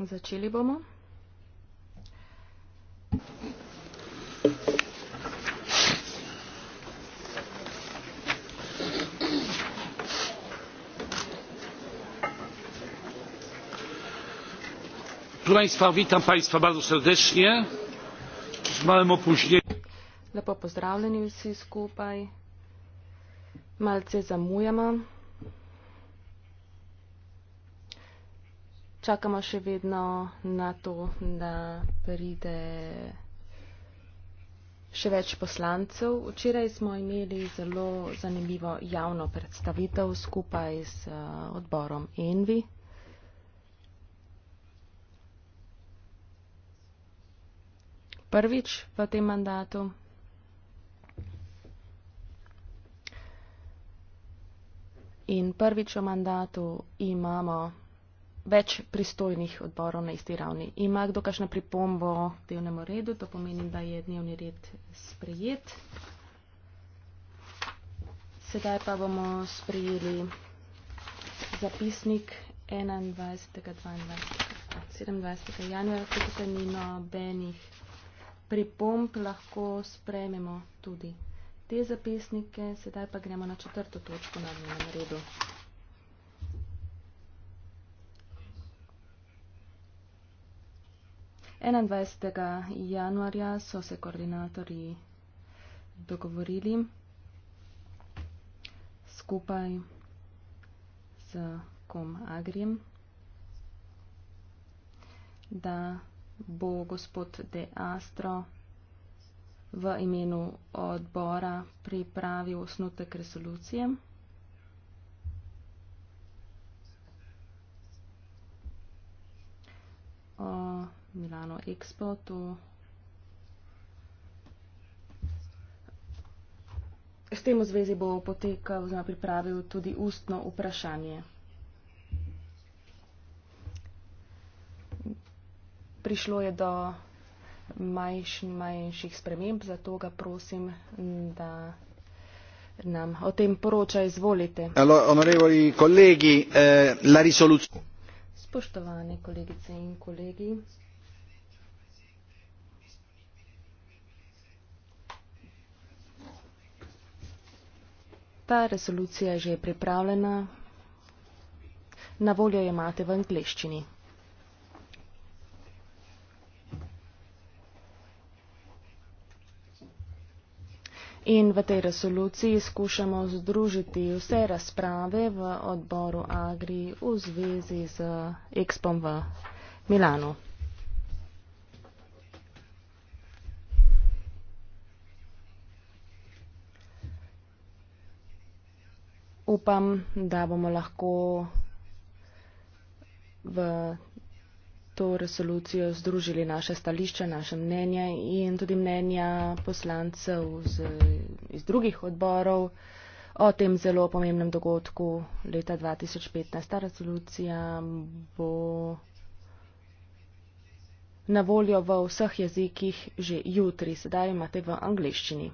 začeli bomo proszę państwa witam państwa bardzo serdecznie z małym opóźnieniem lepo pozdravljeni vsi skupaj malce zamujamo čakamo še vedno na to, da pride še več poslancev. Včeraj smo imeli zelo zanimivo javno predstavitev skupaj s eh, odborom Envi. Prvič v tem mandatu. In prvič v mandatu imamo več pristojnih odborov na isti ravni. Ima kdo kakšno pripombo k dnevnemu redu, to pomeni, da je dnevni red sprejet. Sedaj pa bomo sprejeli zapisnik 21. 22, 27. januarja, ki tukaj ni nobenih pripomb, lahko sprejmemo tudi te zapisnike. Sedaj pa gremo na četrto točko na dnevnem redu. 21. januarja so se koordinatorji dogovorili skupaj z Kom Agrim, da bo gospod De Astro v imenu odbora pripravil osnutek resolucije. O Milano Expo, to s tem v zvezi bo potekal oziroma pripravil tudi ustno vprašanje. Prišlo je do manjš, manjših sprememb, zato ga prosim, da nam o tem poroča izvolite. Allora, kolegi, eh, la Spoštovane kolegice in kolegi, Ta resolucija že je že pripravljena. Na voljo jo imate v angleščini. In v tej resoluciji skušamo združiti vse razprave v odboru Agri v zvezi z ekspom v Milano. upam, da bomo lahko v to resolucijo združili naše stališče, naše mnenje in tudi mnenja poslancev z, iz drugih odborov o tem zelo pomembnem dogodku leta 2015. Ta resolucija bo na voljo v vseh jezikih že jutri, sedaj imate v angliščini.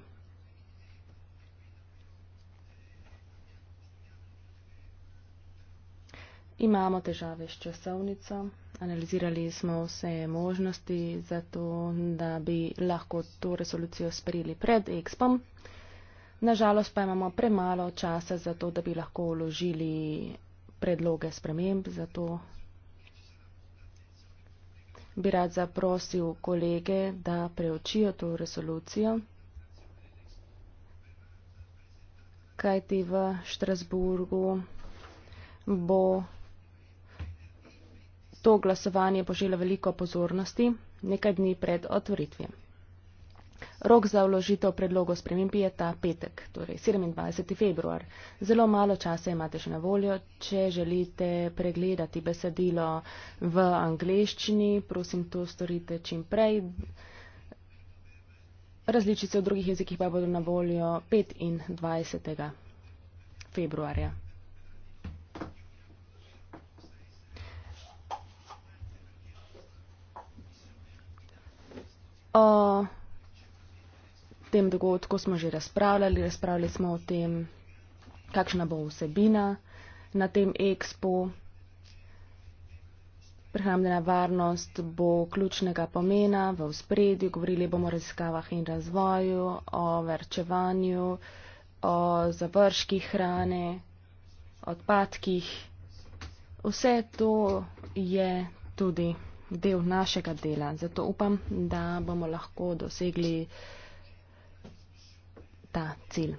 Imamo težave s časovnico, analizirali smo vse možnosti za to, da bi lahko to resolucijo sprejeli pred EXPOM. Nažalost pa imamo premalo časa za to, da bi lahko uložili predloge sprememb za to. Bi rad zaprosil kolege, da preučijo to resolucijo, kajti v Štrasburgu bo to glasovanje požela veliko pozornosti nekaj dni pred otvoritvijo. Rok za vložitev predlogov sprememb je ta petek, torej 27. februar. Zelo malo časa imate še na voljo. Če želite pregledati besedilo v angleščini, prosim to storite čim prej. Različice v drugih jezikih pa bodo na voljo 25. februarja. O tem dogodku smo že razpravljali, razpravljali smo o tem, kakšna bo vsebina na tem ekspo. Prehrambena varnost bo ključnega pomena v spredju, govorili bomo o raziskavah in razvoju, o verčevanju, o završkih hrane, odpadkih. Vse to je tudi del našega dela. Zato upam, da bomo lahko dosegli ta cilj.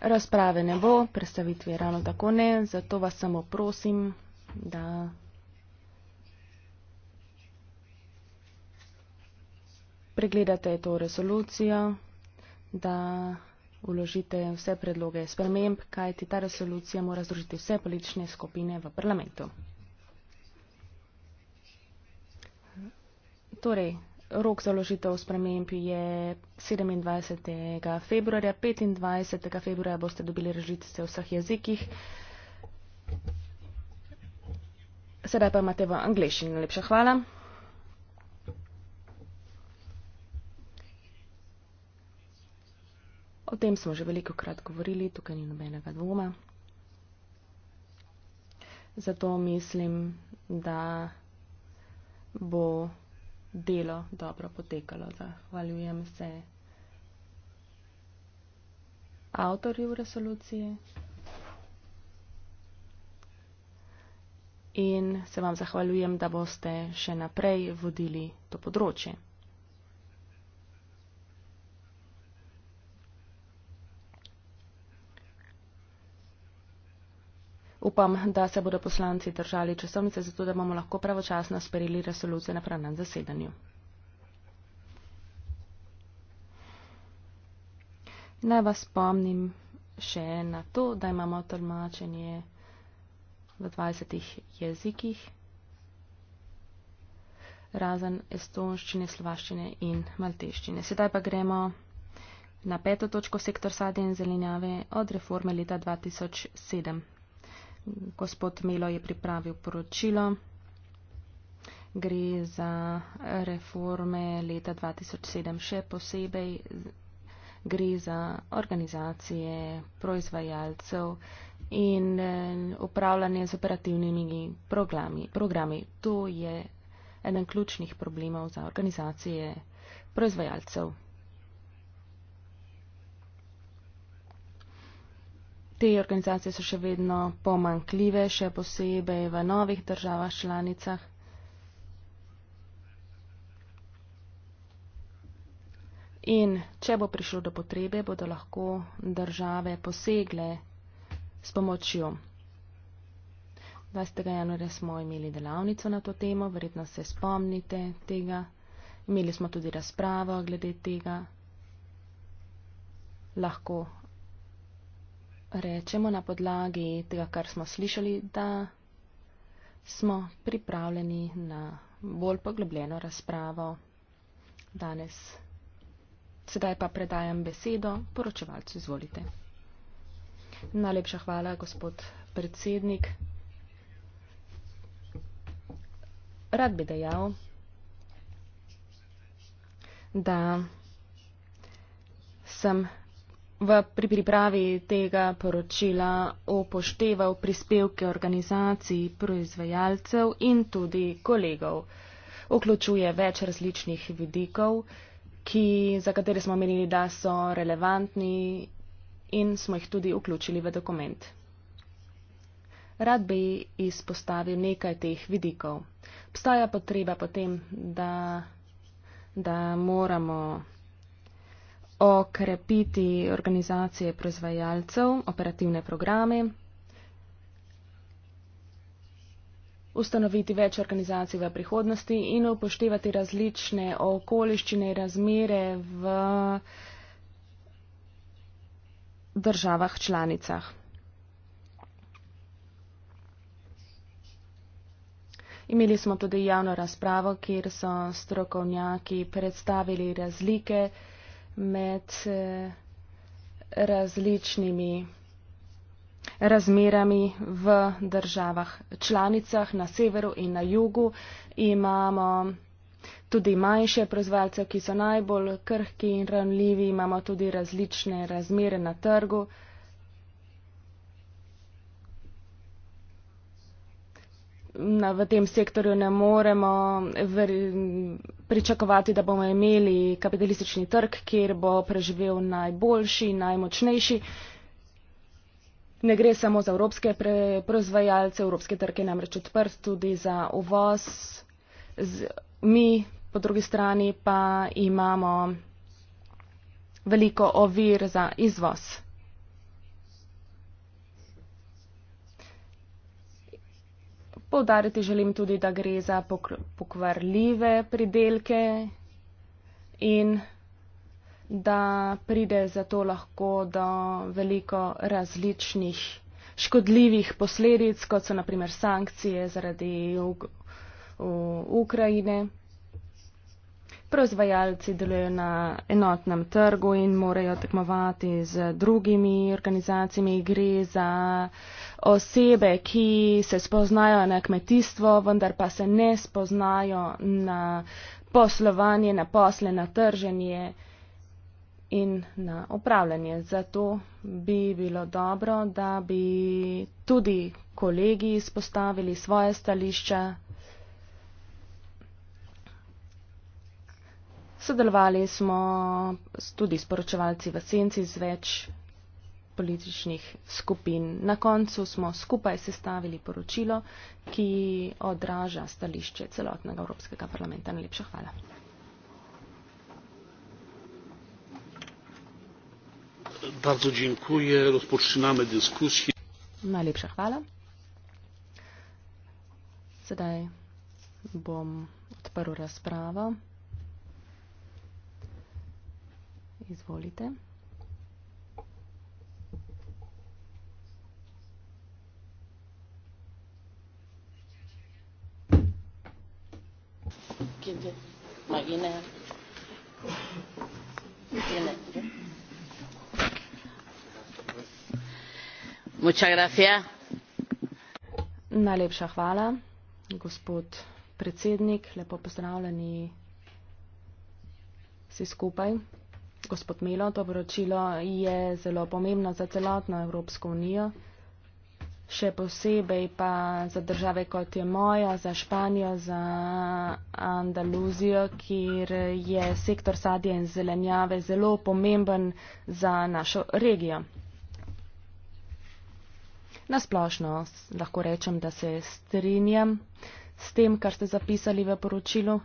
Razprave ne bo, predstavitve ravno tako ne, zato vas samo prosim, da pregledate to resolucijo, da vložite vse predloge sprememb, kajti ta resolucija mora združiti vse politične skupine v parlamentu. Torej, rok za vložitev sprememb je 27. februarja. 25. februarja boste dobili različice v vseh jezikih. Sedaj pa imate v angliščini. Najlepša hvala. O tem smo že veliko krat govorili, tukaj ni nobenega dvoma. Zato mislim, da bo delo dobro potekalo. Zahvaljujem se avtorju resolucije in se vam zahvaljujem, da boste še naprej vodili to področje. Upam, da se bodo poslanci držali časovnice, zato da bomo lahko pravočasno sprejeli resolucijo na pravnem zasedanju. Naj vas spomnim še na to, da imamo tolmačenje v 20 jezikih, razen estonščine, slovaščine in malteščine. Sedaj pa gremo na peto točko sektor sadje in zelenjave od reforme leta 2007. Gospod Milo je pripravil poročilo. Gre za reforme leta 2007 še posebej. Gre za organizacije proizvajalcev in eh, upravljanje z operativnimi programi. programi. To je eden ključnih problemov za organizacije proizvajalcev. Te organizacije so še vedno pomankljive, še posebej v novih državah članicah. In če bo prišlo do potrebe, bodo lahko države posegle s pomočjo. 20. januarja smo imeli delavnico na to temo, verjetno se spomnite tega. Imeli smo tudi razpravo glede tega. Lahko rečemo na podlagi tega, kar smo slišali, da smo pripravljeni na bolj poglobljeno razpravo danes. Sedaj pa predajam besedo poročevalcu, izvolite. Najlepša hvala, gospod predsednik. Rad bi dejal, da sem v, pri pripravi tega poročila upošteval prispevke organizacij, proizvajalcev in tudi kolegov. Vključuje več različnih vidikov, ki, za katere smo menili, da so relevantni in smo jih tudi vključili v dokument. Rad bi izpostavil nekaj teh vidikov. Obstaja potreba potem, da, da moramo okrepiti organizacije proizvajalcev, operativne programe, ustanoviti več organizacij v prihodnosti in upoštevati različne okoliščine in razmere v državah članicah. Imeli smo tudi javno razpravo, kjer so strokovnjaki predstavili razlike, med eh, različnimi razmerami v državah članicah na severu in na jugu. Imamo tudi manjše proizvajalce, ki so najbolj krhki in ranljivi, imamo tudi različne razmere na trgu. Na, v tem sektorju ne moremo ver, pričakovati, da bomo imeli kapitalistični trg, kjer bo preživel najboljši, najmočnejši. Ne gre samo za evropske proizvajalce, evropske trge je namreč odprt tudi za uvoz. Z, mi po drugi strani pa imamo veliko ovir za izvoz. Poudariti želim tudi, da gre za pokvarljive pridelke in da pride za to lahko do veliko različnih škodljivih posledic, kot so naprimer sankcije zaradi Ukrajine proizvajalci delujejo na enotnem trgu in morajo tekmovati z drugimi organizacijami. Gre za osebe, ki se spoznajo na kmetijstvo, vendar pa se ne spoznajo na poslovanje, na posle, na trženje in na upravljanje. Zato bi bilo dobro, da bi tudi kolegi izpostavili svoje stališča Sodelovali smo tudi s poročevalci v senci z več političnih skupin. Na koncu smo skupaj sestavili poročilo, ki odraža stališče celotnega Evropskega parlamenta. Najlepša hvala. Bardzo dziękuję. Rozpoczynamy dyskusję. Najlepsza chwała. Zadaj bom otworzył rozprawę. Izvolite. Najlepša hvala, gospod predsednik, lepo pozdravljeni vsi skupaj gospod Melo, to poročilo je zelo pomembno za celotno Evropsko unijo, še posebej pa za države kot je moja, za Španijo, za Andaluzijo, kjer je sektor sadja in zelenjave zelo pomemben za našo regijo. Nasplošno lahko rečem, da se strinjam s tem, kar ste zapisali v poročilu.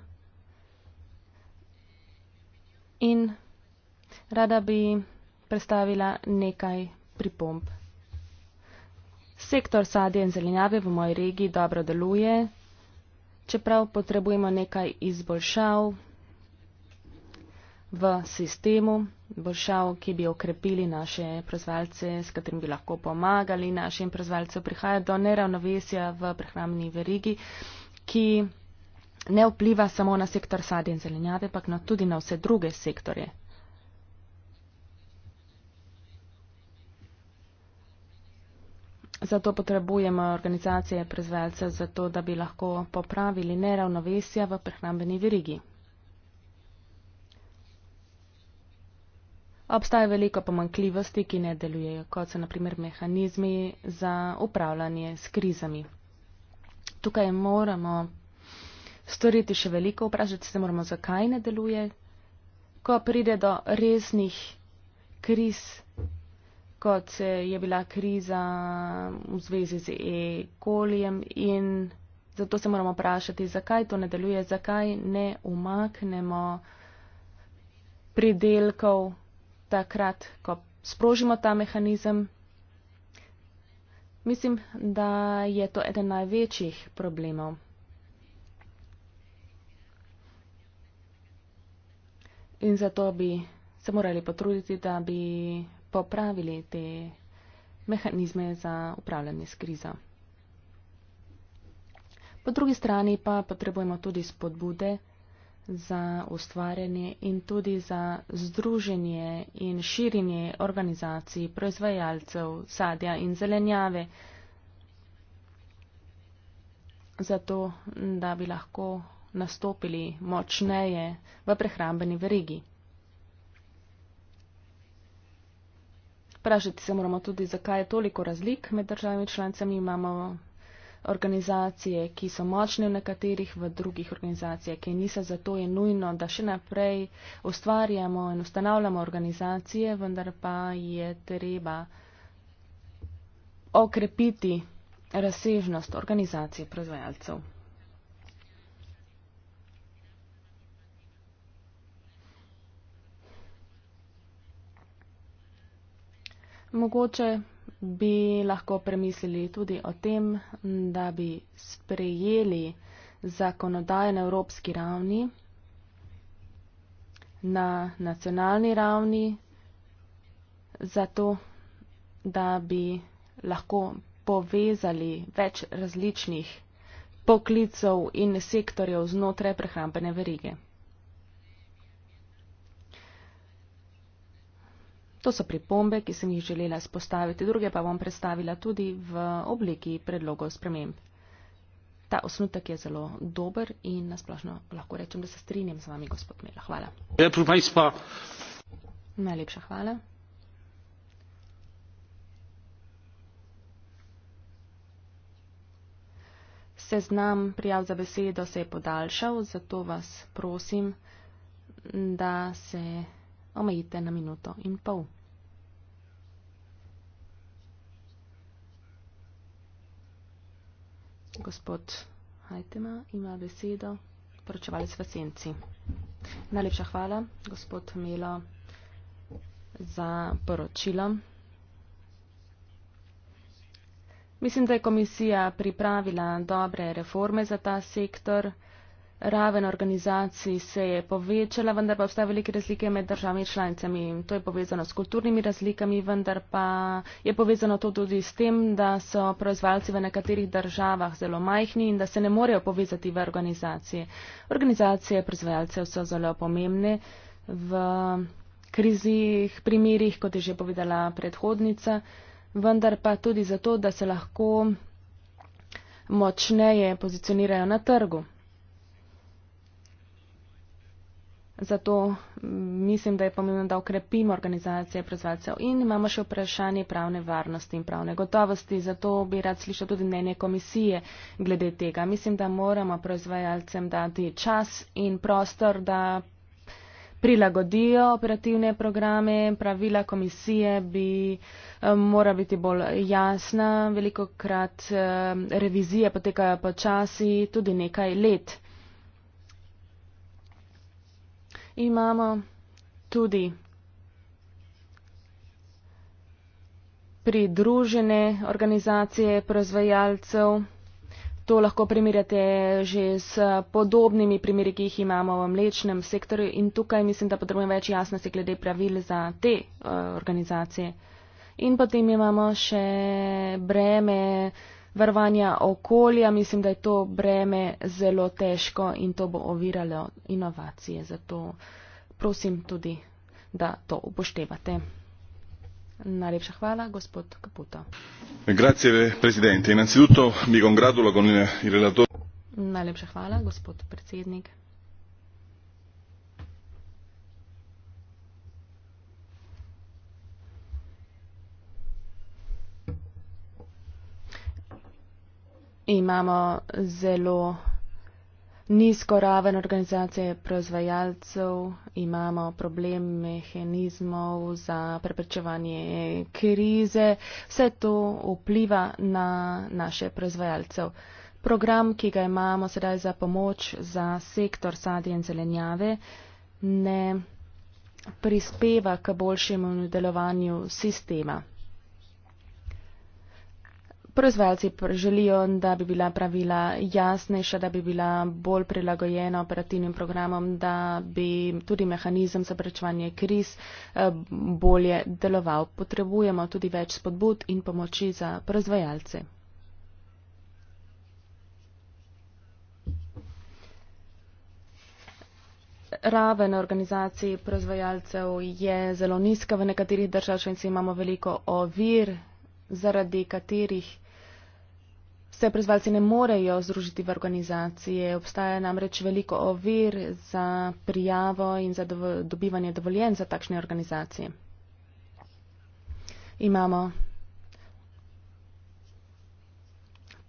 In rada bi predstavila nekaj pripomb. Sektor sadje in zelenjave v moji regiji dobro deluje, čeprav potrebujemo nekaj izboljšav v sistemu, izboljšav, ki bi okrepili naše proizvalce, s katerim bi lahko pomagali našim proizvalcem. Prihaja do neravnovesja v prehrambni verigi, ki ne vpliva samo na sektor sadje in zelenjave, pa tudi na vse druge sektore Zato potrebujemo organizacije proizvajalcev, zato da bi lahko popravili neravnovesja v prehrambeni verigi. Obstaja veliko pomankljivosti, ki ne delujejo, kot so naprimer mehanizmi za upravljanje s krizami. Tukaj moramo storiti še veliko, vprašati se moramo, zakaj ne deluje, ko pride do resnih kriz kot je bila kriza v zvezi z e-koljem in zato se moramo vprašati, zakaj to ne deluje, zakaj ne umaknemo pridelkov takrat, ko sprožimo ta mehanizem. Mislim, da je to eden največjih problemov. In zato bi se morali potruditi, da bi popravili te mehanizme za upravljanje s krizo. Po drugi strani pa potrebujemo tudi spodbude za ustvarjanje in tudi za združenje in širjenje organizacij, proizvajalcev, sadja in zelenjave, zato da bi lahko nastopili močneje v prehrambeni verigi. Vprašati se moramo tudi, zakaj je toliko razlik med državami članicami. Imamo organizacije, ki so močne v nekaterih, v drugih organizacije, ki niso, zato je nujno, da še naprej ustvarjamo in ustanavljamo organizacije, vendar pa je treba okrepiti razsežnost organizacije proizvajalcev. Mogoče bi lahko premislili tudi o tem, da bi sprejeli zakonodaje na evropski ravni, na nacionalni ravni, zato da bi lahko povezali več različnih poklicov in sektorjev znotraj prehrambene verige. To so pripombe, ki sem jih želela spostaviti, druge pa bom predstavila tudi v obliki predlogov sprememb. Ta osnutek je zelo dober in nasplošno lahko rečem, da se strinjam z vami, gospod Mela. Hvala. Ja, Najlepša hvala. Seznam prijav za besedo se je podaljšal, zato vas prosim, da se omejite na minuto in pol. Gospod Hajtema ima besedo, poročevali sva senci. Najlepša hvala, gospod Melo, za poročilo. Mislim, da je komisija pripravila dobre reforme za ta sektor raven organizacij se je povečala, vendar pa obstajajo velike razlike med državami članicami. To je povezano s kulturnimi razlikami, vendar pa je povezano to tudi s tem, da so proizvajalci v nekaterih državah zelo majhni in da se ne morejo povezati v organizacije. Organizacije proizvajalcev so zelo pomembne v krizih, primerih, kot je že povedala predhodnica, vendar pa tudi zato, da se lahko močneje pozicionirajo na trgu. Zato mm, mislim, da je pomembno, da okrepimo organizacije proizvajalcev in imamo še vprašanje pravne varnosti in pravne gotovosti. Zato bi rad slišal tudi mnenje komisije glede tega. Mislim, da moramo proizvajalcem dati čas in prostor, da prilagodijo operativne programe, pravila komisije bi eh, mora biti bolj jasna, veliko krat eh, revizije potekajo počasi, tudi nekaj let. imamo tudi pridružene organizacije proizvajalcev. To lahko primerjate že s podobnimi primeri, ki jih imamo v mlečnem sektorju in tukaj mislim, da potrebujem več jasnosti glede pravil za te uh, organizacije. In potem imamo še breme uh, varovanja okolja, mislim, da je to breme zelo težko in to bo oviralo inovacije. Zato prosim tudi, da to upoštevate. Najlepša hvala, gospod Kaputo. Najlepša hvala, gospod predsednik. imamo zelo nizko raven organizacije proizvajalcev, imamo problem mehanizmov za preprečevanje krize. Vse to vpliva na naše proizvajalcev. Program, ki ga imamo sedaj za pomoč za sektor sadje in zelenjave, ne prispeva k boljšemu delovanju sistema proizvajalci želijo, da bi bila pravila jasnejša, da bi bila bolj prilagojena operativnim programom, da bi tudi mehanizem za prečevanje kriz eh, bolje deloval. Potrebujemo tudi več spodbud in pomoči za proizvajalce. Raven organizacij proizvajalcev je zelo nizka, v nekaterih državah imamo veliko ovir, zaradi katerih se prizvalci ne morejo združiti v organizacije. Obstaja namreč veliko ovir za prijavo in za dobivanje dovoljen za takšne organizacije. Imamo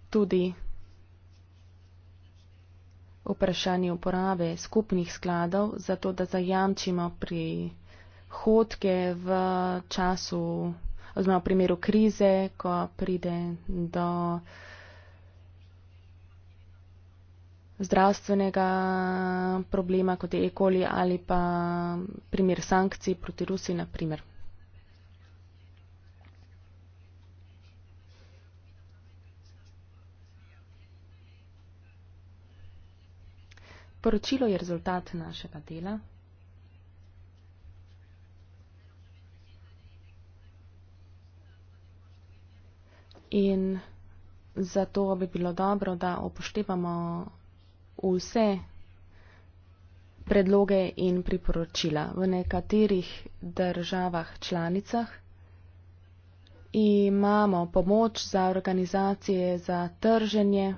tudi vprašanje uporabe skupnih skladov, zato da zajamčimo prihodke v času, oziroma v primeru krize, ko pride do. zdravstvenega problema, kot je ekoli ali pa primer sankcij proti Rusi, naprimer. Poročilo je rezultat našega dela. In zato bi bilo dobro, da upoštevamo vse predloge in priporočila. V nekaterih državah članicah imamo pomoč za organizacije za trženje.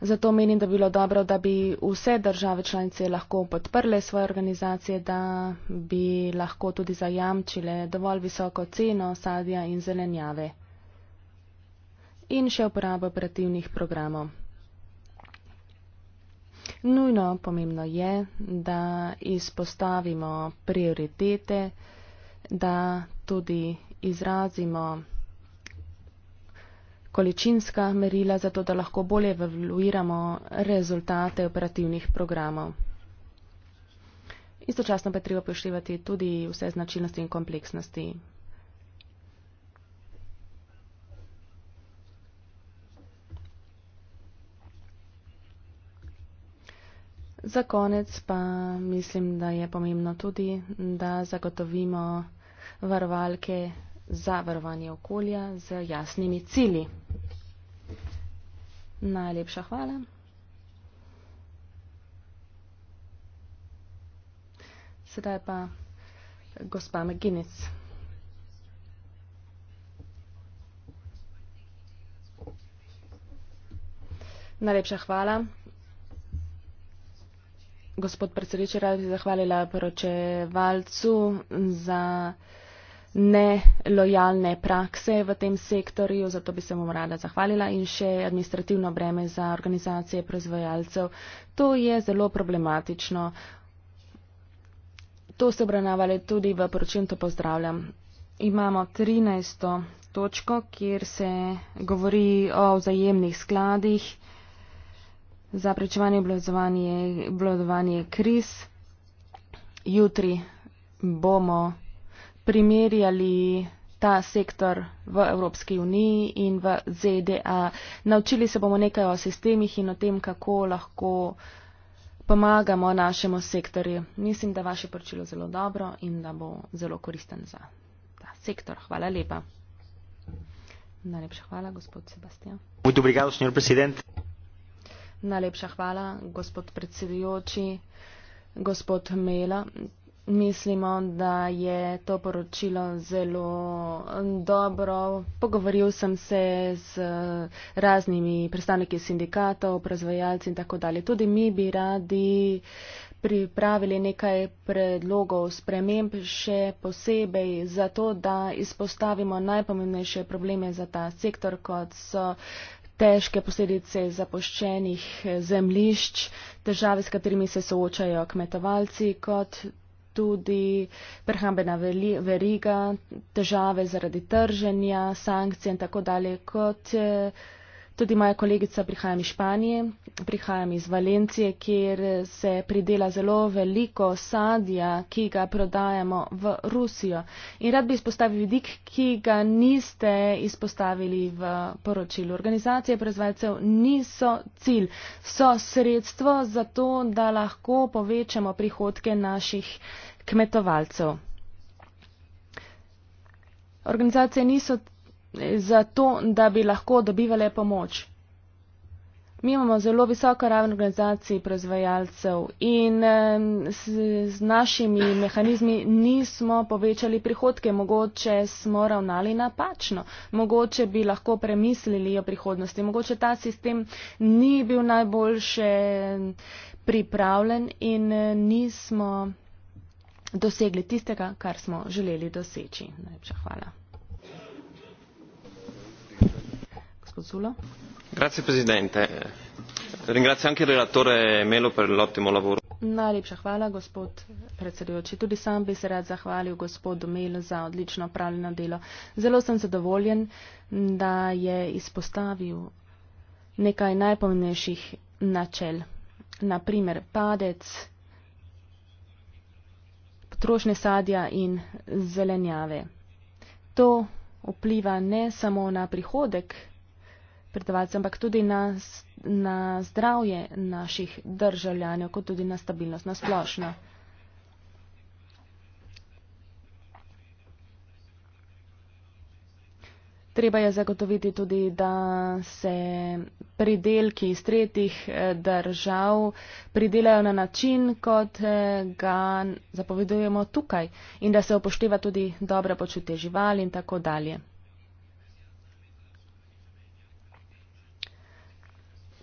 Zato menim, da bi bilo dobro, da bi vse države članice lahko podprle svoje organizacije, da bi lahko tudi zajamčile dovolj visoko ceno sadja in zelenjave in še uporabo operativnih programov. Nujno pomembno je, da izpostavimo prioritete, da tudi izrazimo količinska merila, zato da lahko bolje evaluiramo rezultate operativnih programov. Istočasno pa je treba poštevati tudi vse značilnosti in kompleksnosti Za konec pa mislim, da je pomembno tudi, da zagotovimo varovalke za varovanje okolja z jasnimi cili. Najlepša hvala. Sedaj pa gospa McGinnis. Najlepša hvala gospod predsedujoči, rad bi zahvalila poročevalcu za nelojalne prakse v tem sektorju, zato bi se mu rada zahvalila in še administrativno breme za organizacije proizvajalcev. To je zelo problematično. To se obravnavali tudi v poročilu, to pozdravljam. Imamo 13. točko, kjer se govori o vzajemnih skladih za prečevanje in obvladovanje kriz. Jutri bomo primerjali ta sektor v Evropski uniji in v ZDA. Naučili se bomo nekaj o sistemih in o tem, kako lahko pomagamo našemu sektorju. Mislim, da vaše poročilo zelo dobro in da bo zelo koristen za ta sektor. Hvala lepa. Najlepša hvala, gospod Sebastian. Muito obrigado, senhor presidente. Najlepša hvala, gospod predsedujoči, gospod Mela. Mislimo, da je to poročilo zelo eh, dobro. Pogovoril sem se z eh, raznimi predstavniki sindikatov, proizvajalci in tako dalje. Tudi mi bi radi pripravili nekaj predlogov sprememb, še posebej zato, da izpostavimo najpomembnejše probleme za ta sektor, kot so težke posledice zapoščenih zemlišč, težave, s katerimi se soočajo kmetovalci, kot tudi prehrambena veriga, težave zaradi trženja, sankcije in tako dalje, kot eh, Tudi moja kolegica prihajam iz Španije, prihajam iz Valencije, kjer se pridela zelo veliko sadja, ki ga prodajamo v Rusijo. In rad bi izpostavil vidik, ki ga niste izpostavili v poročilu. Organizacije proizvajalcev niso cilj, so sredstvo za to, da lahko povečamo prihodke naših kmetovalcev. Organizacije niso cilj zato, da bi lahko dobivali pomoč. Mi imamo zelo visoko raven organizacij proizvajalcev in s, s našimi mehanizmi nismo povečali prihodke. Mogoče smo ravnali napačno, mogoče bi lahko premislili o prihodnosti, mogoče ta sistem ni bil najboljše pripravljen in nismo dosegli tistega, kar smo želeli doseči. Najlepša hvala. Grazie Presidente. Ringrazio anche il relatore Melo per l'ottimo lavoro. Najlepša hvala, gospod predsedujoči. Tudi sam bi se rad zahvalil gospodu Melu za odlično opravljeno delo. Zelo sem zadovoljen, da je izpostavil nekaj najpomembnejših načel. Naprimer, padec potrošne sadja in zelenjave. To vpliva ne samo na prihodek predavalcev, ampak tudi na, na zdravje naših državljanov, kot tudi na stabilnost na splošno. Treba je zagotoviti tudi, da se pridelki iz tretjih eh, držav pridelajo na način, kot eh, ga zapovedujemo tukaj in da se upošteva tudi dobre počutje živali in tako dalje.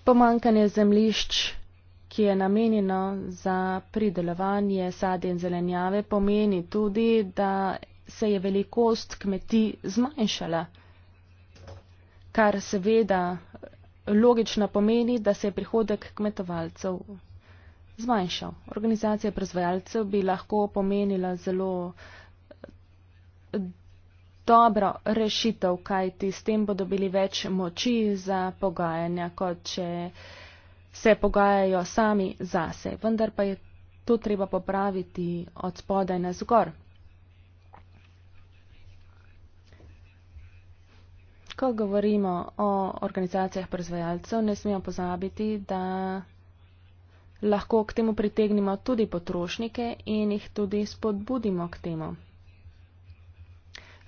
pomankanje zemlišč, ki je namenjeno za pridelovanje sadja in zelenjave, pomeni tudi, da se je velikost kmetij zmanjšala, kar seveda logično pomeni, da se je prihodek kmetovalcev zmanjšal. Organizacija proizvajalcev bi lahko pomenila zelo dobro rešitev, kajti s tem bodo bili več moči za pogajanja, kot če se pogajajo sami zase. Vendar pa je to treba popraviti od spodaj na zgor. Ko govorimo o organizacijah proizvajalcev, ne smemo pozabiti, da lahko k temu pritegnimo tudi potrošnike in jih tudi spodbudimo k temu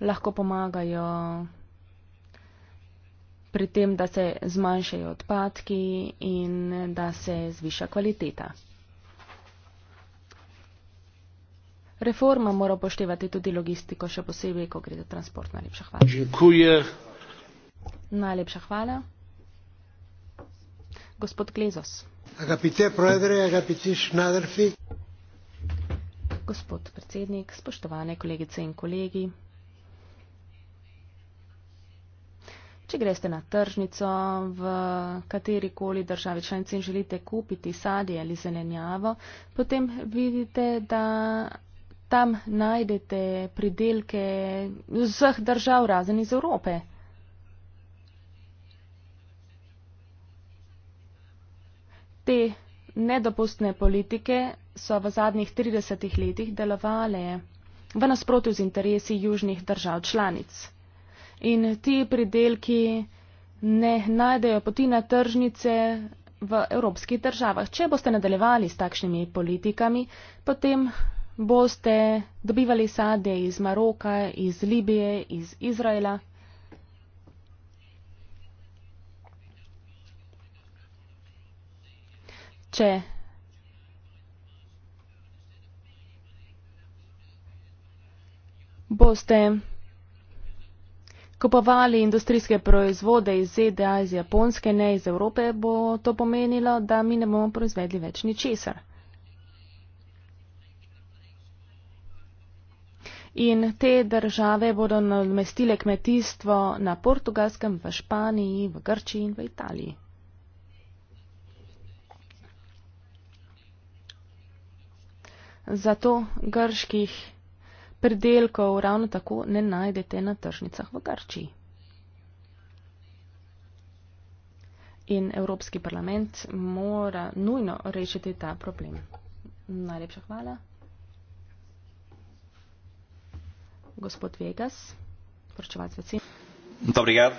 lahko pomagajo pri tem, da se zmanjšajo odpadki in da se zviša kvaliteta. Reforma mora poštevati tudi logistiko, še posebej, ko gre za transport. Najlepša hvala. Žikuje. Najlepša hvala. Gospod Glezos. Agapite, provedere, agapite, šnadrfi. Gospod predsednik, spoštovane kolegice in kolegi. Če greste na tržnico v kateri koli državi članici in želite kupiti sadje ali zelenjavo, potem vidite, da tam najdete pridelke iz vseh držav razen iz Evrope. Te nedopustne politike so v zadnjih 30 letih delovale v nasprotju z interesi južnih držav članic in ti pridelki ne najdejo poti na tržnice v evropskih državah. Če boste nadaljevali s takšnimi politikami, potem boste dobivali sadje iz Maroka, iz Libije, iz Izraela. Če boste kupovali industrijske proizvode iz ZDA, iz Japonske, ne iz Evrope, bo to pomenilo, da mi ne bomo proizvedli več ničesar. In te države bodo nadomestile kmetijstvo na portugalskem, v Španiji, v Grčiji in v Italiji. Zato grških pridelkov ravno tako ne najdete na tržnicah v Grčiji. In Evropski parlament mora nujno rešiti ta problem. Najlepša hvala. Gospod Vegas, poročevalce Cim. Dobrigad.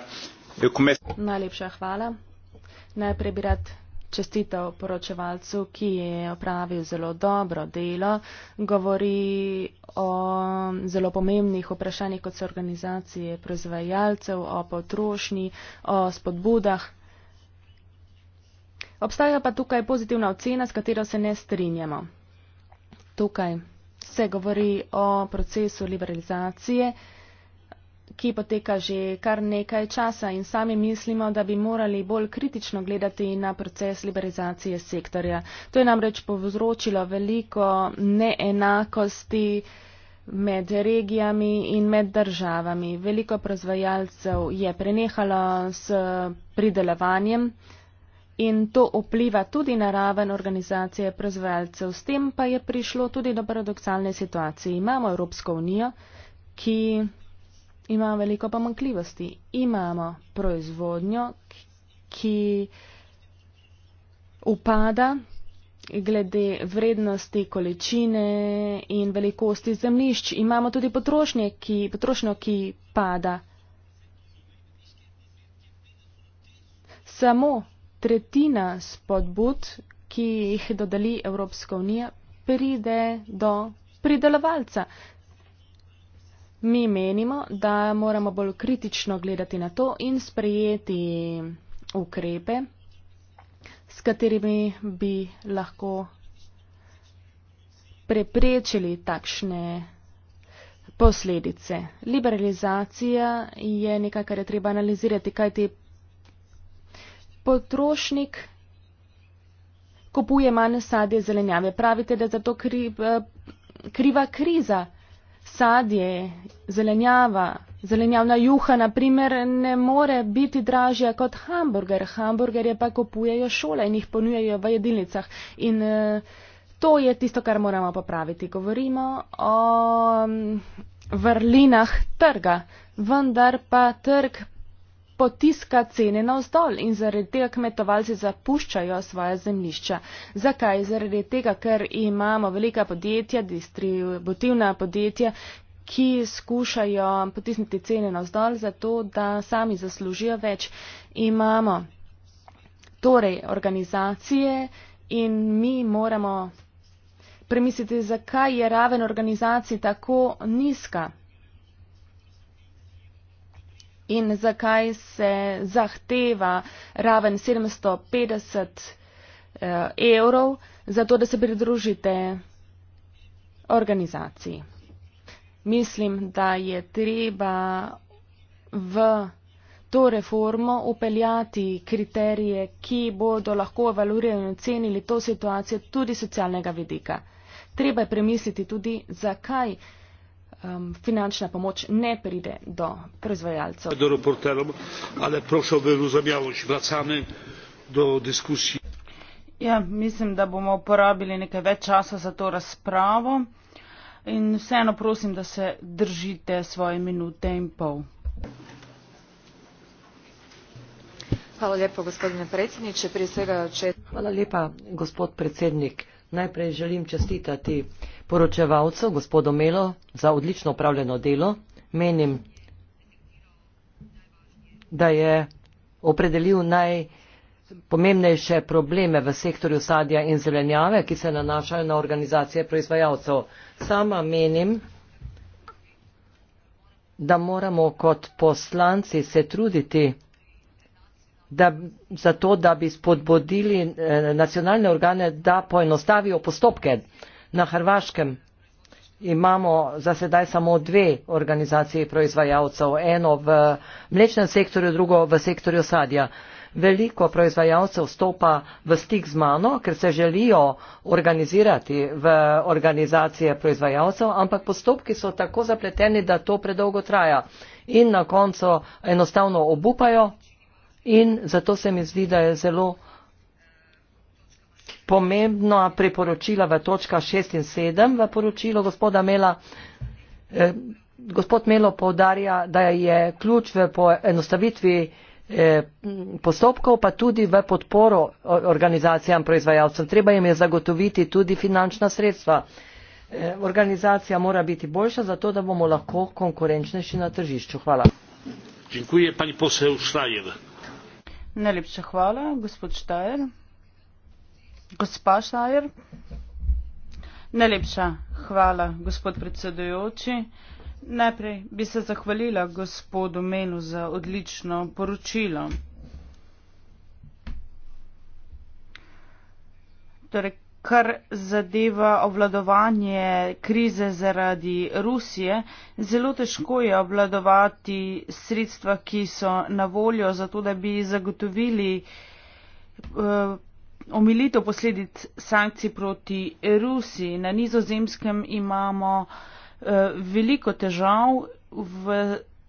Najlepša hvala. Najprej bi rad čestitev poročevalcu, ki je opravil zelo dobro delo, govori o zelo pomembnih vprašanjih kot so organizacije proizvajalcev, o potrošnji, o spodbudah. Obstaja pa tukaj pozitivna ocena, s katero se ne strinjamo. Tukaj se govori o procesu liberalizacije ki poteka že kar nekaj časa in sami mislimo, da bi morali bolj kritično gledati na proces liberalizacije sektorja. To je namreč povzročilo veliko neenakosti med regijami in med državami. Veliko proizvajalcev je prenehalo s pridelovanjem. In to vpliva tudi na raven organizacije proizvajalcev. S tem pa je prišlo tudi do paradoksalne situacije. Imamo Evropsko unijo, ki ima veliko pomankljivosti. Imamo proizvodnjo, ki upada glede vrednosti, količine in velikosti zemljišč. Imamo tudi ki, potrošnjo, ki pada. Samo tretjina spodbud, ki jih dodali Evropska unija, pride do pridelovalca. Mi menimo, da moramo bolj kritično gledati na to in sprejeti ukrepe, s katerimi bi lahko preprečili takšne posledice. Liberalizacija je nekaj, kar je treba analizirati, kaj ti potrošnik kupuje manj sadje zelenjave. Pravite, da je zato kri, eh, kriva kriza sadje, zelenjava, zelenjavna juha, naprimer, ne more biti dražja kot hamburger. Hamburgerje pa kupujejo šole in jih ponujajo v jedilnicah. In eh, to je tisto, kar moramo popraviti. Govorimo o mm, vrlinah trga, vendar pa trg potiska cene na vzdolj in zaradi tega kmetovalci zapuščajo svoje zemlišča. Zakaj? Zaradi tega, ker imamo velika podjetja, distributivna podjetja, ki skušajo potisniti cene na vzdolj, zato da sami zaslužijo več. Imamo torej organizacije in mi moramo premisliti, zakaj je raven organizacij tako nizka in zakaj se zahteva raven 750 eh, evrov za to, da se pridružite organizaciji. Mislim, da je treba v to reformo upeljati kriterije, ki bodo lahko evaluirali in ocenili to situacijo tudi socialnega vidika. Treba je premisliti tudi, zakaj um, finančna pomoč ne pride do proizvajalcev. Ja, mislim, da bomo uporabili nekaj več časa za to razpravo in vseeno prosim, da se držite svoje minute in pol. Hvala lepa, gospodine predsednik. Hvala lepa, gospod predsednik. Najprej želim čestitati poročevalcu, gospodu Melo, za odlično upravljeno delo. Menim, da je opredelil najpomembnejše probleme v sektorju sadja in zelenjave, ki se nanašajo na organizacije proizvajalcev. Sama menim, da moramo kot poslanci se truditi, da, zato, da bi spodbudili eh, nacionalne organe, da poenostavijo postopke. Na Hrvaškem imamo za sedaj samo dve organizacije proizvajalcev, eno v mlečnem sektorju, drugo v sektorju sadja. Veliko proizvajalcev stopa v stik z mano, ker se želijo organizirati v organizacije proizvajalcev, ampak postopki so tako zapleteni, da to predolgo traja. In na koncu enostavno obupajo In zato se mi zdi, da je zelo pomembno priporočila v točka 6 in 7 v poročilo gospoda Mela. Eh, gospod Melo povdarja, da je ključ v poenostavitvi eh, postopkov pa tudi v podporo organizacijam proizvajalcem. Treba jim je zagotoviti tudi finančna sredstva. Eh, organizacija mora biti boljša, zato da bomo lahko konkurenčnejši na tržišču. Hvala. Najlepša hvala, gospod Štajer. Gospa Štajer. Najlepša hvala, gospod predsedujoči. Najprej bi se zahvalila gospodu Menu za odlično poročilo. Torej, kar zadeva obvladovanje krize zaradi Rusije, zelo težko je obvladovati sredstva, ki so na voljo, zato da bi zagotovili uh, omilitev posledic sankcij proti Rusiji. Na nizozemskem imamo uh, veliko težav. V,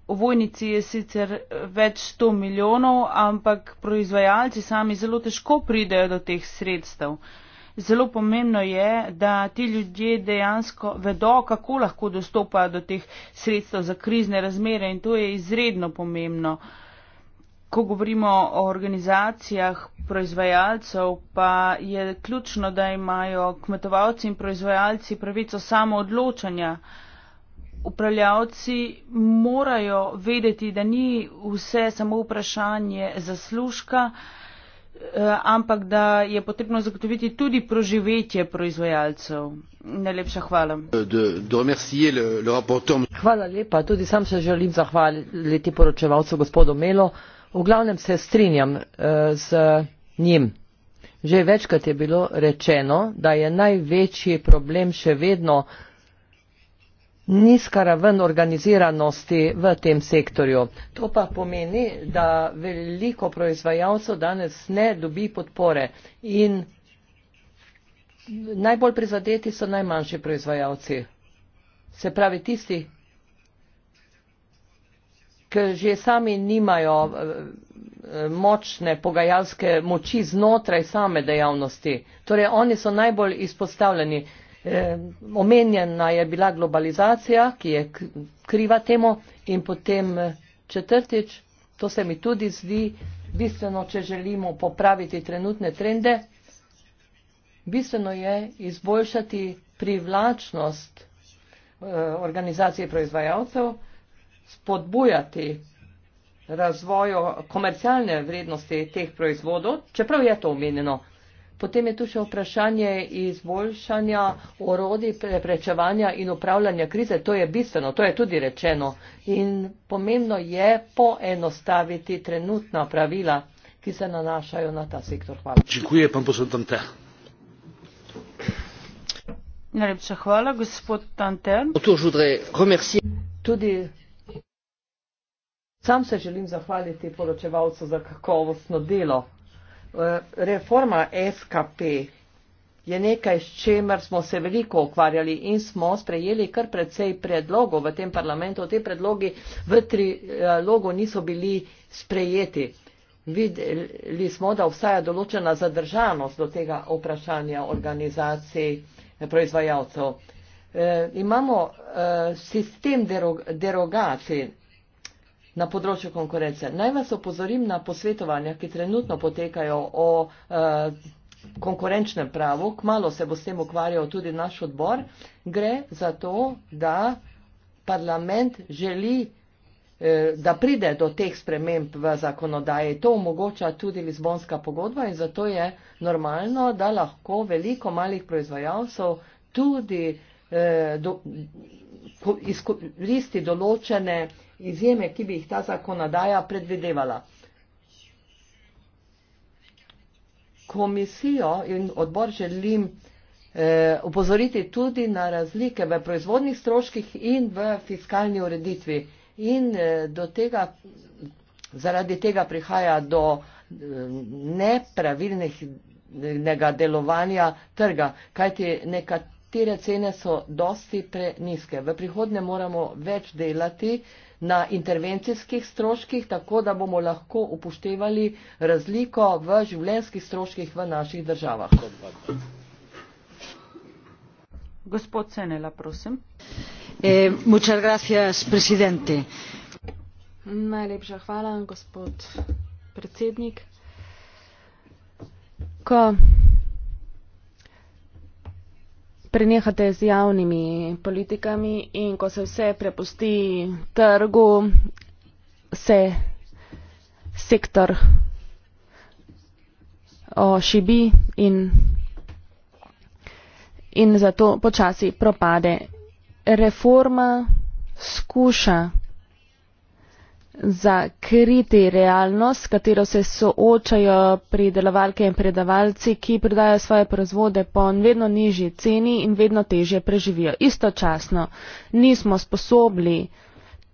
V vojnici je sicer več 100 milijonov, ampak proizvajalci sami zelo težko pridejo do teh sredstev. Uh, Zelo pomembno je, da ti ljudje dejansko vedo, kako lahko dostopajo do teh sredstev za krizne razmere in to je izredno pomembno. Ko govorimo o organizacijah proizvajalcev, pa je ključno, da imajo kmetovalci in proizvajalci pravico samo odločanja. Upravljavci morajo vedeti, da ni vse samo vprašanje zaslužka, Eh, ampak da je potrebno zagotoviti tudi proživetje proizvajalcev. Najlepša hvala. Hvala lepa. Tudi sam se želim zahvaliti poročevalcu gospodu Melo. V glavnem se strinjam eh, z njim. Že večkrat je bilo rečeno, da je največji problem še vedno nizka raven organiziranosti v tem sektorju. To pa pomeni, da veliko proizvajalcev danes ne dobi podpore in najbolj prizadeti so najmanjši proizvajalci. Se pravi tisti, ki že sami nimajo eh, močne pogajalske moči znotraj same dejavnosti. Torej oni so najbolj izpostavljeni. Eh, omenjena je bila globalizacija, ki je kriva temu in potem eh, četrtič, to se mi tudi zdi bistveno, če želimo popraviti trenutne trende, bistveno je izboljšati privlačnost eh, organizacije proizvajalcev, spodbujati razvojo komercialne vrednosti teh proizvodov, čeprav je to omenjeno Potem je tu še vprašanje izboljšanja orodij preprečevanja in upravljanja krize. To je bistveno, to je tudi rečeno. In pomembno je poenostaviti trenutna pravila, ki se nanašajo na ta sektor. Hvala. Čekuje, Najlepša hvala, gospod Tanter. Tudi sam se želim zahvaliti poročevalcu za kakovostno delo. Eh, reforma SKP je nekaj, s čemer smo se veliko ukvarjali in smo sprejeli kar precej predlogov v tem parlamentu. Te predlogi v trilogu niso bili sprejeti. Videli smo, da obstaja določena zadržanost do tega vprašanja organizacij eh, proizvajalcev. E, imamo e, sistem derog derogacij na področju konkurence. Naj vas opozorim na posvetovanja, ki trenutno potekajo o eh, konkurenčnem pravu. Kmalo se bo s tem ukvarjal tudi naš odbor. Gre za to, da parlament želi eh, da pride do teh sprememb v zakonodaji. To omogoča tudi Lizbonska pogodba in zato je normalno, da lahko veliko malih proizvajalcev tudi eh, do, izko, listi določene eh, izjeme, ki bi jih ta zakonodaja predvidevala. Komisijo in odbor želim upozoriti eh, tudi na razlike v proizvodnih stroških in v fiskalni ureditvi. In eh, tega, zaradi tega prihaja do eh, nepravilnega delovanja trga, kajti nekatere cene so dosti preniske. V prihodnje moramo več delati na intervencijskih stroških, tako da bomo lahko upoštevali razliko v življenjskih stroških v naših državah. Gospod Senela, prosim. Eh, muchas gracias, presidente. Najlepša hvala, gospod predsednik. Ko prenehate z javnimi politikami in ko se vse prepusti trgu, se sektor ošibi in, in zato počasi propade. Reforma skuša zakriti realnost, s katero se soočajo pridelovalke in predavalci, ki prodajo svoje proizvode po vedno nižji ceni in vedno težje preživijo. Istočasno nismo sposobni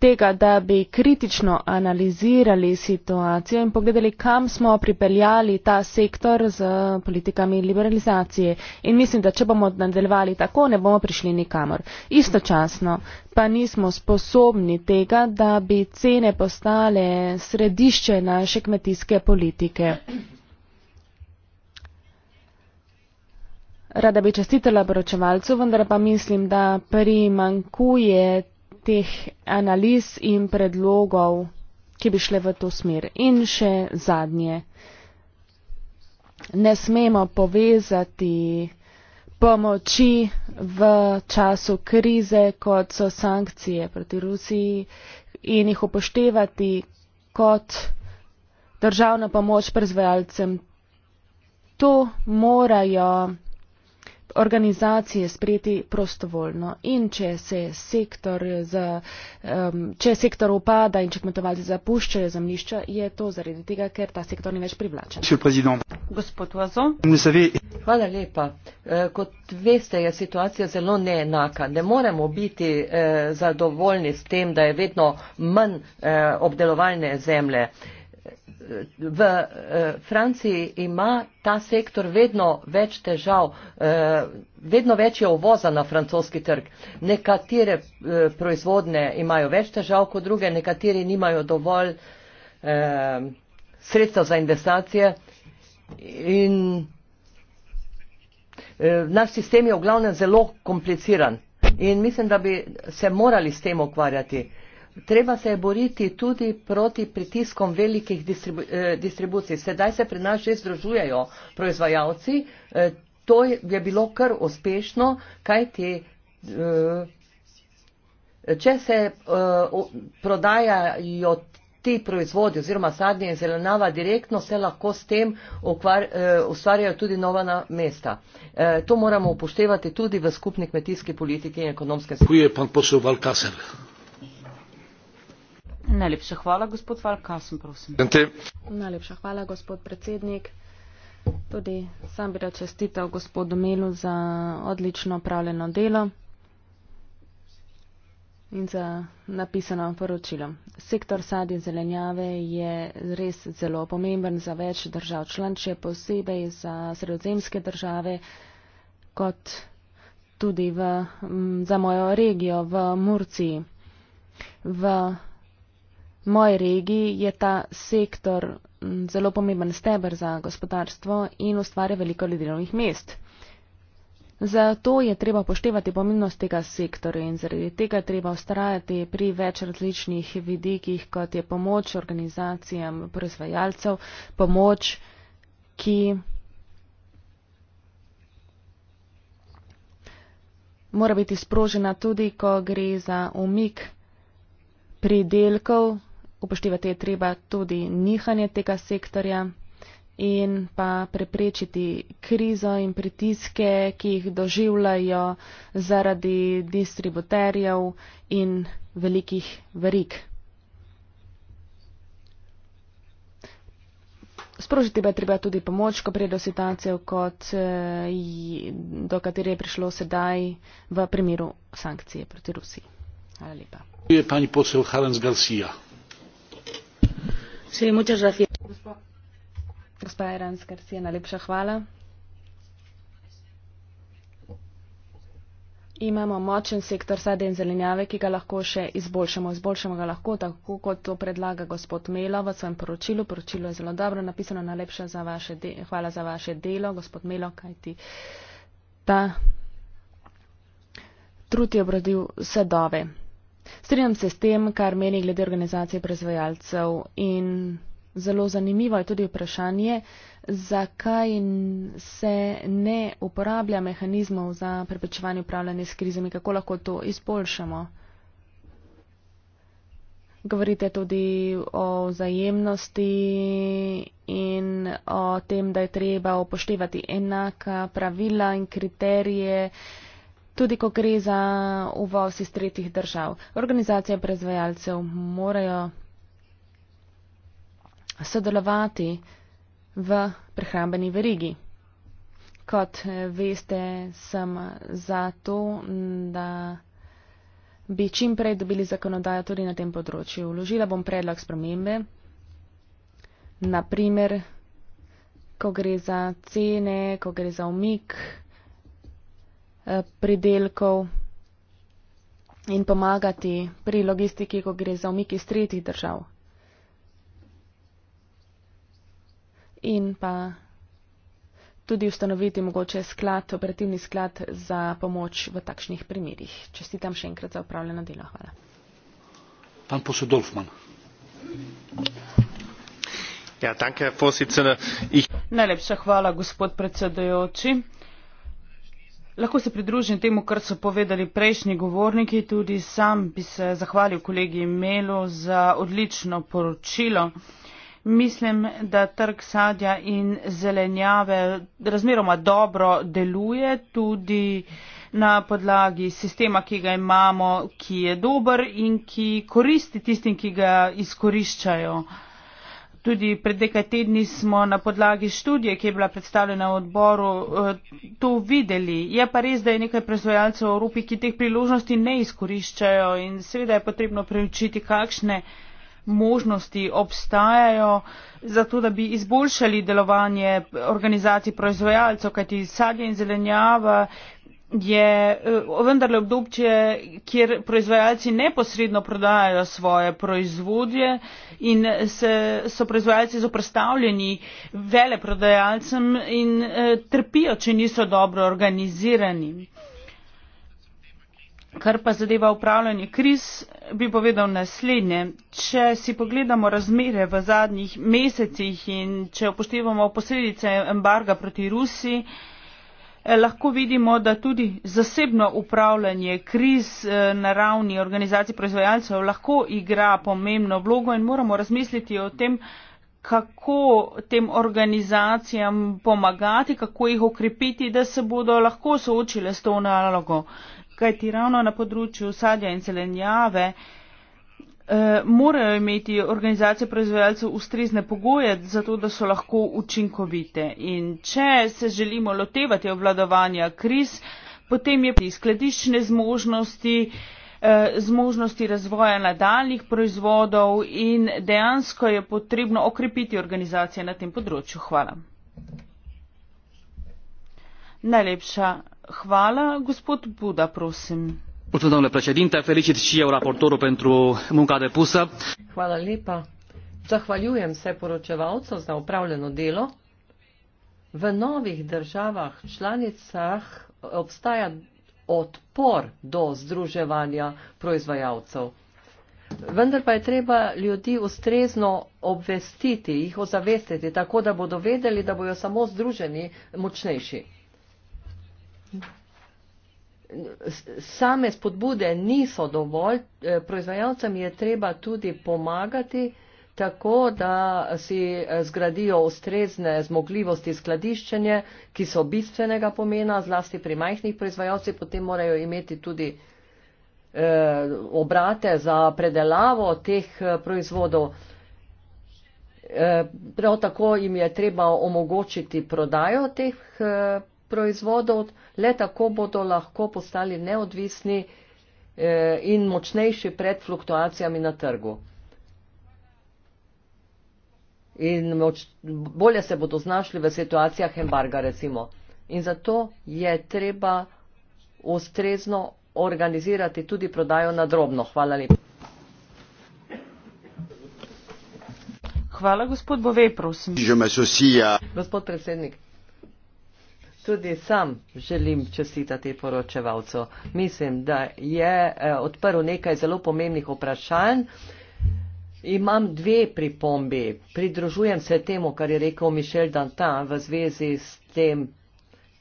tega, da bi kritično analizirali situacijo in pogledali, kam smo pripeljali ta sektor z politikami liberalizacije. In mislim, da če bomo nadaljevali tako, ne bomo prišli nikamor. Istočasno pa nismo sposobni tega, da bi cene postale središče naše kmetijske politike. Rada bi čestitela poročevalcu, vendar pa mislim, da primankuje teh analiz in predlogov, ki bi šle v to smer. In še zadnje. Ne smemo povezati pomoči v času krize, kot so sankcije proti Rusiji, in jih upoštevati kot državna pomoč prezvajalcem. To morajo organizacije sprejeti prostovoljno in če se sektor, z, um, če sektor upada in če kmetovalci zapuščajo zemljišča, je to zaradi tega, ker ta sektor ni več privlačen. Gospod Vazon. Hvala lepa. Eh, kot veste, je situacija zelo neenaka. Ne moremo biti eh, zadovoljni s tem, da je vedno manj eh, obdelovalne zemlje v eh, Franciji ima ta sektor vedno več težav, eh, vedno več je uvoza na francoski trg. Nekatere eh, proizvodne imajo več težav kot druge, nekateri nimajo dovolj sredstev za investicije in naš sistem je v glavnem zelo kompliciran in mislim, da bi se morali s tem ukvarjati treba se je boriti tudi proti pritiskom velikih distribu, eh, distribucij. Sedaj se pred nas že združujejo proizvajalci, eh, to je bilo kar uspešno, kaj ti. Eh, če se eh, prodajajo ti proizvodi oziroma sadnje in zelenava direktno, se lahko s tem ukvar, eh, ustvarjajo tudi nova mesta. Eh, to moramo upoštevati tudi v skupni kmetijski politiki in ekonomske skupine. Najlepša hvala, gospod Falkasen, prosim. Najlepša hvala, gospod predsednik. Tudi sam bi rad čestitev gospodu Melu za odlično upravljeno delo in za napisano poročilo. Sektor sad in zelenjave je res zelo pomemben za več držav članče, posebej za sredozemske države, kot tudi v, za mojo regijo v Murciji. V moji regiji je ta sektor zelo pomemben stebr za gospodarstvo in ustvarja veliko delovnih mest. Zato je treba poštevati pomembnost tega sektorja in zaradi tega je treba ustrajati pri več različnih vidikih, kot je pomoč organizacijam proizvajalcev, pomoč, ki mora biti sprožena tudi, ko gre za umik pridelkov upoštevati je treba tudi nihanje tega sektorja in pa preprečiti krizo in pritiske, ki jih doživljajo zaradi distributerjev in velikih verik. Sprožiti pa je treba tudi pomoč, ko pride do situacije, kot eh, do katere je prišlo sedaj v primeru sankcije proti Rusiji. Hvala lepa. Je pani posel Harens Garcia. Gospa Iran Skarcija, najlepša hvala. Imamo močen sektor sade in zelenjave, ki ga lahko še izboljšamo. Izboljšamo ga lahko tako, kot to predlaga gospod Melo v svojem poročilu. Poročilo je zelo dobro napisano, najlepša za vaše hvala za vaše delo, gospod Melo, kajti ta trud je obrodil sadove. Strinjam se s tem, kar meni glede organizacije proizvajalcev in zelo zanimivo je tudi vprašanje, zakaj se ne uporablja mehanizmov za preprečevanje upravljanja s krizami, kako lahko to izboljšamo. Govorite tudi o vzajemnosti in o tem, da je treba upoštevati enaka pravila in kriterije. Uh, tudi ko gre za uvoz iz tretjih držav. Organizacije proizvajalcev morajo sodelovati v prehrambeni verigi. Kot eh, veste, sem za to, da bi čim prej dobili zakonodajo tudi na tem področju. Vložila bom predlog spremembe, naprimer, ko gre za cene, ko gre za omik. Eh, pridelkov in pomagati pri logistiki, ko gre za umik iz tretjih držav. In pa tudi ustanoviti mogoče sklad, operativni sklad za pomoč v takšnih primerjih. Čestitam še enkrat za upravljeno delo. Hvala. Pan posod Dolfman. Ja, danke, Ich... Najlepša hvala, gospod predsedujoči. Lahko se pridružim temu, kar so povedali prejšnji govorniki, tudi sam bi se zahvalil kolegi Melu za odlično poročilo. Mislim, da trg sadja in zelenjave razmeroma dobro deluje tudi na podlagi sistema, ki ga imamo, ki je dober in ki koristi tistim, ki ga izkoriščajo. Uh, Tudi pred nekaj tedni smo na podlagi študije, ki je bila predstavljena v odboru, eh, to videli. Je pa res, da je nekaj proizvajalcev v Evropi, ki teh priložnosti ne izkoriščajo in seveda je potrebno preučiti, kakšne možnosti obstajajo, zato da bi izboljšali delovanje organizacij proizvajalcev, kajti sadje in zelenjava je eh, vendarle obdobje, kjer proizvajalci neposredno prodajajo svoje proizvodje in se, so proizvajalci zoprstavljeni veleprodajalcem in eh, trpijo, če niso dobro organizirani. Kar pa zadeva upravljanje kriz, bi povedal naslednje. Če si pogledamo razmere v zadnjih mesecih in če upoštevamo posledice embarga proti Rusiji, Eh, lahko vidimo, da tudi zasebno upravljanje kriz eh, na ravni organizacij proizvajalcev lahko igra pomembno vlogo in moramo razmisliti o tem, kako tem organizacijam pomagati, kako jih okrepiti, da se bodo lahko soočile s to nalogo. Kajti ravno na področju sadja in zelenjave Eh, morajo imeti organizacije proizvajalcev ustrezne pogoje, zato da so lahko učinkovite. In če se želimo lotevati obvladovanja kriz, potem je pri skladiščne zmožnosti, eh, zmožnosti razvoja nadaljnih proizvodov in dejansko je potrebno okrepiti organizacije na tem področju. Hvala. Najlepša hvala. Gospod Buda, prosim domnule președinte felicit și eu raportorul pentru munca depusă. zahvaljujem se poročevalcu za opravljeno delo. V novih državah članicah obstaja odpor do združevanja proizvajalcev. Vendar pa je treba ljudi ustrezno obvestiti, jih ozavestiti, tako da bodo vedeli, da bojo samo združeni močnejši same spodbude niso dovolj, eh, proizvajalcem je treba tudi pomagati tako, da si eh, zgradijo ustrezne zmogljivosti skladiščenje, ki so bistvenega pomena, zlasti pri majhnih proizvajalcih, potem morajo imeti tudi eh, obrate za predelavo teh eh, proizvodov. Eh, prav tako jim je treba omogočiti prodajo teh eh, proizvodov, le tako bodo lahko postali neodvisni eh, in močnejši pred fluktuacijami na trgu. In moč, bolje se bodo znašli v situacijah embarga, recimo. In zato je treba ustrezno organizirati tudi prodajo na drobno. Hvala lepa. Hvala, gospod Bove, prosim. Gospod predsednik. Tudi sam želim čestitati poročevalcu. Mislim, da je eh, odprl nekaj zelo pomembnih vprašanj. Imam dve pripombi. Pridružujem se temu, kar je rekel Mišel Dantan v zvezi s tem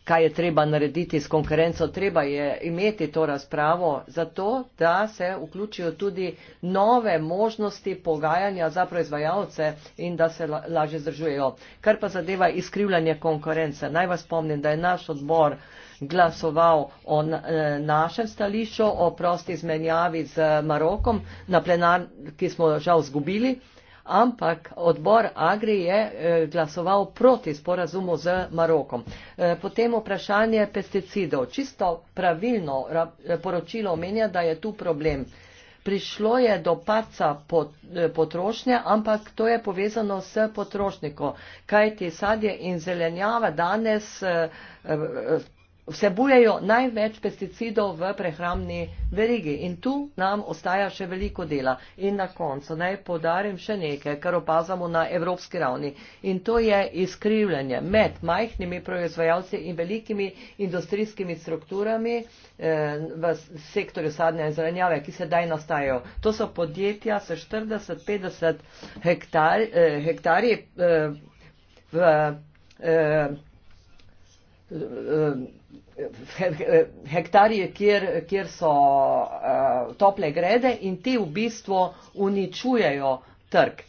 kaj je treba narediti s konkurenco, treba je imeti to razpravo, zato da se vključijo tudi nove možnosti pogajanja za proizvajalce in da se lažje zdržujejo. Kar pa zadeva izkrivljanje konkurence, naj vas spomnim, da je naš odbor glasoval o eh, našem stališču, o prosti zmenjavi z Marokom, na plenar, ki smo žal zgubili ampak odbor Agri je eh, glasoval proti sporazumu z Marokom. Eh, potem vprašanje pesticidov. Čisto pravilno eh, poročilo omenja, da je tu problem. Prišlo je do paca potrošnje, ampak to je povezano s potrošnikom, kajti sadje in zelenjava danes vsebujejo največ pesticidov v prehramni verigi in tu nam ostaja še veliko dela. In na koncu naj podarim še nekaj, kar opazamo na evropski ravni in to je izkrivljanje med majhnimi proizvajalci in velikimi industrijskimi strukturami eh, v sektorju sadne in zelenjave, ki sedaj nastajajo. To so podjetja s 40-50 hektar, eh, hektarji eh, v. Eh, hektarje, kjer, kjer so uh, tople grede in ti v bistvu uničujejo trg.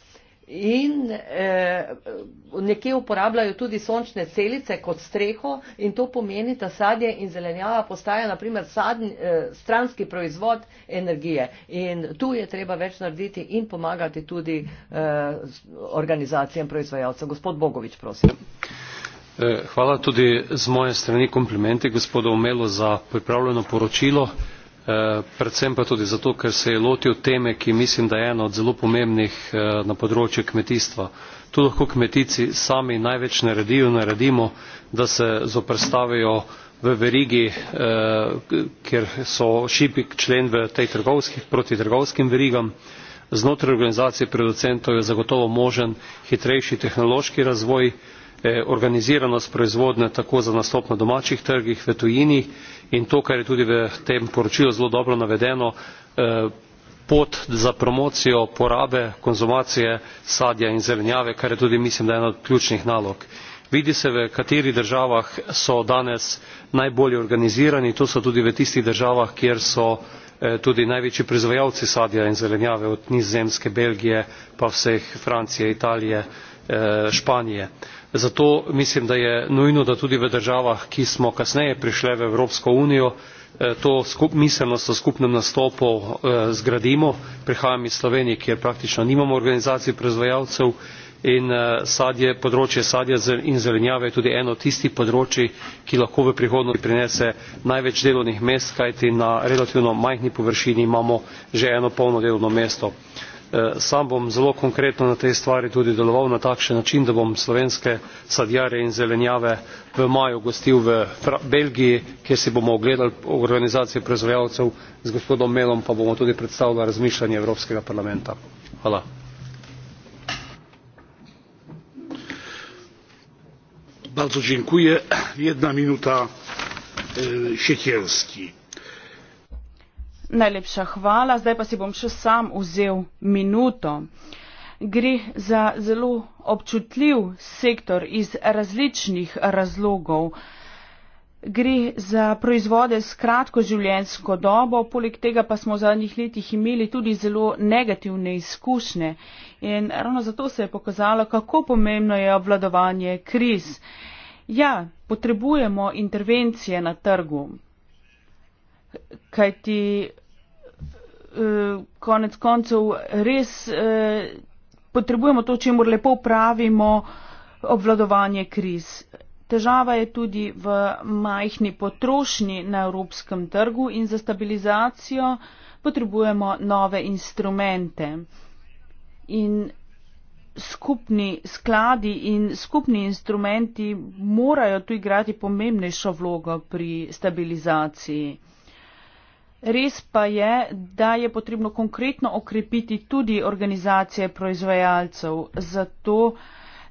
In uh, nekje uporabljajo tudi sončne celice kot streho in to pomeni, da sadje in zelenjava postaja naprimer sadn, uh, eh, stranski proizvod energije. In tu je treba več narediti in pomagati tudi uh, organizacijam proizvajalcev. Gospod Bogovič, prosim. Eh, hvala tudi z moje strani komplimenti gospodu omelu za pripravljeno poročilo eh, predvsem pa tudi zato ker se je lotil teme ki mislim da je ena od zelo pomembnih eh, na področju kmetijstva. tu lahko kmetijci sami največ naredijo naredimo da se zoperstavijo v verigi kjer so šibek člen v tej trgovski proti trgovskim verigam znotraj organizacije producentov je zagotovo možen hitrejši tehnološki razvoj Eh, organiziranost proizvodnje tako za nastop na domačih trgih v tujini in to kar je tudi v tem poročilu zelo dobro navedeno eh, pot za promocijo porabe konzumacije sadja in zelenjave kar je tudi mislim da ena od ključnih nalog. vidi se v katerih državah so danes najbolje organizirani to so tudi v tistih državah kjer so eh, tudi največji proizvajalci sadja in zelenjave od nizozemske belgije pa vseh francije italije španije zato mislim da je nujno da tudi v državah ki smo kasneje prišle v evropsko unijo eh, to miselnost o skupnem nastopu eh, zgradimo prihajam iz slovenije kjer praktično nimamo organizacij proizvajalcev in eh, sadje področje sadja in zelenjave je tudi eno tistih področij ki lahko v prihodnosti prinese največ delovnih mest kajti na relativno majhni površini imamo že eno polno delovno mesto. Eh, sam bom zelo konkretno na tej stvari tudi deloval na takšen način da bom slovenske sadjarje in zelenjave v maju gostil v belgiji kjer si bomo ogledali organizacijo proizvajalcev z gospodom mehlom pa bomo tudi predstavili razmišljanje evropskega parlamenta. bardzo dziękuję jedna minuta e, siekierski Najlepša hvala. Zdaj pa si bom še sam vzel minuto. Gre za zelo občutljiv sektor iz različnih razlogov. Gre za proizvode s kratko življenjsko dobo, poleg tega pa smo v zadnjih letih imeli tudi zelo negativne izkušnje. In ravno zato se je pokazalo, kako pomembno je obvladovanje kriz. Ja, potrebujemo intervencije na trgu, kaj ti eh, konec koncev res eh, potrebujemo to, čemu lepo pravimo obvladovanje kriz. Težava je tudi v majhni potrošnji na evropskem trgu in za stabilizacijo potrebujemo nove instrumente. In skupni skladi in skupni instrumenti morajo tu igrati pomembnejšo vlogo pri stabilizaciji res pa je, da je potrebno konkretno okrepiti tudi organizacije proizvajalcev, zato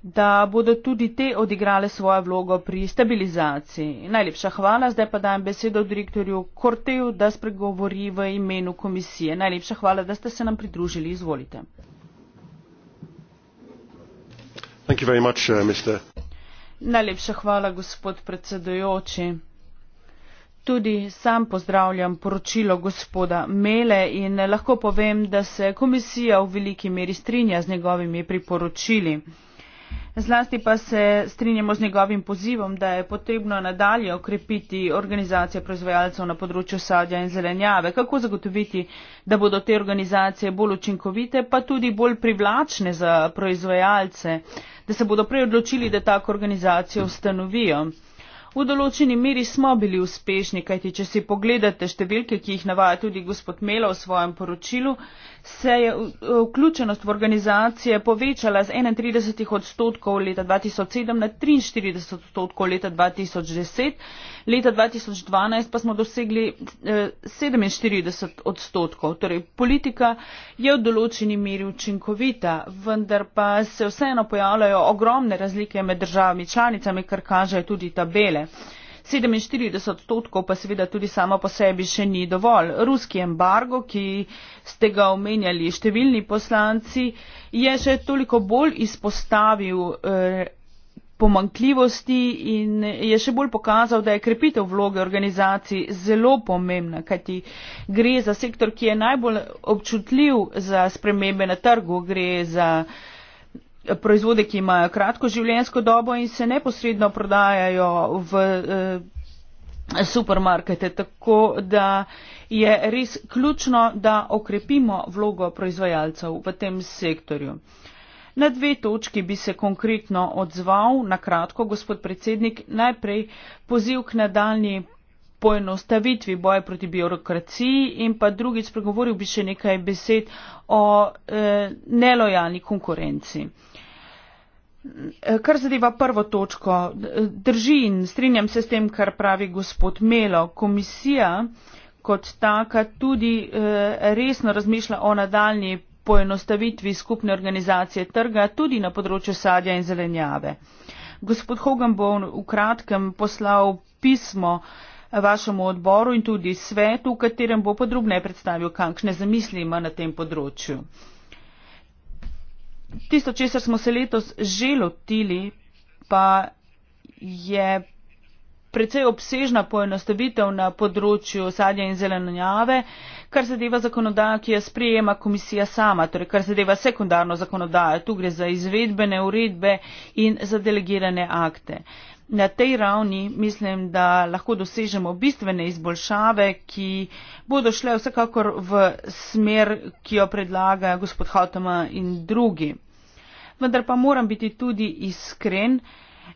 da bodo tudi te odigrale svojo vlogo pri stabilizaciji. Najlepša hvala, zdaj pa dajem besedo direktorju Korteju, da spregovori v imenu komisije. Najlepša hvala, da ste se nam pridružili, izvolite. Much, uh, Najlepša hvala, gospod predsedujoči tudi sam pozdravljam poročilo gospoda mele in lahko povem da se komisija v veliki meri strinja z njegovimi priporočili zlasti pa se strinjamo z njegovim pozivom da je potrebno nadalje okrepiti organizacije proizvajalcev na področju sadja in zelenjave kako zagotoviti da bodo te organizacije bolj učinkovite pa tudi bolj privlačne za proizvajalce da se bodo prej odločili da tako organizacijo ustanovijo. V določeni meri smo bili uspešni, kajti če si pogledate številke, ki jih navaja tudi gospod Mela v svojem poročilu, se je vključenost v organizacije povečala z 31 odstotkov leta 2007 na 43 odstotkov leta 2010, leta 2012 pa smo dosegli 47 eh, odstotkov. Torej, politika je v določeni meri učinkovita, vendar pa se vseeno pojavljajo ogromne razlike med državami članicami, kar kažejo tudi tabele. 47 odstotkov pa seveda tudi samo po sebi še ni dovolj. Ruski embargo, ki ste ga omenjali številni poslanci, je še toliko bolj izpostavil eh, pomankljivosti in je še bolj pokazal, da je krepitev vloge organizacij zelo pomembna, kajti gre za sektor, ki je najbolj občutljiv za spremembe na trgu, gre za uh, proizvode, ki imajo kratko življenjsko dobo in se neposredno prodajajo v eh, supermarkete. Tako da je res ključno, da okrepimo vlogo proizvajalcev v tem sektorju. Na dve točki bi se konkretno odzval, na kratko, gospod predsednik, najprej poziv k nadaljni poenostavitvi boja proti birokraciji in pa drugič spregovoril bi še nekaj besed o e, nelojalni konkurenci. Kar zadeva prvo točko, drži in strinjam se s tem, kar pravi gospod Melo. Komisija kot taka tudi eh, resno razmišlja o nadaljni poenostavitvi skupne organizacije trga tudi na področju sadja in zelenjave. Gospod Hogan bo v kratkem poslal pismo vašemu odboru in tudi svetu, v katerem bo podrobneje predstavil, kakšne zamisli ima na tem področju tisto, česar smo se letos že lotili, pa je precej obsežna poenostavitev na področju sadja in zelenjave, kar zadeva zakonodajo, ki jo sprijema komisija sama, torej kar zadeva sekundarno zakonodajo. Tu gre za izvedbene uredbe in za delegirane akte. Uh, na tej ravni mislim, da lahko dosežemo bistvene izboljšave, ki bodo šle vsekakor v smer, ki jo predlaga gospod Hautama in drugi. Vendar pa moram biti tudi iskren,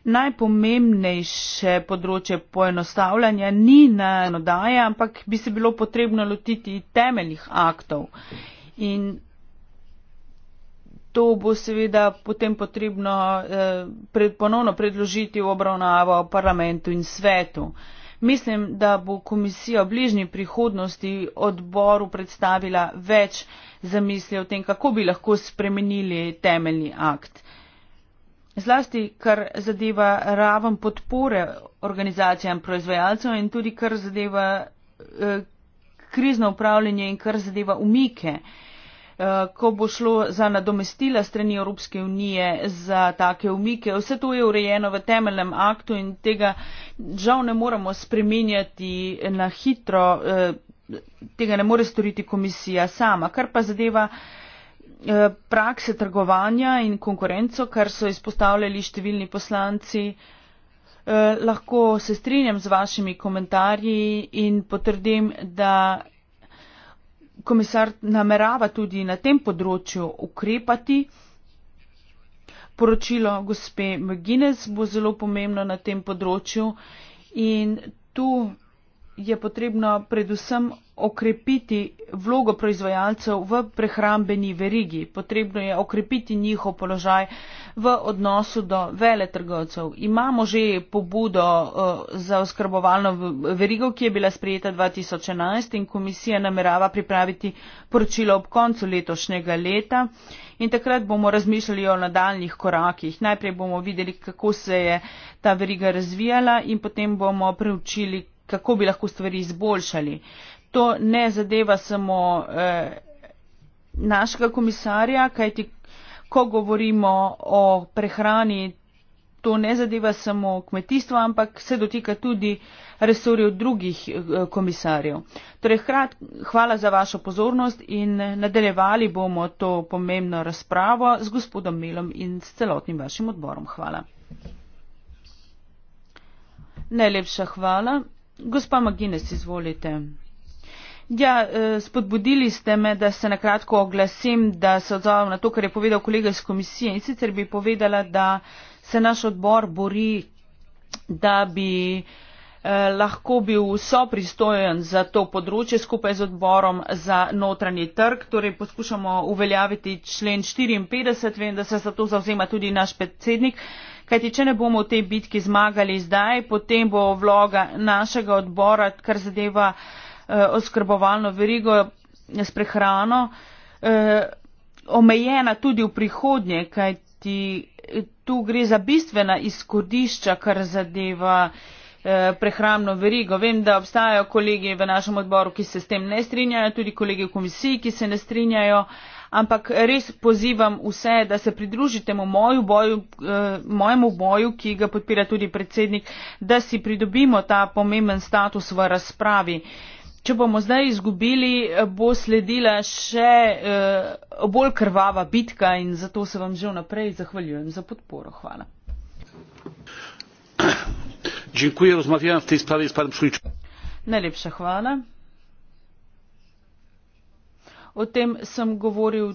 najpomembnejše področje poenostavljanja ni na enodaje, ampak bi se bilo potrebno lotiti temeljnih aktov. In to bo seveda potem potrebno eh, pred, ponovno predložiti v obravnavo parlamentu in svetu. Mislim, da bo komisija v bližnji prihodnosti odboru predstavila več zamisli o tem, kako bi lahko spremenili temeljni akt. Zlasti, kar zadeva raven podpore organizacijam proizvajalcev in tudi kar zadeva eh, krizno upravljanje in kar zadeva umike. Eh, Eh, ko bo šlo za nadomestila strani Evropske unije za take umike. Vse to je urejeno v temeljnem aktu in tega žal ne moramo spremenjati na hitro, eh, tega ne more storiti komisija sama. Kar pa zadeva eh, prakse trgovanja in konkurenco, kar so izpostavljali številni poslanci, lahko se strinjam z vašimi komentarji in potrdim, da komisar namerava tudi na tem področju ukrepati. Poročilo gospe McGuinness bo zelo pomembno na tem področju in tu je potrebno predvsem okrepiti vlogo proizvajalcev v prehrambeni verigi. Potrebno je okrepiti njihov položaj v odnosu do veletrgovcev. Imamo že pobudo eh, za oskrbovalno verigo, ki je bila sprejeta 2011 in komisija namerava pripraviti poročilo ob koncu letošnjega leta. In takrat bomo razmišljali o nadaljnih korakih. Najprej bomo videli, kako se je ta veriga razvijala in potem bomo preučili, kako bi lahko stvari izboljšali. To ne zadeva samo eh, našega komisarja, kajti ko govorimo o prehrani, to ne zadeva samo kmetijstvo, ampak se dotika tudi resorjev drugih eh, komisarjev. Torej, hkrat, hvala za vašo pozornost in nadaljevali bomo to pomembno razpravo z gospodom Milom in s celotnim vašim odborom. Hvala. Najlepša hvala. Gospa Magines, izvolite. Ja, eh, spodbudili ste me, da se nakratko oglasim, da se odzovem na to, kar je povedal kolega iz komisije. In sicer bi povedala, da se naš odbor bori, da bi eh, lahko bil vso pristojen za to področje skupaj z odborom za notranji trg. Torej poskušamo uveljaviti člen 54, vem, da se za to zauzema tudi naš predsednik. Kajti, če ne bomo v tej bitki zmagali zdaj, potem bo vloga našega odbora, kar zadeva eh, oskrbovalno verigo s prehrano, eh, omejena tudi v prihodnje, kajti eh, tu gre za bistvena izkodišča, kar zadeva eh, prehramno verigo. Vem, da obstajajo kolegi v našem odboru, ki se s tem ne strinjajo, tudi kolegi v komisiji, ki se ne strinjajo, ampak res pozivam vse, da se pridružite moju boju, eh, mojemu boju, ki ga podpira tudi predsednik, da si pridobimo ta pomemben status v razpravi. Če bomo zdaj izgubili, eh, bo sledila še eh, bolj krvava bitka in zato se vam že vnaprej zahvaljujem za podporo. Hvala. Najlepša hvala. O tem sem govoril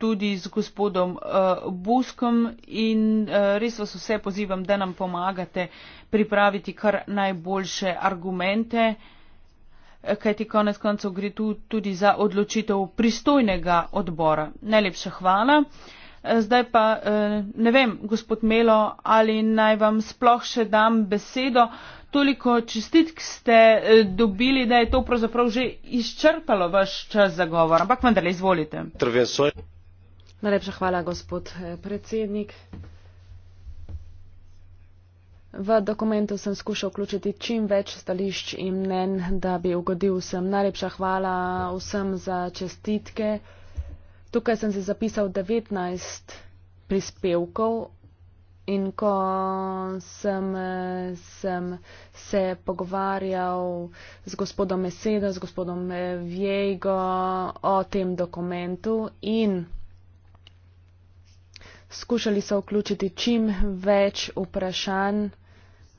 tudi z gospodom uh, Buskom in uh, res vas vse pozivam, da nam pomagate pripraviti kar najboljše argumente, eh, kajti konec koncev gre tu tudi za odločitev pristojnega odbora. Najlepša hvala zdaj pa eh, ne vem, gospod Melo, ali naj vam sploh še dam besedo. Toliko čestitk ste eh, dobili, da je to pravzaprav že izčrpalo vaš čas za govor. Ampak vendarle izvolite. Najlepša hvala, gospod eh, predsednik. V dokumentu sem skušal vključiti čim več stališč in mnen, da bi ugodil vsem. Najlepša hvala vsem za čestitke. Tukaj sem si zapisal 19 prispevkov in ko sem, sem se pogovarjal z gospodom Meseda, z gospodom eh, Viejgo o tem dokumentu in skušali so vključiti čim več vprašanj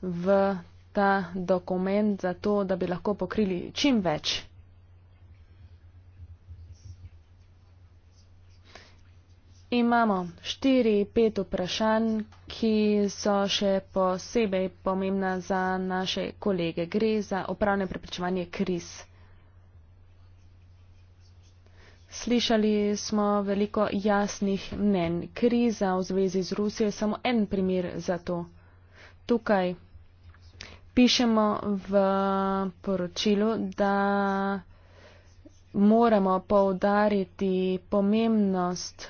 v ta dokument, zato da bi lahko pokrili čim več Imamo štiri, pet vprašanj, ki so še posebej pomembna za naše kolege. Gre za upravne prepričevanje kriz. Slišali smo veliko jasnih mnen. Kriza v zvezi z Rusijo je samo en primer za to. Tukaj pišemo v poročilu, da moramo poudariti pomembnost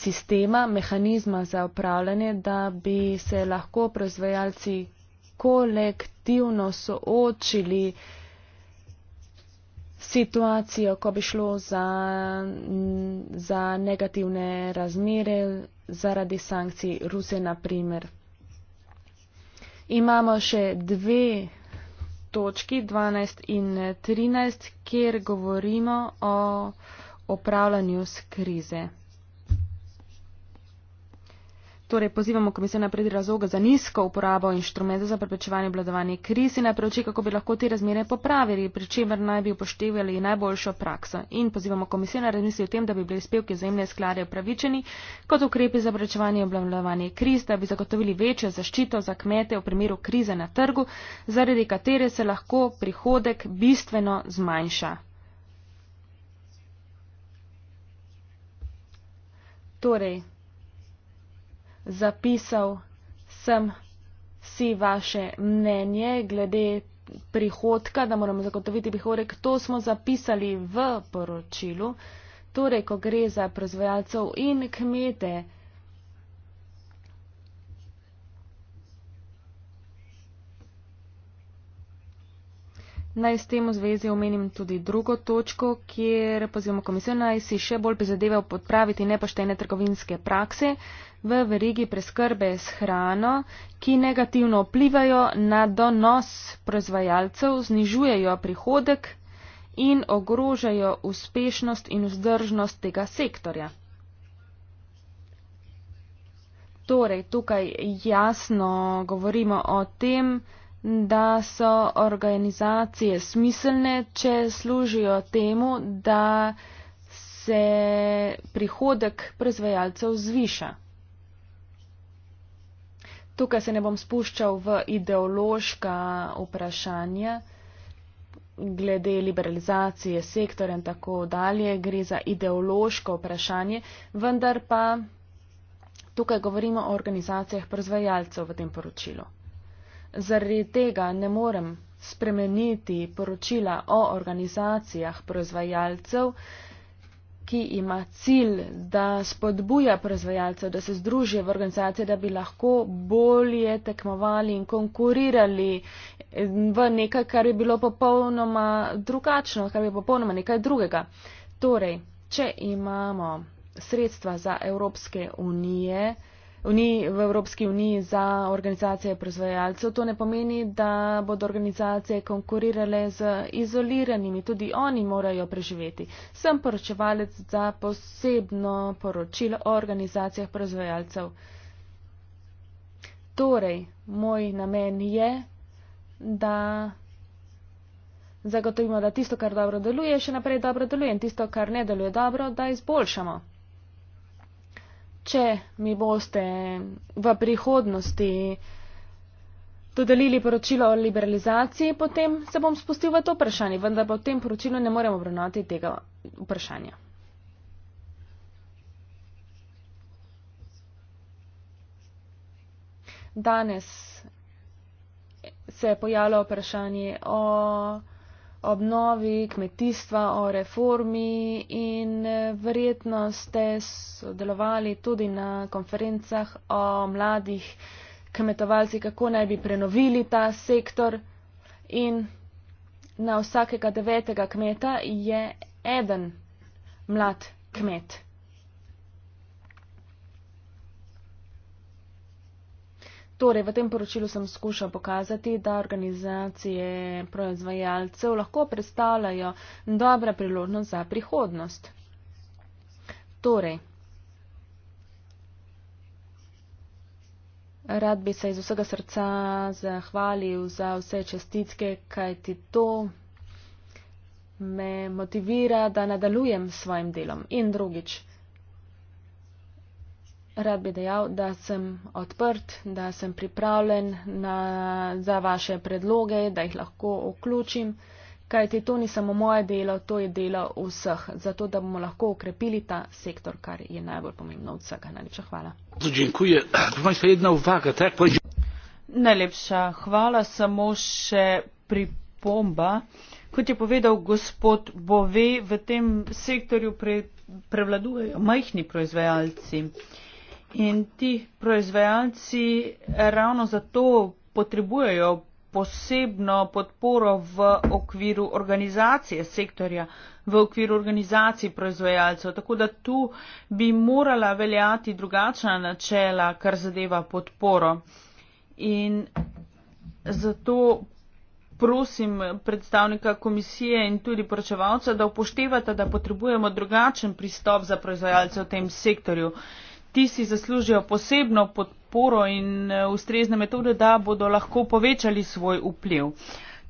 sistema, mehanizma za upravljanje, da bi se lahko proizvajalci kolektivno soočili situacijo, ko bi šlo za, za negativne razmere zaradi sankcij Ruse naprimer. Imamo še dve točki, 12 in 13, kjer govorimo o upravljanju s krize torej pozivamo komisijo na predi razloga za nizko uporabo inštrumenta za preprečevanje obladovanje kriz in na preoči, kako bi lahko te razmere popravili, pri čemer naj bi upoštevali najboljšo prakso. In pozivamo komisijo na razmisli o tem, da bi bili izpevki zemlje sklade upravičeni kot ukrepi za preprečevanje obladovanje kriz, da bi zagotovili večjo zaščito za kmete v primeru krize na trgu, zaradi katere se lahko prihodek bistveno zmanjša. Torej, zapisal sem si vaše mnenje glede prihodka, da moramo zagotoviti prihodek. To smo zapisali v poročilu. Torej, ko gre za proizvajalcev in kmete, Naj s tem v zvezi omenim tudi drugo točko, kjer pozivamo komisijo naj si še bolj prizadeva podpraviti nepoštene trgovinske prakse v verigi preskrbe s hrano, ki negativno vplivajo na donos proizvajalcev, znižujejo prihodek in ogrožajo uspešnost in vzdržnost tega sektorja. Torej, tukaj jasno govorimo o tem, da so organizacije smiselne, če služijo temu, da se prihodek proizvajalcev zviša. Tukaj se ne bom spuščal v ideološka vprašanja glede liberalizacije sektorja in tako dalje, gre za ideološko vprašanje, vendar pa tukaj govorimo o organizacijah proizvajalcev v tem poročilu zaradi tega ne morem spremeniti poročila o organizacijah proizvajalcev, ki ima cilj, da spodbuja proizvajalcev, da se združijo v organizacije, da bi lahko bolje tekmovali in konkurirali v nekaj, kar bi bilo popolnoma drugačno, kar bi bilo popolnoma nekaj drugega. Torej, če imamo sredstva za Evropske unije, uniji, v Evropski uniji za organizacije proizvajalcev. To ne pomeni, da bodo organizacije konkurirale z izoliranimi, tudi oni morajo preživeti. Sem poročevalec za posebno poročilo o organizacijah proizvajalcev. Torej, moj namen je, da. Zagotovimo, da tisto, kar dobro deluje, še naprej dobro deluje in tisto, kar ne deluje dobro, da izboljšamo če mi boste v prihodnosti dodelili poročilo o liberalizaciji, potem se bom spustil v to vprašanje, vendar pa v tem poročilu ne moremo obravnati tega vprašanja. Danes se je pojavilo vprašanje o obnovi kmetijstva, o reformi in eh, verjetno ste sodelovali tudi na konferencah o mladih kmetovalcih, kako naj bi prenovili ta sektor. In na vsakega devetega kmeta je eden mlad kmet. Torej, v tem poročilu sem skušal pokazati, da organizacije proizvajalcev lahko predstavljajo dobra priložnost za prihodnost. Torej, rad bi se iz vsega srca zahvalil za vse čestitke, kaj ti to me motivira, da nadaljujem s svojim delom. In drugič. Rad bi dejal, da sem odprt, da sem pripravljen na, za vaše predloge, da jih lahko vključim, kajti to ni samo moje delo, to je delo vseh, zato da bomo lahko ukrepili ta sektor, kar je najbolj pomembno od vsega. Najlepša hvala. Najlepša hvala, samo še pripomba. Kot je povedal gospod Bove, v tem sektorju pre, prevladujejo majhni proizvajalci. In ti proizvajalci ravno zato potrebujejo posebno podporo v okviru organizacije sektorja, v okviru organizacij proizvajalcev. Tako da tu bi morala veljati drugačna načela, kar zadeva podporo. In zato prosim predstavnika komisije in tudi poročevalca, da upoštevate, da potrebujemo drugačen pristop za proizvajalce v tem sektorju ti si zaslužijo posebno podporo in eh, ustrezne metode, da bodo lahko povečali svoj vpliv.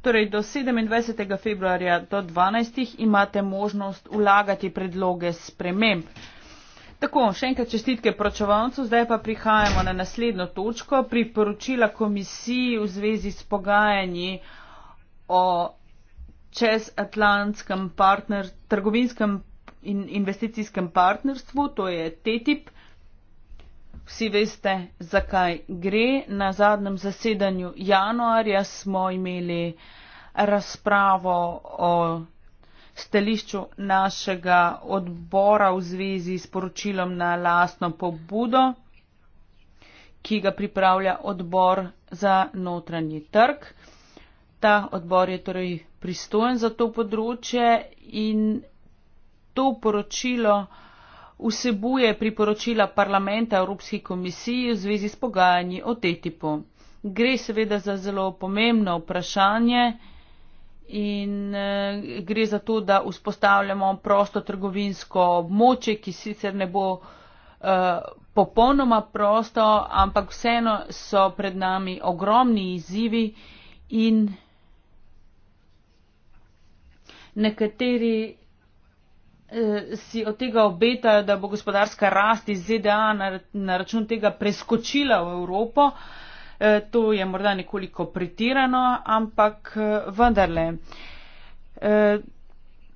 Torej, do 27. februarja do 12. imate možnost vlagati predloge sprememb. Tako, še enkrat čestitke pročevalcu, zdaj pa prihajamo na naslednjo točko, priporočila komisiji v zvezi s pogajanji o čezatlantskem partner, trgovinskem in investicijskem partnerstvu, to je TTIP vsi veste, zakaj gre. Na zadnjem zasedanju januarja smo imeli razpravo o stališču našega odbora v zvezi s poročilom na lastno pobudo, ki ga pripravlja odbor za notranji trg. Ta odbor je torej pristojen za to področje in to poročilo, vsebuje priporočila parlamenta Evropski komisiji v zvezi s pogajanji o TTIP-u. Gre seveda za zelo pomembno vprašanje in eh, gre za to, da vzpostavljamo prosto trgovinsko območje, ki sicer ne bo uh, popolnoma prosto, ampak vseeno so pred nami ogromni izzivi in nekateri Eh, si od tega obetajo, da bo gospodarska rast iz ZDA na, na račun tega preskočila v Evropo. Eh, to je morda nekoliko pretirano, ampak eh, vendarle.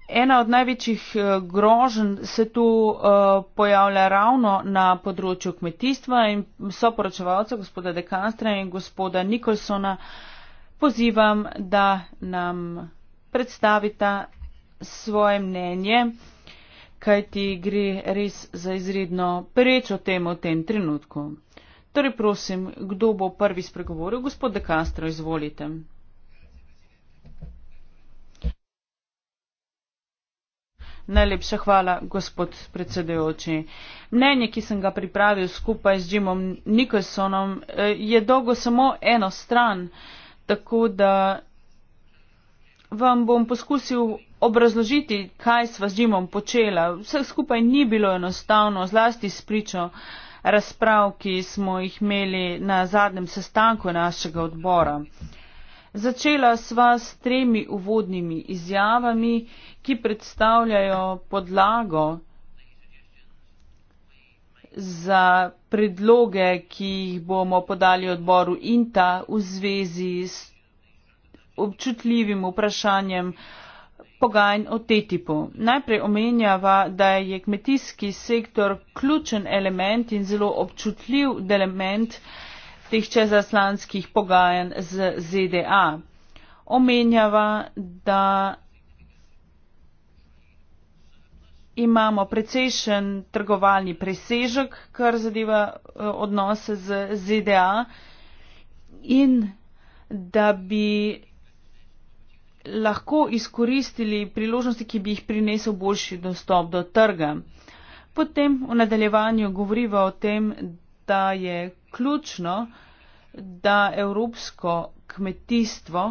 Ena od največjih grožen se tu pojavlja ravno na področju kmetijstva in soporočevalca gospoda Dekanstra in gospoda Nikolsona pozivam, da nam predstavita svoje mnenje kaj ti gre res za izredno prečo temo v tem trenutku. Torej, prosim, kdo bo prvi spregovoril? Gospod De Castro, izvolite. Najlepša hvala, gospod predsedujoči. Mnenje, ki sem ga pripravil skupaj z Jimom Nikolsonom, eh, je dolgo samo eno stran, tako da vam bom poskusil obrazložiti, kaj sva z Jimom počela. Vse skupaj ni bilo enostavno, zlasti spričo razprav, ki smo jih imeli na zadnjem sestanku našega odbora. Začela sva s tremi uvodnimi izjavami, ki predstavljajo podlago za predloge, ki jih bomo podali odboru INTA v zvezi s občutljivim vprašanjem pogajanj o TTIP-u. Najprej omenjava, da je kmetijski sektor ključen element in zelo občutljiv element teh čezaslanskih pogajanj z ZDA. Omenjava, da imamo precejšen trgovalni presežek, kar zadeva eh, odnose z ZDA in da bi lahko izkoristili priložnosti, ki bi jih prinesel boljši dostop do trga. Potem v nadaljevanju govoriva o tem, da je ključno, da evropsko kmetijstvo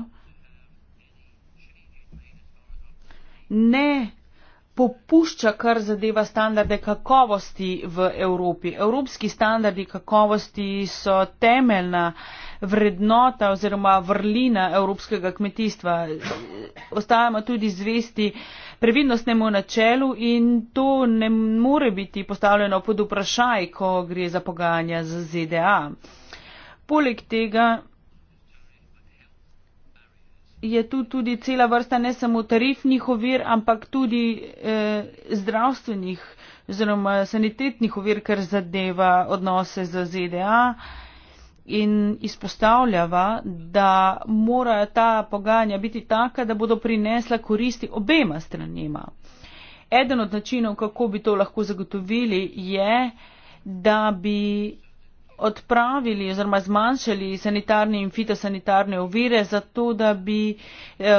ne popušča, kar zadeva standarde kakovosti v Evropi. Evropski standardi kakovosti so temeljna vrednota oziroma vrlina evropskega kmetijstva. Ostajamo tudi zvesti previdnostnemu načelu in to ne more biti postavljeno pod vprašaj, ko gre za pogajanja z ZDA. Poleg tega je tu tudi cela vrsta ne samo tarifnih ovir, ampak tudi eh, zdravstvenih oziroma sanitetnih ovir, kar zadeva odnose z ZDA. In izpostavljava, da morajo ta pogajanja biti taka, da bodo prinesla koristi obema stranima. Eden od načinov, kako bi to lahko zagotovili, je, da bi odpravili oziroma zmanjšali sanitarne in fitosanitarne ovire za to, da bi eh,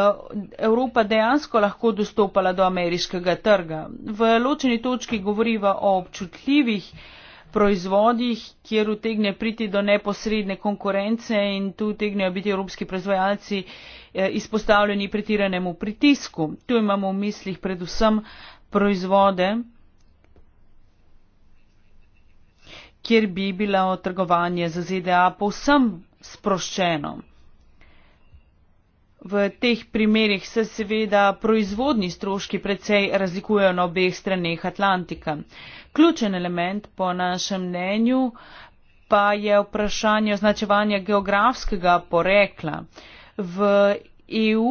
Evropa dejansko lahko dostopala do ameriškega trga. V ločeni točki govoriva o občutljivih proizvodih, kjer utegne priti do neposredne konkurence in tu utegnejo biti evropski proizvajalci eh, izpostavljeni pretiranemu pritisku. Tu imamo v mislih predvsem proizvode, kjer bi bilo trgovanje z ZDA povsem sproščeno. V teh primerjih se seveda proizvodni stroški precej razlikujejo na obeh straneh Atlantika. Ključen element, po našem mnenju, pa je vprašanje označevanja geografskega porekla v EU.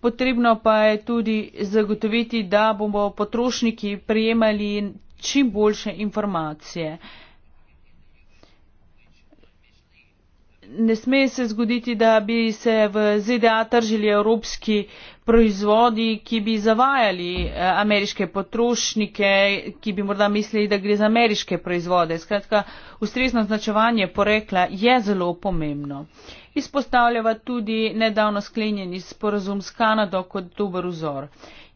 Potrebno pa je tudi zagotoviti, da bomo potrošniki prijemali čim boljše informacije. Ne sme se zgoditi, da bi se v ZDA tržili evropski proizvodi, ki bi zavajali eh, ameriške potrošnike, ki bi morda mislili, da gre za ameriške proizvode. Skratka, ustrezno značevanje porekla je zelo pomembno. Izpostavljava tudi nedavno sklenjeni sporazum s Kanado kot dober vzor.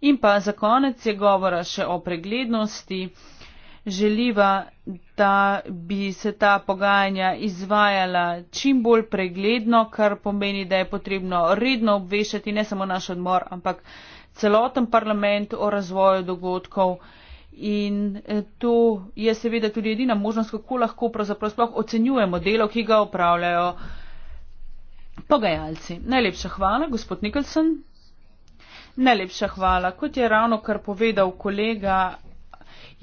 In pa za konec je govora še o preglednosti želiva, da bi se ta pogajanja izvajala čim bolj pregledno, kar pomeni, da je potrebno redno obveščati ne samo naš odmor, ampak celoten parlament o razvoju dogodkov. In eh, to je seveda tudi edina možnost, kako lahko pravzaprav sploh ocenjujemo delo, ki ga upravljajo pogajalci. Najlepša hvala, gospod Nikolson. Najlepša hvala. Kot je ravno kar povedal kolega,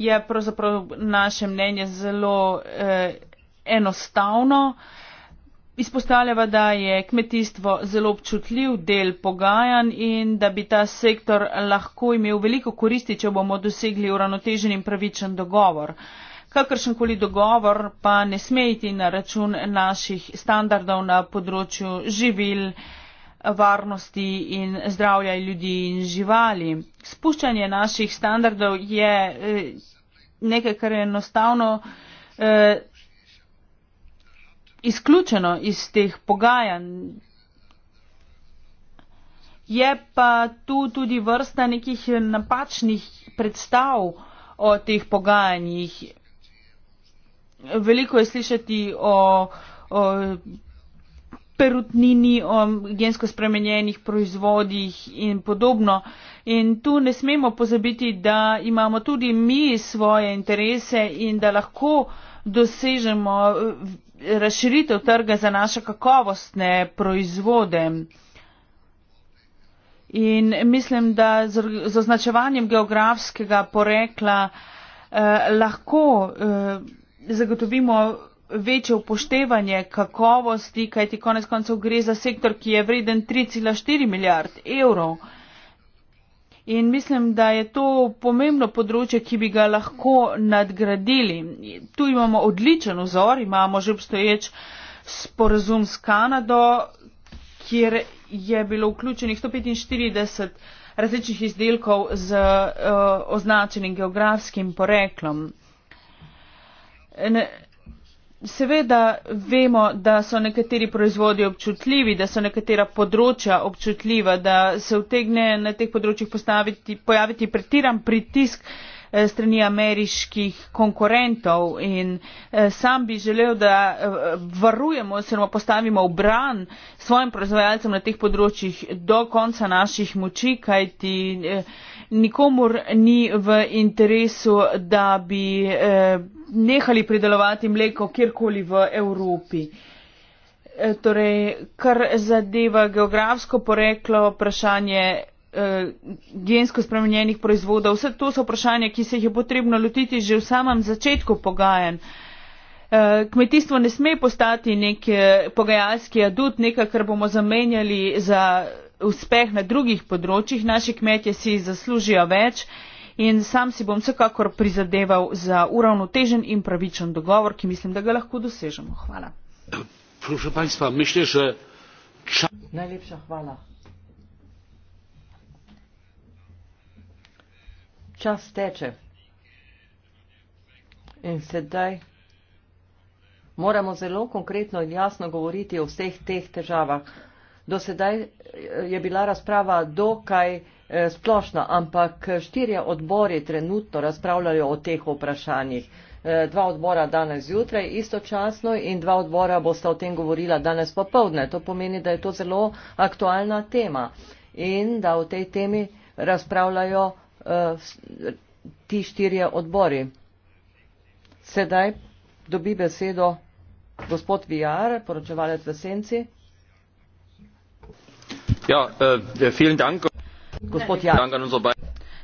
je pravzaprav naše mnenje zelo eh, enostavno. Izpostavljava, da je kmetijstvo zelo občutljiv del pogajanj in da bi ta sektor lahko imel veliko koristi, če bomo dosegli uravnotežen in pravičen dogovor. Kakršenkoli dogovor pa ne sme iti na račun naših standardov na področju živil, varnosti in zdravja ljudi in živali. Spuščanje naših standardov je. Eh, nekaj, kar je enostavno eh, izključeno iz teh pogajanj. Je pa tu tudi vrsta nekih napačnih predstav o teh pogajanjih. Veliko je slišati o, o perutnini, o gensko spremenjenih proizvodih in podobno. In tu ne smemo pozabiti, da imamo tudi mi svoje interese in da lahko dosežemo eh, razširitev trga za naše kakovostne proizvode. In mislim, da z, z označevanjem geografskega porekla eh, lahko eh, zagotovimo večje upoštevanje kakovosti, kajti konec koncev gre za sektor, ki je vreden 3,4 milijard evrov. In mislim, da je to pomembno področje, ki bi ga lahko nadgradili. Tu imamo odličen ozor, imamo že obstoječ sporazum s Kanado, kjer je bilo vključenih 145 različnih izdelkov z uh, označenim geografskim poreklom. Ne, Seveda vemo, da so nekateri proizvodi občutljivi, da so nekatera področja občutljiva, da se vtegne na teh področjih postaviti, pojaviti pretiran pritisk eh, strani ameriških konkurentov in eh, sam bi želel, da eh, varujemo oziroma postavimo obran svojim proizvajalcem na teh področjih do konca naših moči, kajti. Eh, nikomur ni v interesu, da bi eh, nehali pridelovati mleko kjerkoli v Evropi. E, torej, kar zadeva geografsko poreklo, vprašanje eh, gensko spremenjenih proizvodov, vse to so vprašanja, ki se jih je potrebno lotiti že v samem začetku pogajanj. Eh, kmetijstvo ne sme postati nek eh, pogajalski adut, nekaj, kar bomo zamenjali za uspeh na drugih področjih naši kmetje si zaslužijo več in sam si bom vsekakor prizadeval za uravnotežen in pravičen dogovor ki mislim da ga lahko dosežemo hvala Proszę państwa, myślę, że najlepsza chwala. Czas tecze. In sedaj moramo zelo konkretno in jasno govoriti o vseh teh težavah. Do sedaj eh, je bila razprava dokaj eh, splošna, ampak štirje odbori trenutno razpravljajo o teh vprašanjih. Eh, dva odbora danes zjutraj istočasno in dva odbora bosta o tem govorila danes popovdne. To pomeni, da je to zelo aktualna tema in da o tej temi razpravljajo ti štirje odbori. Sedaj dobi besedo gospod Vijar, poročevalec v Senci. Ja, eh,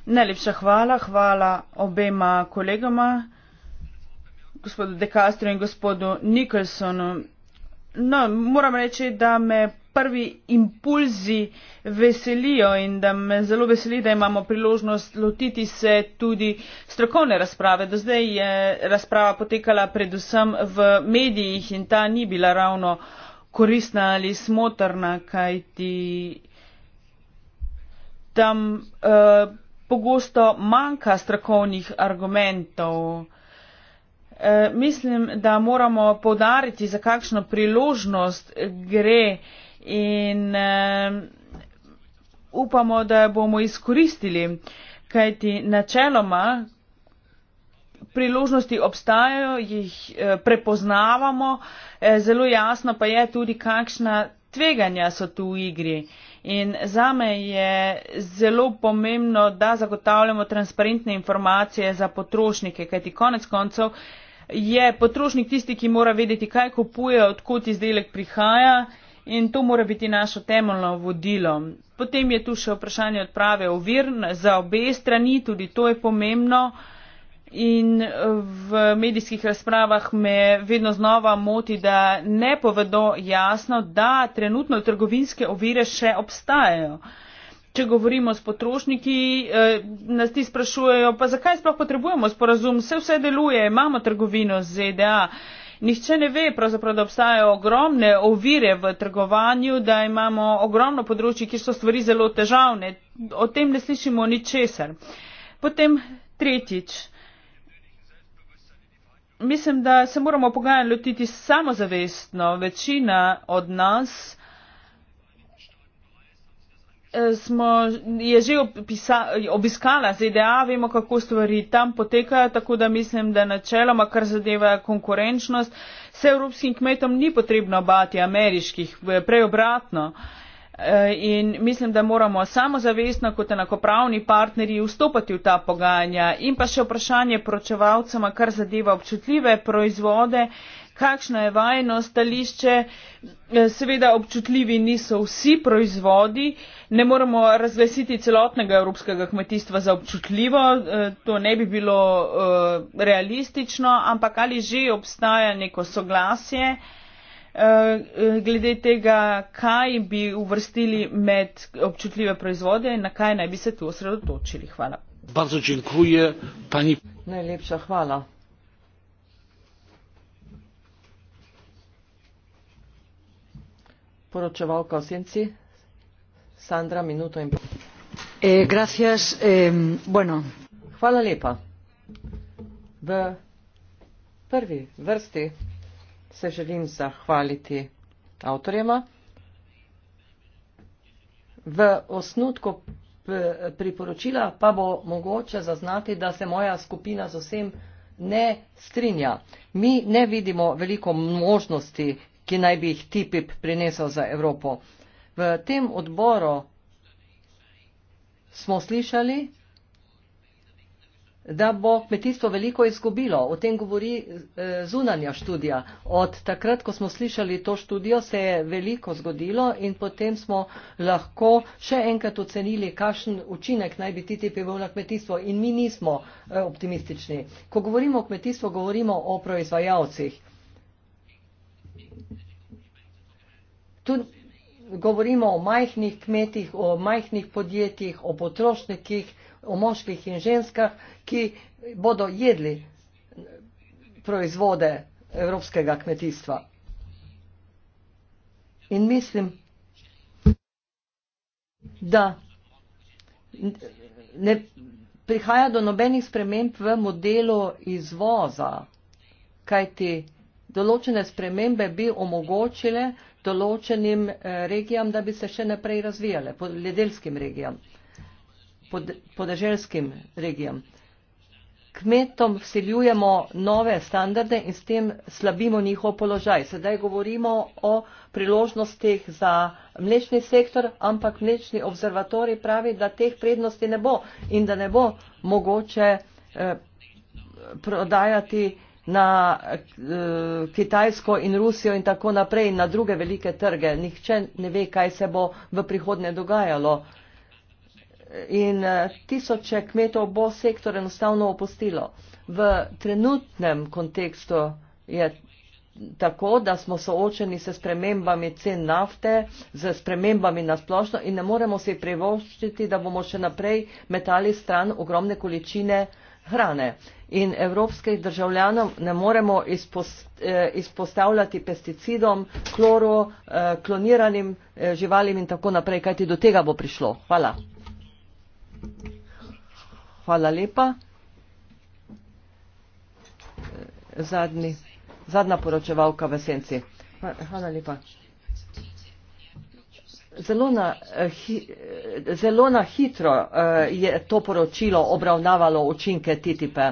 Najlepša hvala. Hvala obema kolegama, gospodu De Castro in gospodu Nicholsonu. No, moram reči, da me prvi impulzi veselijo in da me zelo veseli, da imamo priložnost lotiti se tudi strokovne razprave. Do zdaj je razprava potekala predvsem v medijih in ta ni bila ravno koristna ali smotrna, kaj ti tam eh, pogosto manjka strokovnih argumentov. Eh, mislim, da moramo povdariti, za kakšno priložnost gre in eh, upamo, da jo bomo izkoristili, kaj ti načeloma, priložnosti obstajajo, jih eh, prepoznavamo, eh, zelo jasno pa je tudi, kakšna tveganja so tu v igri. In zame je zelo pomembno, da zagotavljamo transparentne informacije za potrošnike, kajti konec koncev je potrošnik tisti, ki mora vedeti, kaj kupuje, odkot izdelek prihaja. In to mora biti naše temeljno vodilo. Potem je tu še vprašanje odprave ovir za obe strani, tudi to je pomembno. Uh, In v medijskih razpravah me vedno znova moti, da ne povedo jasno, da trenutno trgovinske ovire še obstajajo. Če govorimo s potrošniki, eh, nas ti sprašujejo, pa zakaj sploh potrebujemo sporazum, vse vse deluje, imamo trgovino z ZDA. Nihče ne ve, pravzaprav, da obstajajo ogromne ovire v trgovanju, da imamo ogromno področji, kjer so stvari zelo težavne. O tem ne slišimo ničesar. Potem tretjič mislim, da se moramo pogajanj lotiti samozavestno. Večina od nas eh, smo, je že opisa, obiskala ZDA, vemo, kako stvari tam potekajo, tako da mislim, da načeloma, kar zadeva konkurenčnost, se evropskim kmetom ni potrebno bati ameriških, eh, prej obratno. Uh, Eh, in mislim, da moramo samozavestno kot enakopravni partnerji vstopati v ta pogajanja. In pa še vprašanje poročevalcema, kar zadeva občutljive proizvode, kakšno je vajno stališče. Eh, seveda občutljivi niso vsi proizvodi, ne moramo razglasiti celotnega evropskega kmetijstva za občutljivo, eh, to ne bi bilo realistično, ampak ali že obstaja neko soglasje. Eh, glede tega, kaj bi uvrstili med občutljive proizvode in na kaj naj bi se tu osredotočili. Hvala. Bardzo dziękuję pani. Najlepša hvala. Poročevalka o senci. Sandra, minuto in. Eh, gracias. Eh, bueno. Hvala lepa. V prvi vrsti se želim zahvaliti avtorjema. V osnutku priporočila pa bo mogoče zaznati, da se moja skupina z vsem ne strinja. Mi ne vidimo veliko možnosti, ki naj bi jih TIPIP prinesel za Evropo. V tem odboru smo slišali, da bo kmetijstvo veliko izgubilo. O tem govori eh, zunanja študija. Od takrat, ko smo slišali to študijo, se je veliko zgodilo in potem smo lahko še enkrat ocenili, kakšen učinek naj bi TTIP imel na kmetijstvo in mi nismo eh, optimistični. Ko govorimo o kmetijstvu, govorimo o proizvajalcih. Tu govorimo o majhnih kmetih, o majhnih podjetjih, o potrošnikih, o moških in ženskah, ki bodo jedli proizvode evropskega kmetijstva. In mislim, da ne prihaja do nobenih sprememb v modelu izvoza, kajti določene spremembe bi omogočile določenim eh, regijam, da bi se še naprej razvijale, ledelskim regijam podeželskim regijam. Kmetom vsiljujemo nove standarde in s tem slabimo njihov položaj. Sedaj govorimo o priložnostih za mlečni sektor, ampak mlečni observatori pravi, da teh prednosti ne bo in da ne bo mogoče eh, prodajati na eh, Kitajsko in Rusijo in tako naprej in na druge velike trge. Nihče ne ve, kaj se bo v prihodnje dogajalo in eh, tisoče kmetov bo sektor enostavno opustilo. V trenutnem kontekstu je tako, da smo soočeni se spremembami cen nafte, z spremembami nasplošno in ne moremo si privoščiti, da bomo še naprej metali stran ogromne količine hrane. In evropskih državljanov ne moremo eh, izpostavljati pesticidom, kloro, eh, kloniranim živalim in tako naprej, kajti do tega bo prišlo. Hvala. Hvala lepa. Zadnji, zadnja poročevalka v senci. Hvala lepa. Zelo na, eh, hi, zelo na hitro eh, je to poročilo obravnavalo učinke TTIP-a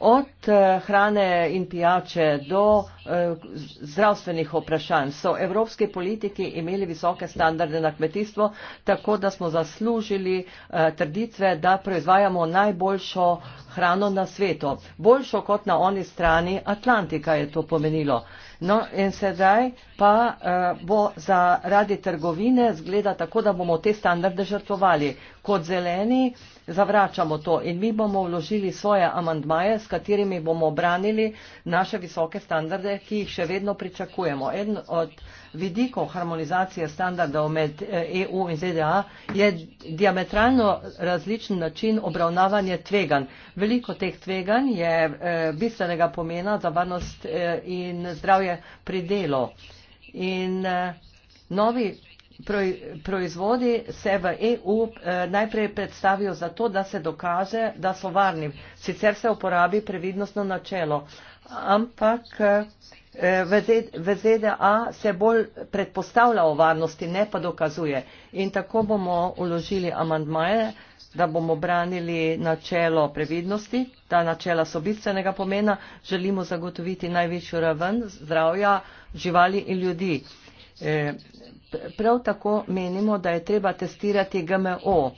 od eh, hrane in pijače do eh, zdravstvenih vprašanj so evropski politiki imeli visoke standarde na kmetijstvo, tako da smo zaslužili eh, trditve, da proizvajamo najboljšo hrano na svetu. Boljšo kot na oni strani Atlantika je to pomenilo. No in sedaj pa bo zaradi trgovine zgleda tako, da bomo te standarde žrtvovali. Kot zeleni zavračamo to in mi bomo vložili svoje amandmaje, s katerimi bomo obranili naše visoke standarde, ki jih še vedno pričakujemo. En od vidikov harmonizacije standardov med EU eh, e in ZDA je diametralno različen način obravnavanja tvegan. Veliko teh tvegan je eh, bistvenega pomena za varnost eh, in zdravje pri delu. In novi proizvodi se v EU eh, najprej predstavijo zato, da se dokaže, da so varni. Sicer se uporabi previdnostno načelo, ampak eh, v ZDA se bolj predpostavlja o varnosti, ne pa dokazuje. In tako bomo uložili amandmaje, da bomo branili načelo previdnosti, ta načela so bistvenega pomena, želimo zagotoviti največjo raven zdravja živali in ljudi. Eh, Prav tako menimo, da je treba testirati GMO.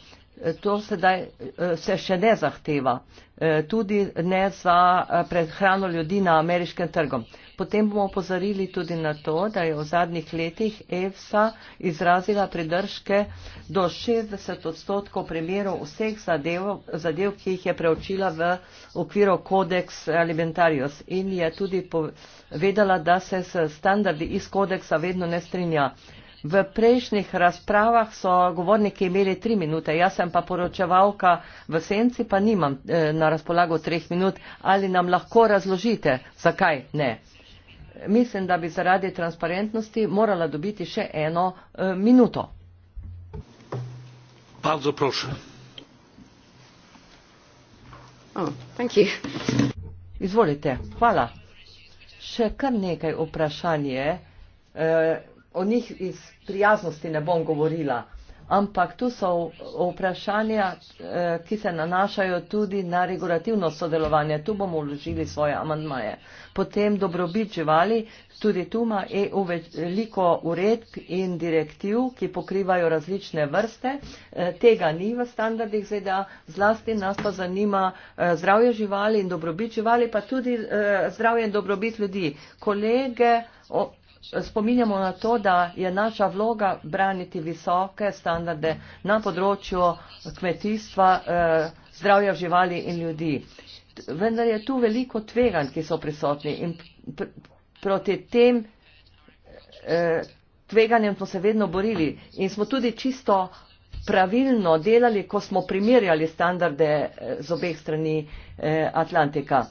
To sedaj eh, se še ne zahteva, eh, tudi ne za eh, prehrano ljudi na ameriškem trgu. Potem bomo opozorili tudi na to, da je v zadnjih letih EFSA izrazila pridržke do 60 odstotkov primerov vseh zadev, zadev, ki jih je preučila v okviru Kodeks Alimentarius in je tudi povedala, da se s standardi iz kodeksa vedno ne strinja. V prejšnjih razpravah so govorniki imeli tri minute, jaz sem pa poročevalka v senci, pa nimam eh, na razpolago treh minut. Ali nam lahko razložite, zakaj ne? Mislim, da bi zaradi transparentnosti morala dobiti še eno eh, minuto. Bardzo proszę. Oh, thank you. Izvolite, hvala. Še kar nekaj vprašanje o njih iz prijaznosti ne bom govorila, ampak tu so vprašanja, eh, ki se nanašajo tudi na regulativno sodelovanje. Tu bomo vložili svoje amandmaje. Potem dobrobit živali, tudi tu ima EU veliko uredb in direktiv, ki pokrivajo različne vrste. Eh, tega ni v standardih ZDA, zlasti nas pa zanima eh, zdravje živali in dobrobit živali, pa tudi zdravje in dobrobit ljudi. Kolege, spominjamo na to, da je naša vloga braniti visoke standarde na področju kmetijstva, eh, zdravja živali in ljudi. Vendar je tu veliko tveganj, ki so prisotni in pr proti tem eh, tveganjem smo se vedno borili in smo tudi čisto pravilno delali, ko smo primerjali standarde eh, z obeh strani Atlantika.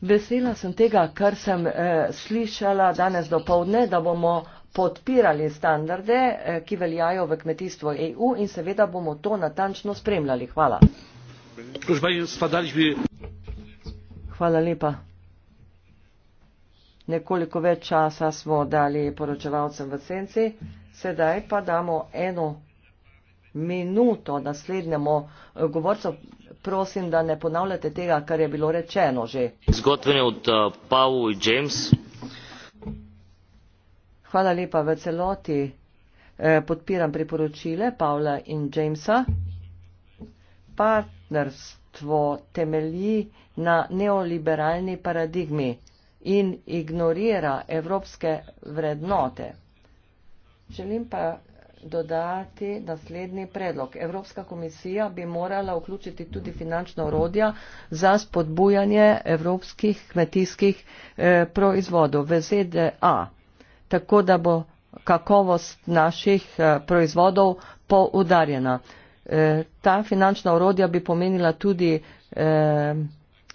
Vesela sem tega, kar sem eh, slišala danes do povdne, da bomo podpirali standarde, eh, ki veljajo v kmetijstvu EU in seveda bomo to natančno spremljali. Hvala. Hvala lepa. Nekoliko več časa smo dali poročevalcem v senci, sedaj pa damo eno minuto naslednjemu eh, govorcu prosim, da ne ponavljate tega, kar je bilo rečeno že. Zgodbene od uh, eh, Pavla in James. Hvala lepa v celoti. E, podpiram priporočile Pavla in Jamesa. Partnerstvo temelji na neoliberalni paradigmi in ignorira evropske vrednote. Želim pa dodati naslednji predlog. Evropska komisija bi morala vključiti tudi finančno orodja za spodbujanje evropskih kmetijskih eh, proizvodov v ZDA, tako da bo kakovost naših eh, proizvodov poudarjena. Eh, ta finančna orodja bi pomenila tudi eh,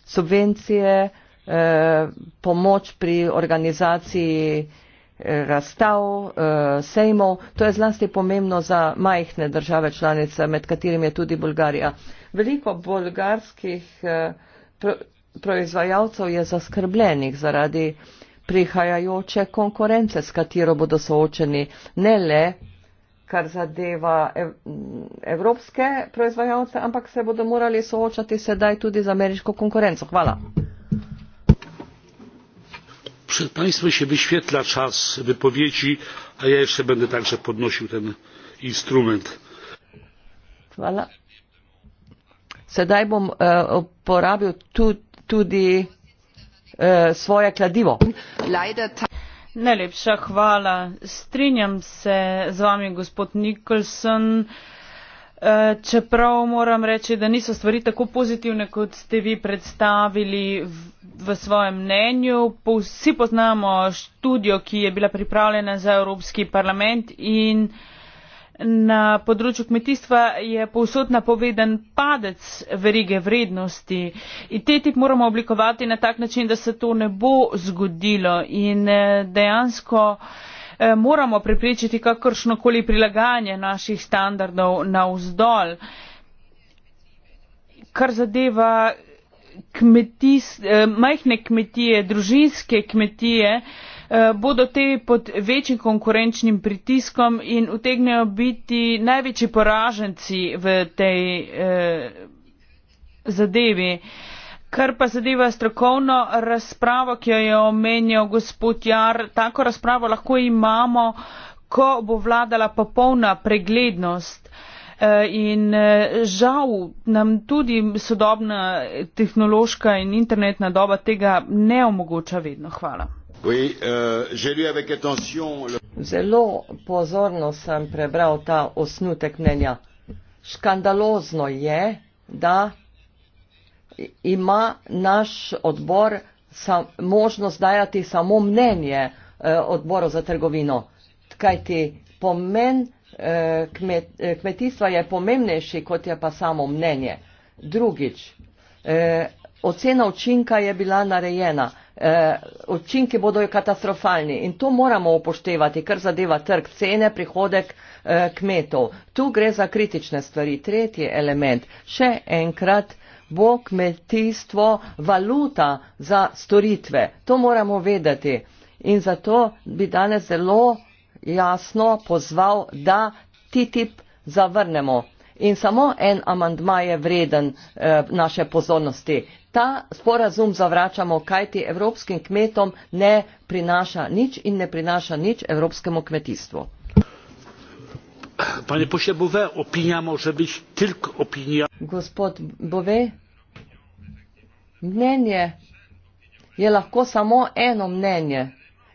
subvencije, eh, pomoč pri organizaciji eh, razstav, eh, sejmov. To je zlasti pomembno za majhne države članice, med katerimi je tudi Bulgarija. Veliko bolgarskih eh, proizvajalcev je zaskrbljenih zaradi prihajajoče konkurence, s katero bodo soočeni ne le kar zadeva evropske proizvajalce, ampak se bodo morali soočati sedaj tudi z ameriško konkurenco. Hvala przed państwem się wyświetla czas wypowiedzi a ja jeszcze będę także podnosił ten instrument. Hvala. Sedaj bom uh, e, uporabil tu, tudi uh, svoje kladivo. Najlepša hvala. Strinjam se z vami, gospod Nikolson. E, čeprav moram reči, da niso stvari tako pozitivne, kot ste vi predstavili, v svojem mnenju. Vsi poznamo študijo, ki je bila pripravljena za Evropski parlament in na področju kmetijstva je povsod napovedan padec verige vrednosti. In te tip moramo oblikovati na tak način, da se to ne bo zgodilo in eh, dejansko eh, moramo preprečiti kakršnokoli prilagajanje naših standardov na vzdolj. Kar zadeva Eh, majhne kmetije družinske kmetije eh, bodo te pod večjim konkurenčnim pritiskom in utegnejo biti največji poraženci v tej eh, zadevi. Kar pa zadeva strokovno razpravo, ki jo je omenjal gospod Jar, tako razpravo lahko imamo, ko bo vladala popolna preglednost. Eh, E, in e, žal nam tudi sodobna tehnološka in internetna doba tega ne omogoča vedno. Hvala. E, Zelo pozorno sem prebral ta osnutek mnenja. Škandalozno je, da ima naš odbor sam, možnost dajati samo mnenje eh, odboru za trgovino, kajti pomen Eh, kmet, eh, kmetijstva je pomembnejši, kot je pa samo mnenje. Drugič, eh, ocena učinka je bila narejena. Učinki bodo katastrofalni in to moramo upoštevati, kar zadeva trg cene, prihodek kmetov. Tu gre za kritične stvari. Tretji element. Še enkrat bo kmetijstvo valuta za storitve. To moramo vedeti. In zato bi danes zelo jasno pozval, da TTIP zavrnemo. In samo en amandma je vreden eh, naše pozornosti. Ta sporazum zavračamo, kajti evropskim kmetom ne prinaša nič in ne prinaša nič evropskemu kmetijstvu. Pošle, Bove, opinjamo, opinja... Gospod Bove, mnenje je lahko samo eno mnenje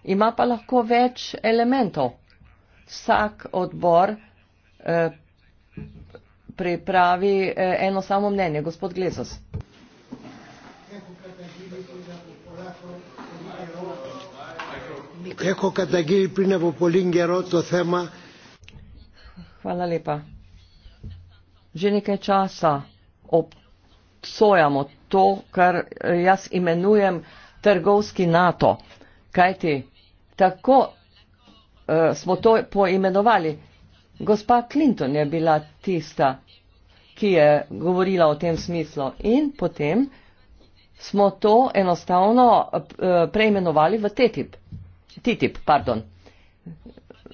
ima pa lahko več elementov. Vsak odbor eh, pripravi eh, eno samo mnenje, gospod Glezos. Hvala lepa. Že nekaj časa obsojamo to, kar eh, jaz imenujem trgovski NATO. Kaj ti? tako uh, smo to poimenovali. Gospa Clinton je bila tista, ki je govorila o tem smislu in potem smo to enostavno uh, preimenovali v TTIP. TTIP, pardon.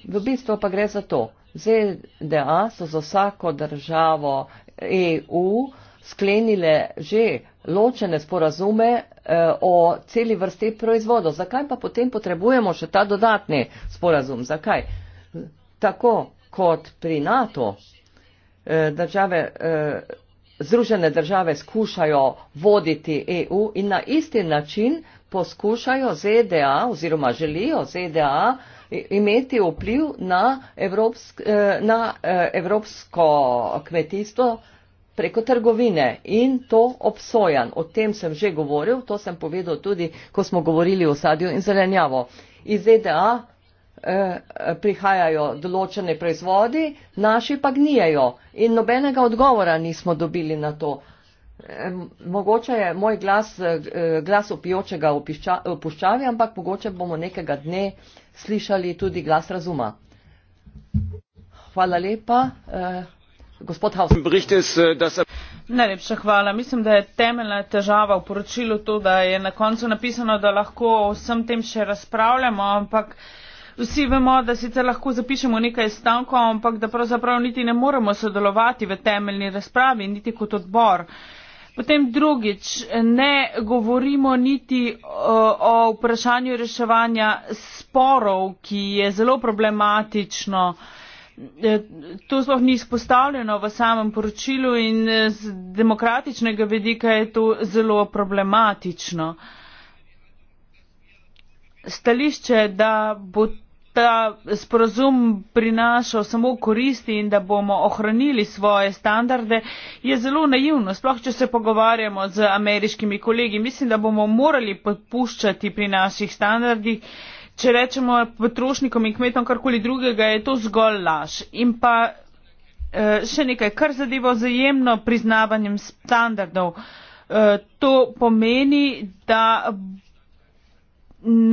V bistvu pa gre za to. ZDA so za vsako državo EU sklenile že ločene sporazume eh, o celi vrsti proizvodov. Zakaj pa potem potrebujemo še ta dodatni sporazum? Zakaj? Tako kot pri NATO eh, države, eh, združene države skušajo voditi EU in na isti način poskušajo ZDA oziroma želijo ZDA imeti vpliv na, evropsk, na evropsko kmetijstvo, preko trgovine in to obsojan. O tem sem že govoril, to sem povedal tudi, ko smo govorili o sadju in zelenjavo. Iz ZDA eh, eh prihajajo določene proizvodi, naši pa gnijajo in nobenega odgovora nismo dobili na to. Mogoče je moj glas, eh, glas opijočega v puščavi, ampak mogoče bomo nekega dne slišali tudi glas razuma. Hvala lepa. Eh, Äh, er- najlepša hvala. mislim da je temeljna težava v poročilu to da je na koncu napisano da lahko o vsem tem še razpravljamo ampak vsi vemo da sicer lahko zapišemo nekaj stankov ampak da pravzaprav niti ne moremo sodelovati v temeljni razpravi niti kot odbor. Potem drugič, ne govorimo niti uh, o vprašanju reševanja sporov, ki je zelo problematično. Uh, Eh, to sploh ni izpostavljeno v samem poročilu in eh, z demokratičnega vedika je to zelo problematično. Stališče, da bo ta sporozum prinašal samo koristi in da bomo ohranili svoje standarde, je zelo naivno, sploh če se pogovarjamo z ameriškimi kolegi. Mislim, da bomo morali popuščati pri naših standardih, če rečemo potrošnikom in kmetom karkoli drugega, je to zgolj laž. In pa eh, še nekaj, kar zadeva vzajemno priznavanjem standardov. Eh, to pomeni, da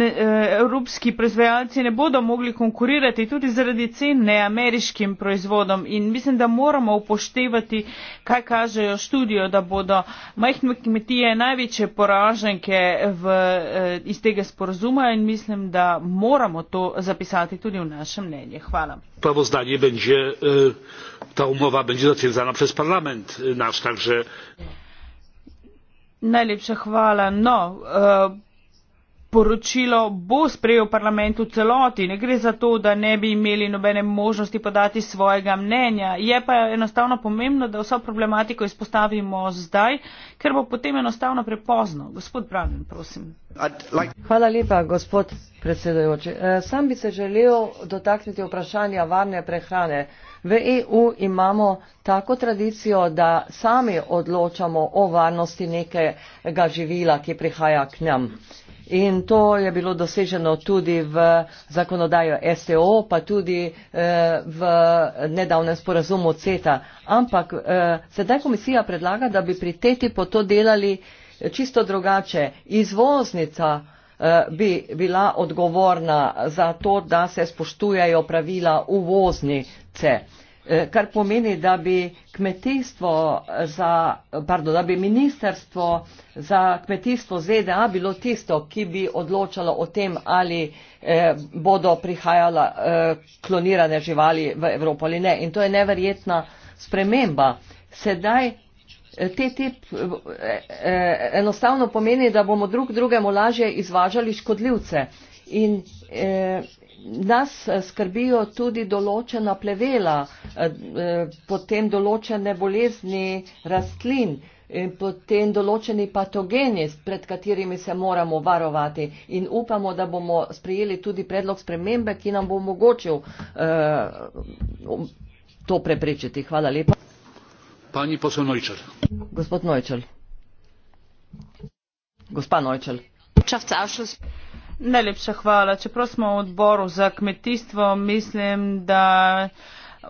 Eh, evropski proizvajalci ne bodo mogli konkurirati tudi zaradi cen ne ameriškim proizvodom in mislim, da moramo upoštevati, kaj kažejo študijo, da bodo majhne kmetije največje poraženke v, eh, iz tega sporozuma in mislim, da moramo to zapisati tudi v našem mnenju. Hvala. Prvo zdanje bende, e, ta umova bende zatvrzana prez parlament naš, takže. Najlepša hvala. No, uh, poročilo bo sprejel parlament v celoti. Ne gre za to, da ne bi imeli nobene možnosti podati svojega mnenja. Je pa enostavno pomembno, da vso problematiko izpostavimo zdaj, ker bo potem enostavno prepozno. Gospod Branden, prosim. Hvala lepa, gospod predsedajoči. E, sam bi se želel dotakniti vprašanja varne prehrane. V EU imamo tako tradicijo, da sami odločamo o varnosti nekega živila, ki prihaja k nam in to je bilo doseženo tudi v zakonodajo STO, pa tudi eh, v nedavnem sporazumu CETA. Ampak eh, sedaj komisija predlaga, da bi pri TETI po to delali eh, čisto drugače. Izvoznica bi bila odgovorna za to, da se spoštujajo pravila uvoznice. Eh, kar pomeni, da bi kmetijstvo za, pardon, da bi ministerstvo za kmetijstvo ZDA bilo tisto, ki bi odločalo o tem, ali eh, bodo prihajala eh, klonirane živali v Evropo ali ne. In to je neverjetna sprememba. Sedaj eh, te tip eh, eh, enostavno pomeni, da bomo drug drugemu lažje izvažali škodljivce. In, eh, nas eh, skrbijo tudi določena plevela, eh, eh, potem določene bolezni rastlin, potem določeni patogeni, pred katerimi se moramo varovati. In upamo, da bomo sprejeli tudi predlog spremembe, ki nam bo omogočil um, to preprečiti. Hvala lepa. Pani posel Nojčel. Gospod Nojčel. Gospa Nojčel. Čas, čas. Najlepša hvala. Čeprav smo v odboru za kmetijstvo, mislim, da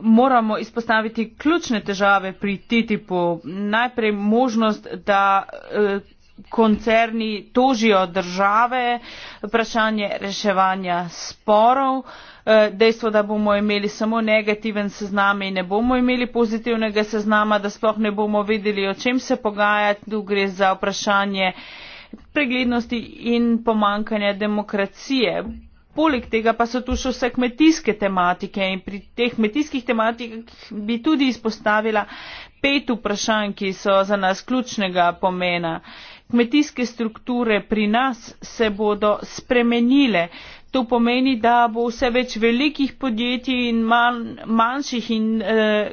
moramo izpostaviti ključne težave pri TTIP-u. Najprej možnost, da eh, koncerni tožijo države, vprašanje reševanja sporov, eh, dejstvo, da bomo imeli samo negativen seznam in ne bomo imeli pozitivnega seznama, da sploh ne bomo vedeli, o čem se pogajati. Tu gre za vprašanje preglednosti in pomankanja demokracije. Poleg tega pa so tu še vse kmetijske tematike in pri teh kmetijskih tematikah bi tudi izpostavila pet vprašanj, ki so za nas ključnega pomena. Kmetijske strukture pri nas se bodo spremenile. To pomeni, da bo vse več velikih podjetij in man, manjših in eh,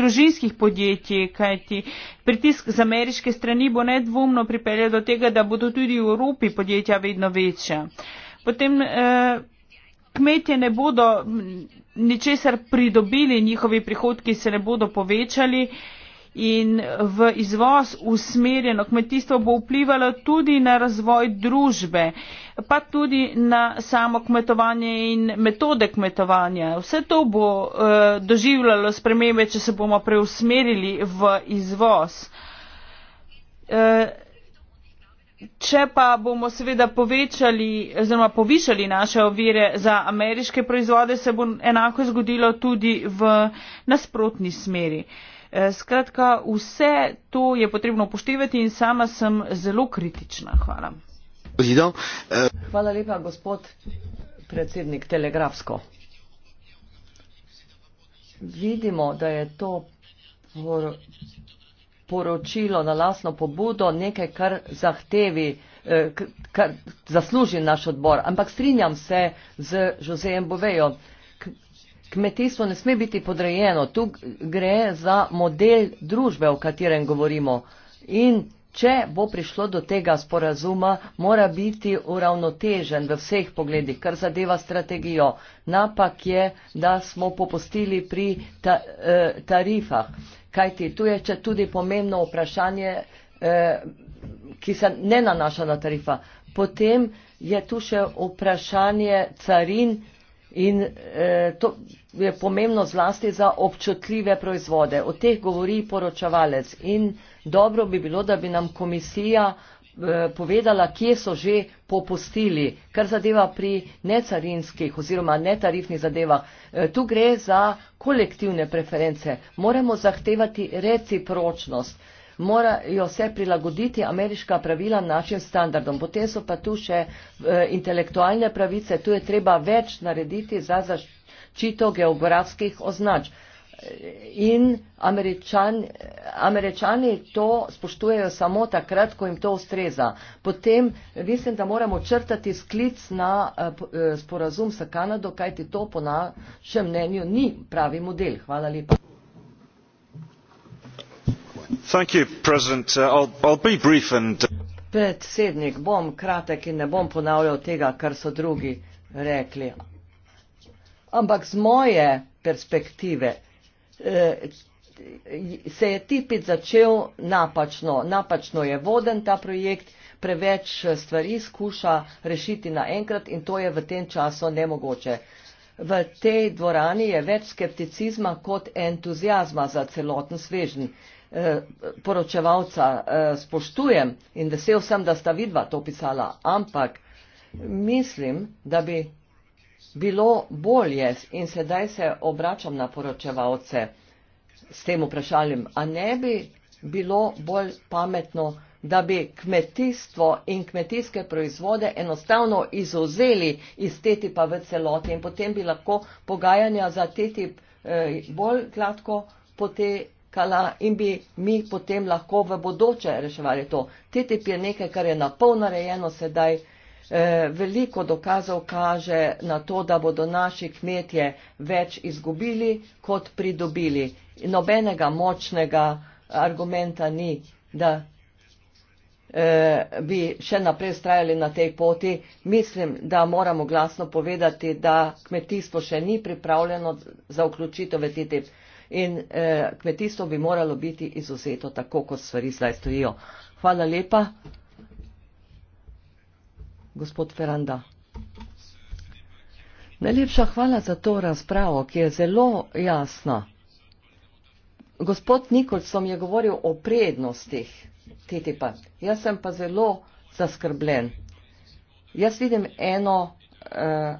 družinskih podjetij, kajti pritisk z ameriške strani bo nedvomno pripeljal do tega, da bodo tudi v Evropi podjetja vedno večja. Potem eh, kmetje ne bodo ničesar pridobili, njihovi prihodki se ne bodo povečali. Eh, in v izvoz usmerjeno kmetijstvo bo vplivalo tudi na razvoj družbe, pa tudi na samo kmetovanje in metode kmetovanja. Vse to bo eh, doživljalo spremembe, če se bomo preusmerili v izvoz. Eh, če pa bomo seveda povečali oziroma povišali naše ovire za ameriške proizvode, se bo enako zgodilo tudi v nasprotni smeri. Uh, Eh, skratka, vse to je potrebno upoštevati in sama sem zelo kritična. Hvala. Eh, Hvala lepa, gospod predsednik, telegrafsko. Vidimo, da je to por poročilo na lasno pobudo nekaj, kar zahtevi, eh, kar zasluži naš odbor. Ampak strinjam se z Josejem Bovejo kmetijstvo ne sme biti podrejeno. Tu gre za model družbe, o katerem govorimo. In če bo prišlo do tega sporazuma, mora biti uravnotežen v vseh pogledih, kar zadeva strategijo. Napak je, da smo popustili pri ta, eh, tarifah. Kajti tu je če tudi pomembno vprašanje, eh, ki se ne nanaša na tarifa. Potem je tu še vprašanje carin. In eh, to je pomembno zlasti za občutljive proizvode. O teh govori poročevalec. In dobro bi bilo, da bi nam komisija eh, povedala, kje so že popustili, kar zadeva pri necarinskih oziroma netarifnih zadevah. Eh, tu gre za kolektivne preference. Moramo zahtevati recipročnost. Eh, morajo se prilagoditi ameriška pravila našim standardom. Potem so pa tu še eh, intelektualne pravice, tu je treba več narediti za zaščito geografskih označ. In američan, američani to spoštujejo samo takrat, ko jim to ustreza. Potem mislim, da moramo črtati sklic na eh, eh, sporazum s Kanado, kajti to po našem mnenju ni pravi model. Hvala lepa. Uh, uh, predsednik bom kratek in ne bom ponavljal tega kar so drugi rekli ampak z moje perspektive eh, se je tipit začel napačno napačno je voden ta projekt preveč stvari skuša rešiti naenkrat in to je v tem času nemogoče V tej dvorani je več skepticizma kot entuzijazma za celoten svežen. Eh, poročevalca eh, spoštujem in vesel sem, da sta vidva to pisala, ampak mislim, da bi bilo bolje in sedaj se obračam na poročevalce s tem vprašanjem, a ne bi bilo bolj pametno, da bi kmetijstvo in kmetijske proizvode enostavno izuzeli iz TTIP v celoti in potem bi lahko pogajanja za TTIP eh, bolj gladko potekala potekala in bi mi potem lahko v bodoče reševali to. TTIP je nekaj, kar je napolno narejeno sedaj. Eh, veliko dokazov kaže na to, da bodo naši kmetje več izgubili, kot pridobili. Nobenega močnega argumenta ni, da eh, bi še naprej strajali na tej poti. Mislim, da moramo glasno povedati, da kmetijstvo še ni pripravljeno za vključitev v TTIP in eh, kmetijstvo bi moralo biti izuzeto tako, kot stvari zdaj stojijo. Hvala lepa. Gospod Feranda. Najlepša hvala za to razpravo, ki je zelo jasna. Gospod Nikolson je govoril o prednostih TTIP-a. Jaz sem pa zelo zaskrbljen. Jaz vidim eno, eh,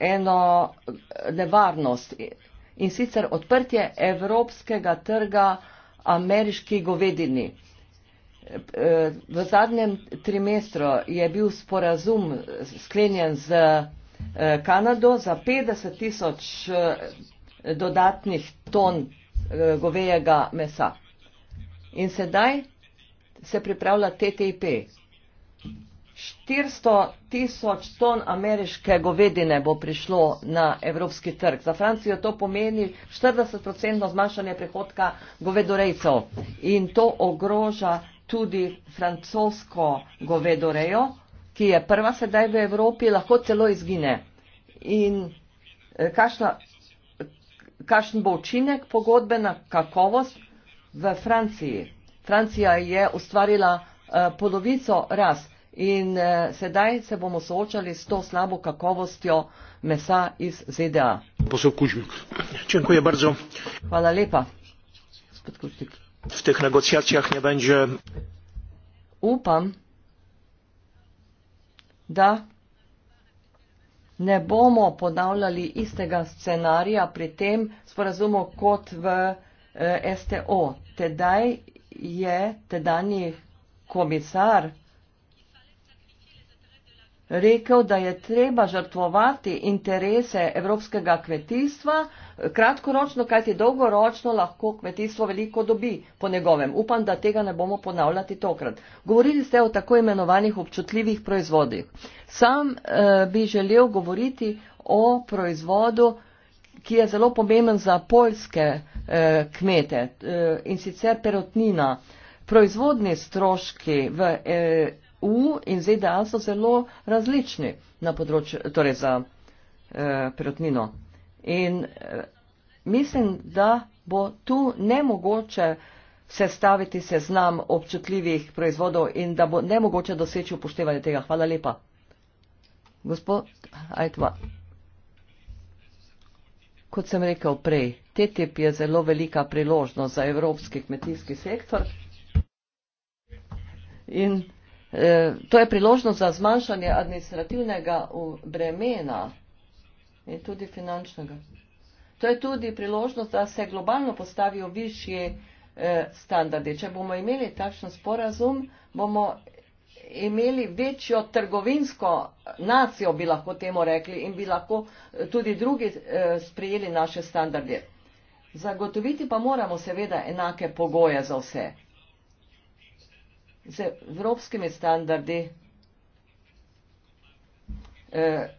eno nevarnost in sicer odprtje evropskega trga ameriški govedini. E, v zadnjem trimestru je bil sporazum sklenjen z e, Kanado za 50 tisoč e, dodatnih ton govejega mesa. In sedaj se pripravlja TTIP. 400 tisoč ton ameriške govedine bo prišlo na evropski trg. Za Francijo to pomeni 40% zmanjšanje prihodka govedorejcev in to ogroža tudi francosko govedorejo, ki je prva sedaj v Evropi, lahko celo izgine. In e, kašna, kašen bo učinek pogodbe na kakovost v Franciji? Francija je ustvarila uh, polovico rast in eh, sedaj se bomo soočali s to slabo kakovostjo mesa iz ZDA. Hvala lepa, gospod Kužnik. V teh negociacijah ne bo. Upam, da ne bomo ponavljali istega scenarija pri tem sporazumu kot v eh, STO. Tedaj je tedajni komisar rekel, da je treba žrtvovati interese evropskega kmetijstva, kratkoročno, kajti dolgoročno lahko kmetijstvo veliko dobi po njegovem. Upam, da tega ne bomo ponavljati tokrat. Govorili ste o tako imenovanih občutljivih proizvodih. Sam eh, bi želel govoriti o proizvodu, ki je zelo pomemben za polske eh, kmete eh, in sicer perotnina. Proizvodni stroški v. Eh, EU in ZDA so zelo različni na področju, torej za eh, prirotnino. In eh, mislim, da bo tu nemogoče sestaviti seznam občutljivih proizvodov in da bo nemogoče doseči upoštevanje tega. Hvala lepa. Gospod Ajtva. Kot sem rekel prej, TTIP je zelo velika priložnost za evropski kmetijski sektor. In Eh, to je priložnost za zmanjšanje administrativnega bremena in tudi finančnega. To je tudi priložnost, da se globalno postavijo višji eh, standardi. Če bomo imeli takšen sporazum, bomo imeli večjo trgovinsko nacijo, bi lahko temu rekli, in bi lahko eh, tudi drugi sprejeli naše standarde. Zagotoviti pa moramo seveda enake pogoje za vse z evropskimi standardi eh,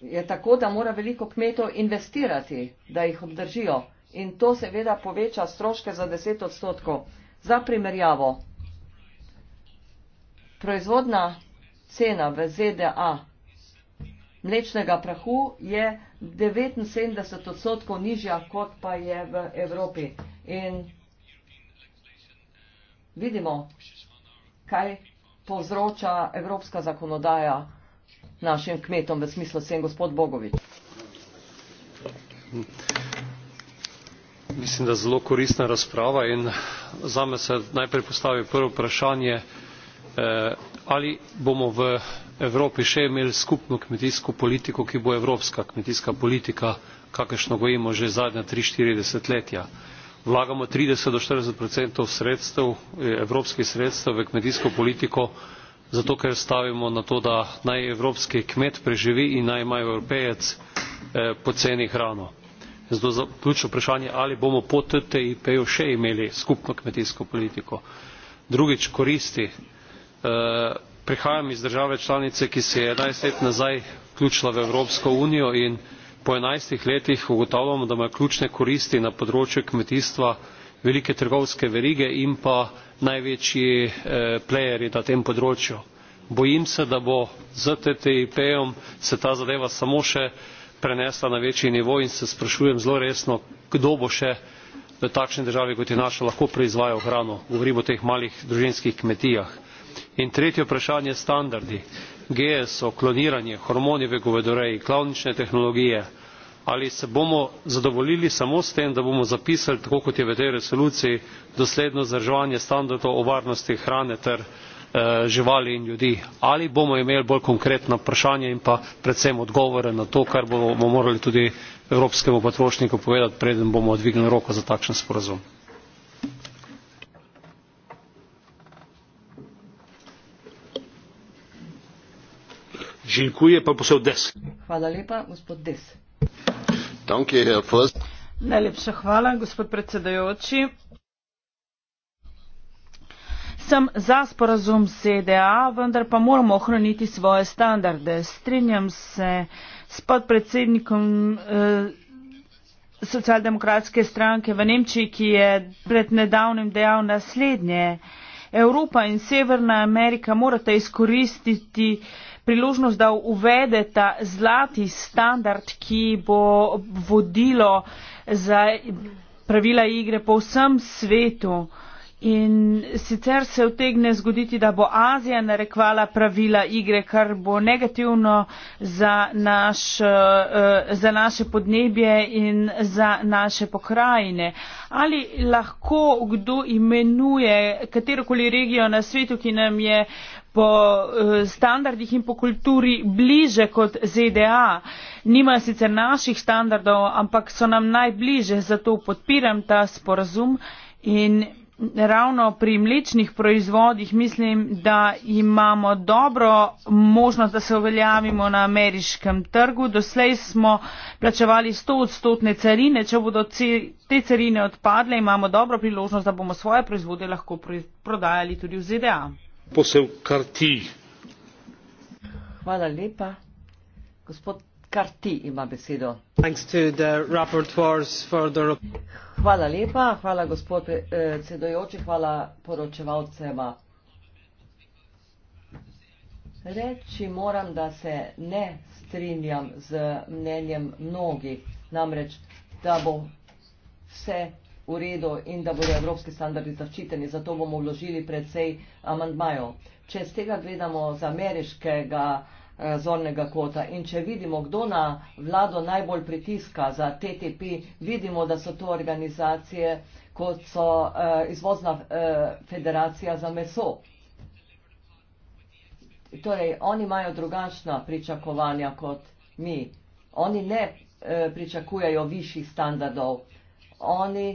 je tako, da mora veliko kmetov investirati, da jih obdržijo. In to seveda poveča stroške za 10 odstotkov. Za primerjavo, proizvodna cena v ZDA mlečnega prahu je 79 odstotkov nižja, kot pa je v Evropi. In vidimo, kaj povzroča evropska zakonodaja našim kmetom v smislu sem gospod Bogovič. Mislim, da je zelo koristna razprava in za me se najprej postavi prvo vprašanje, eh, ali bomo v Evropi še imeli skupno kmetijsko politiko, ki bo evropska kmetijska politika, kakršno gojimo že zadnja tri štiri desetletja vlagamo trideset do štirideset procentov sredstev eh, evropskih sredstev v kmetijsko politiko zato ker stavimo na to da naj evropski kmet preživi in naj ima evropejec eh, poceni hrano zato za ključno vprašanje ali bomo po ttip ju še imeli skupno kmetijsko politiko drugič koristi eh, prihajam iz države članice ki se je enajst let nazaj vključila v evropsko unijo in po enajstih letih ugotavljamo da ima ključne koristi na področju kmetijstva velike trgovske verige in pa največji eh, playerji na tem področju. bojim se da bo s ttip jem se ta zadeva samo še prenesla na večji nivo in se sprašujem zelo resno kdo bo še v takšni državi kot je naša lahko proizvajal hrano govorim o teh malih družinskih kmetijah. in tretje vprašanje standardi gso kloniranje hormoni v govedoreji klavnične tehnologije ali se bomo zadovoljili samo s tem da bomo zapisali tako kot je v tej resoluciji dosledno vzdrževanje standardov o varnosti hrane ter eh, živali in ljudi ali bomo imeli bolj konkretna vprašanja in pa predvsem odgovore na to kar bomo morali tudi evropskemu potrošniku povedati preden bomo dvignili roko za takšen sporazum. Najlepša hvala, gospod predsedujoči. Sem za sporazum z ZDA, vendar pa moramo ohraniti svoje standarde. Strinjam se s podpredsednikom eh, socialdemokratske stranke v Nemčiji, ki je pred nedavnim dejal naslednje. Evropa in Severna Amerika morata izkoristiti eh, priložnost, da uvede ta zlati standard, ki bo vodilo za pravila igre po vsem svetu. In sicer se vtegne zgoditi, da bo Azija narekvala pravila igre, kar bo negativno za, naš, eh, za naše podnebje in za naše pokrajine. Ali lahko kdo imenuje katerokoli regijo na svetu, ki nam je po eh, standardih in po kulturi bliže kot ZDA. Nimajo sicer naših standardov, ampak so nam najbliže, zato podpiram ta sporazum in ravno pri mlečnih proizvodih mislim, da imamo dobro možnost, da se uveljavimo na ameriškem trgu. Doslej smo plačevali 100 odstotne carine, če bodo te carine odpadle, imamo dobro priložnost, da bomo svoje proizvode lahko prodajali tudi v ZDA posel Karti. Hvala lepa. Gospod Karti ima besedo. Hvala lepa, hvala gospod eh, sedajoči, hvala poročevalcema. Reči moram, da se ne strinjam z mnenjem mnogih, namreč, da bo vse v redu in da bodo evropski standardi zaščiteni, zato bomo vložili predvsej amandmajo. Če z tega gledamo z ameriškega eh, zornega kota in če vidimo, kdo na vlado najbolj pritiska za TTP, vidimo, da so to organizacije, kot so eh, Izvozna eh, federacija za meso. Torej, oni imajo drugačna pričakovanja kot mi. Oni ne pričakujejo višjih standardov. Oni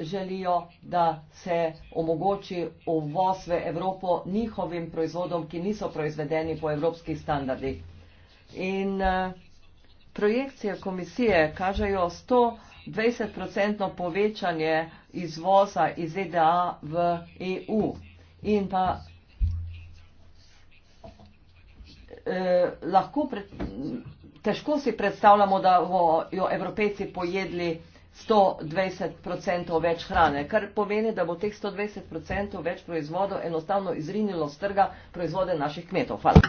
želijo, da se omogoči uvoz v Evropo njihovim proizvodom, ki niso proizvedeni po evropskih standardih. In eh, projekcije komisije kažejo 120% povečanje izvoza iz ZDA v EU in pa eh, lahko pre, težko si predstavljamo, da bojo evropejci pojedli eh, 120% več hrane, kar pomeni, da bo teh 120% več proizvodov enostavno izrinilo z trga proizvode naših kmetov. Hvala.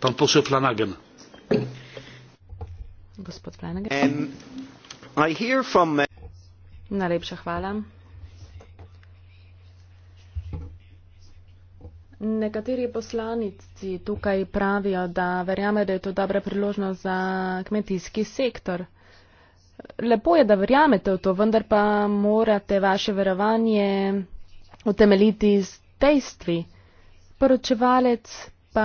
Pan posel Flanagan. Gospod Flanagan. Um, uh, Najlepša hvala. Nekateri poslanici tukaj pravijo, da verjame, da je to dobra priložnost za kmetijski sektor. Lepo je, da verjamete v to, vendar pa morate vaše verovanje utemeljiti z dejstvi. Poročevalec pa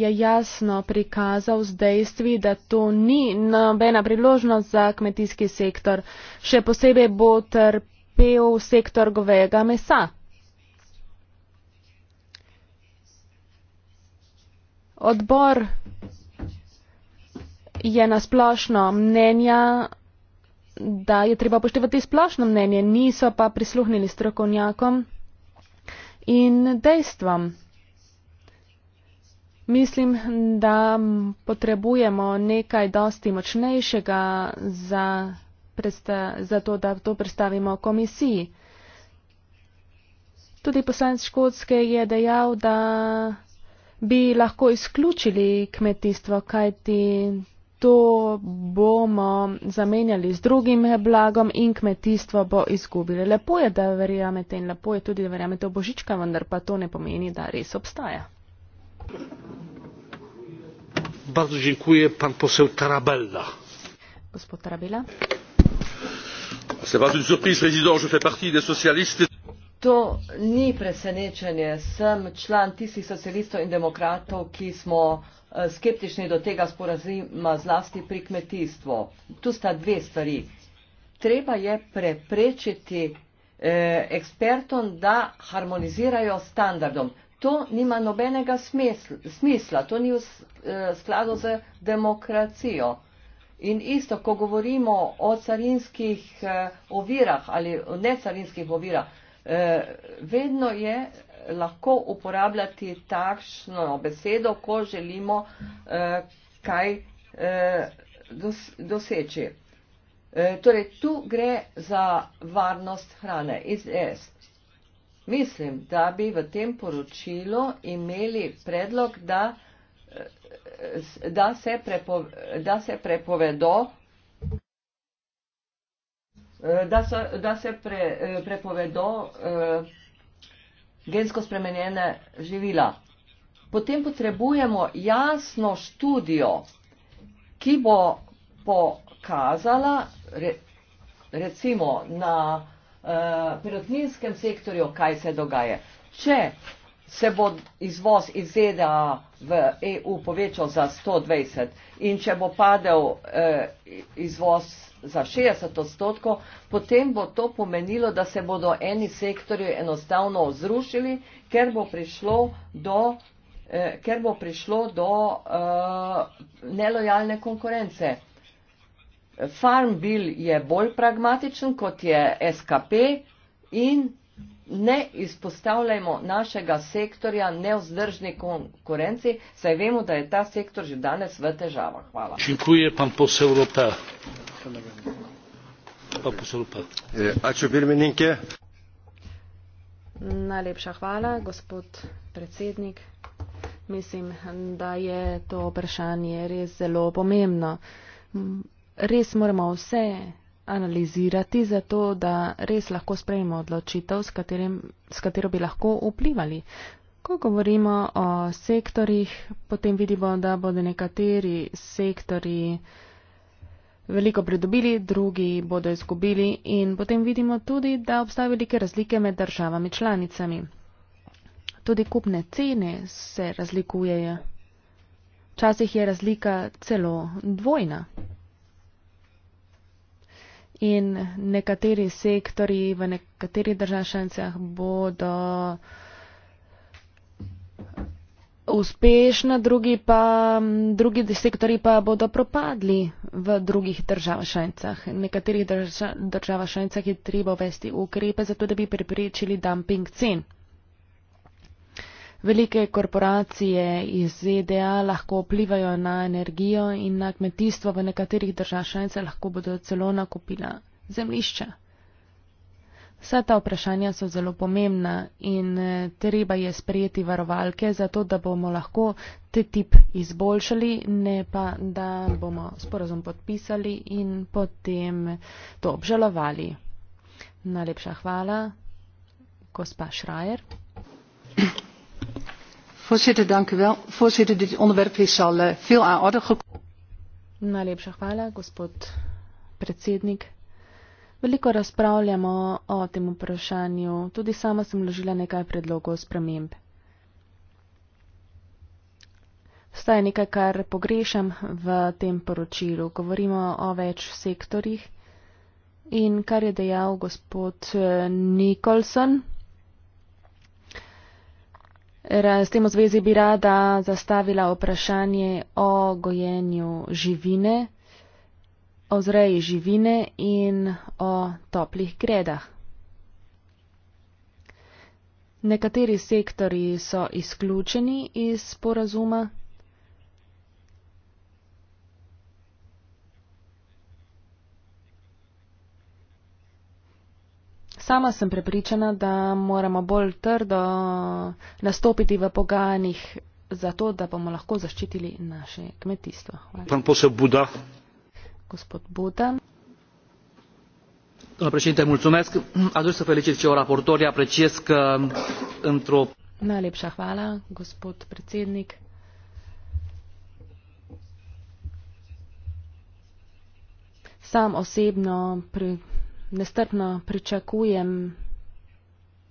je jasno prikazal z dejstvi, da to ni nobena priložnost za kmetijski sektor. Še posebej bo trpel sektor govejega mesa. Odbor je na splošno mnenja, da je treba poštevati splošno mnenje, niso pa prisluhnili strokovnjakom in dejstvom. Mislim, da potrebujemo nekaj dosti močnejšega za, za to, da to predstavimo komisiji. Tudi poslanec Škotske je dejal, da bi lahko izključili kmetijstvo, kajti to bomo zamenjali z drugim blagom in kmetijstvo bo izgubili. Lepo je, da verjamete in lepo je tudi, da verjamete v Božička, vendar pa to ne pomeni, da res obstaja. Bardzo dziękuję, pan poseł Tarabella. Gospod Tarabella. C'est pas une surprise, président, je fais partie des socialistes to ni presenečenje. Sem član tistih socialistov in demokratov, ki smo eh, skeptični do tega sporazima zlasti pri kmetijstvu. Tu sta dve stvari. Treba je preprečiti eh, ekspertom, da harmonizirajo standardom. To nima nobenega smisla, smisla. to ni v eh, skladu z demokracijo. In isto, ko govorimo o carinskih eh, ovirah ali o necarinskih ovirah, Eh, vedno je lahko uporabljati takšno besedo, ko želimo eh, kaj eh, doseči. Torej, tu gre za varnost hrane iz S. Mislim, da bi v tem poročilu imeli predlog, da, da, se, prepo, da se prepovedo Eh, da, so, da se pre, eh, prepovedo eh, gensko spremenjene živila. Potem potrebujemo jasno študijo, ki bo pokazala recimo na uh, perotninskem sektorju, kaj se dogaja. Če se bo izvoz iz ZDA v EU povečal za 120 in če bo padel eh, izvoz za 60 odstotkov, potem bo to pomenilo, da se bodo eni sektorji enostavno zrušili, ker bo prišlo do, eh, ker bo prišlo do eh, nelojalne konkurence. Farm bill je bolj pragmatičen, kot je SKP in ne izpostavljajmo našega sektorja neozdržni konkurenci, saj vemo, da je ta sektor že danes v težavah. Hvala. E, Najlepša hvala, gospod predsednik. Mislim, da je to vprašanje res zelo pomembno. Res moramo vse analizirati, zato da res lahko sprejmemo odločitev, s, katerim, s katero bi lahko vplivali. Ko govorimo o sektorjih, potem vidimo, da bodo nekateri sektori veliko pridobili, drugi bodo izgubili in potem vidimo tudi, da obstajajo velike razlike med državami članicami. Tudi kupne cene se razlikujejo. Včasih je razlika celo dvojna in nekateri sektori v nekaterih državšencah bodo uspešno, drugi, pa, drugi sektori pa bodo propadli v drugih državšencah. V nekaterih državšencah je treba uvesti ukrepe, zato da bi preprečili dumping cen. Velike korporacije iz ZDA lahko vplivajo na energijo in na kmetijstvo v nekaterih državah članice lahko bodo celo nakupila zemlišča. Vsa ta vprašanja so zelo pomembna in eh, treba je sprejeti varovalke, zato da bomo lahko te tip izboljšali, ne pa da bomo sporozum podpisali in potem to obžalovali. Najlepša hvala, gospa Šrajer voorzitter dit onderwerp is al eh, veel aan de orde gekomen in de europese raad maar vooral in de raad van ministers en commissarissen en daarom vind ik het van groot belang dat ook parlementsleden zich hier betrokken bij voelen. ik ben zelf ook lid van het parlement en daarom vind ik het van groot belang dat ook parlementsleden zich hier betrokken bij voelen. ik ben zelf ook lid van het parlement en daarom vind ik het van groot belang dat ook parlementsleden zich hier betrokken bij voelen. S tem v zvezi bi rada zastavila vprašanje o gojenju živine, o zreji živine in o toplih gredah. Nekateri sektori so izključeni iz sporazuma. Sama sem prepričana, da moramo bolj trdo nastopiti v pogajanjih za to, da bomo lahko zaščitili naše kmetijstvo. Hvala. Gospod Buda. Doamna președinte, mulțumesc. Aș vrea să felicit și o raportor. Apreciez că într-o. Najlepša hvala, gospod predsednik. Sam osebno pri, nestrpno pričakujem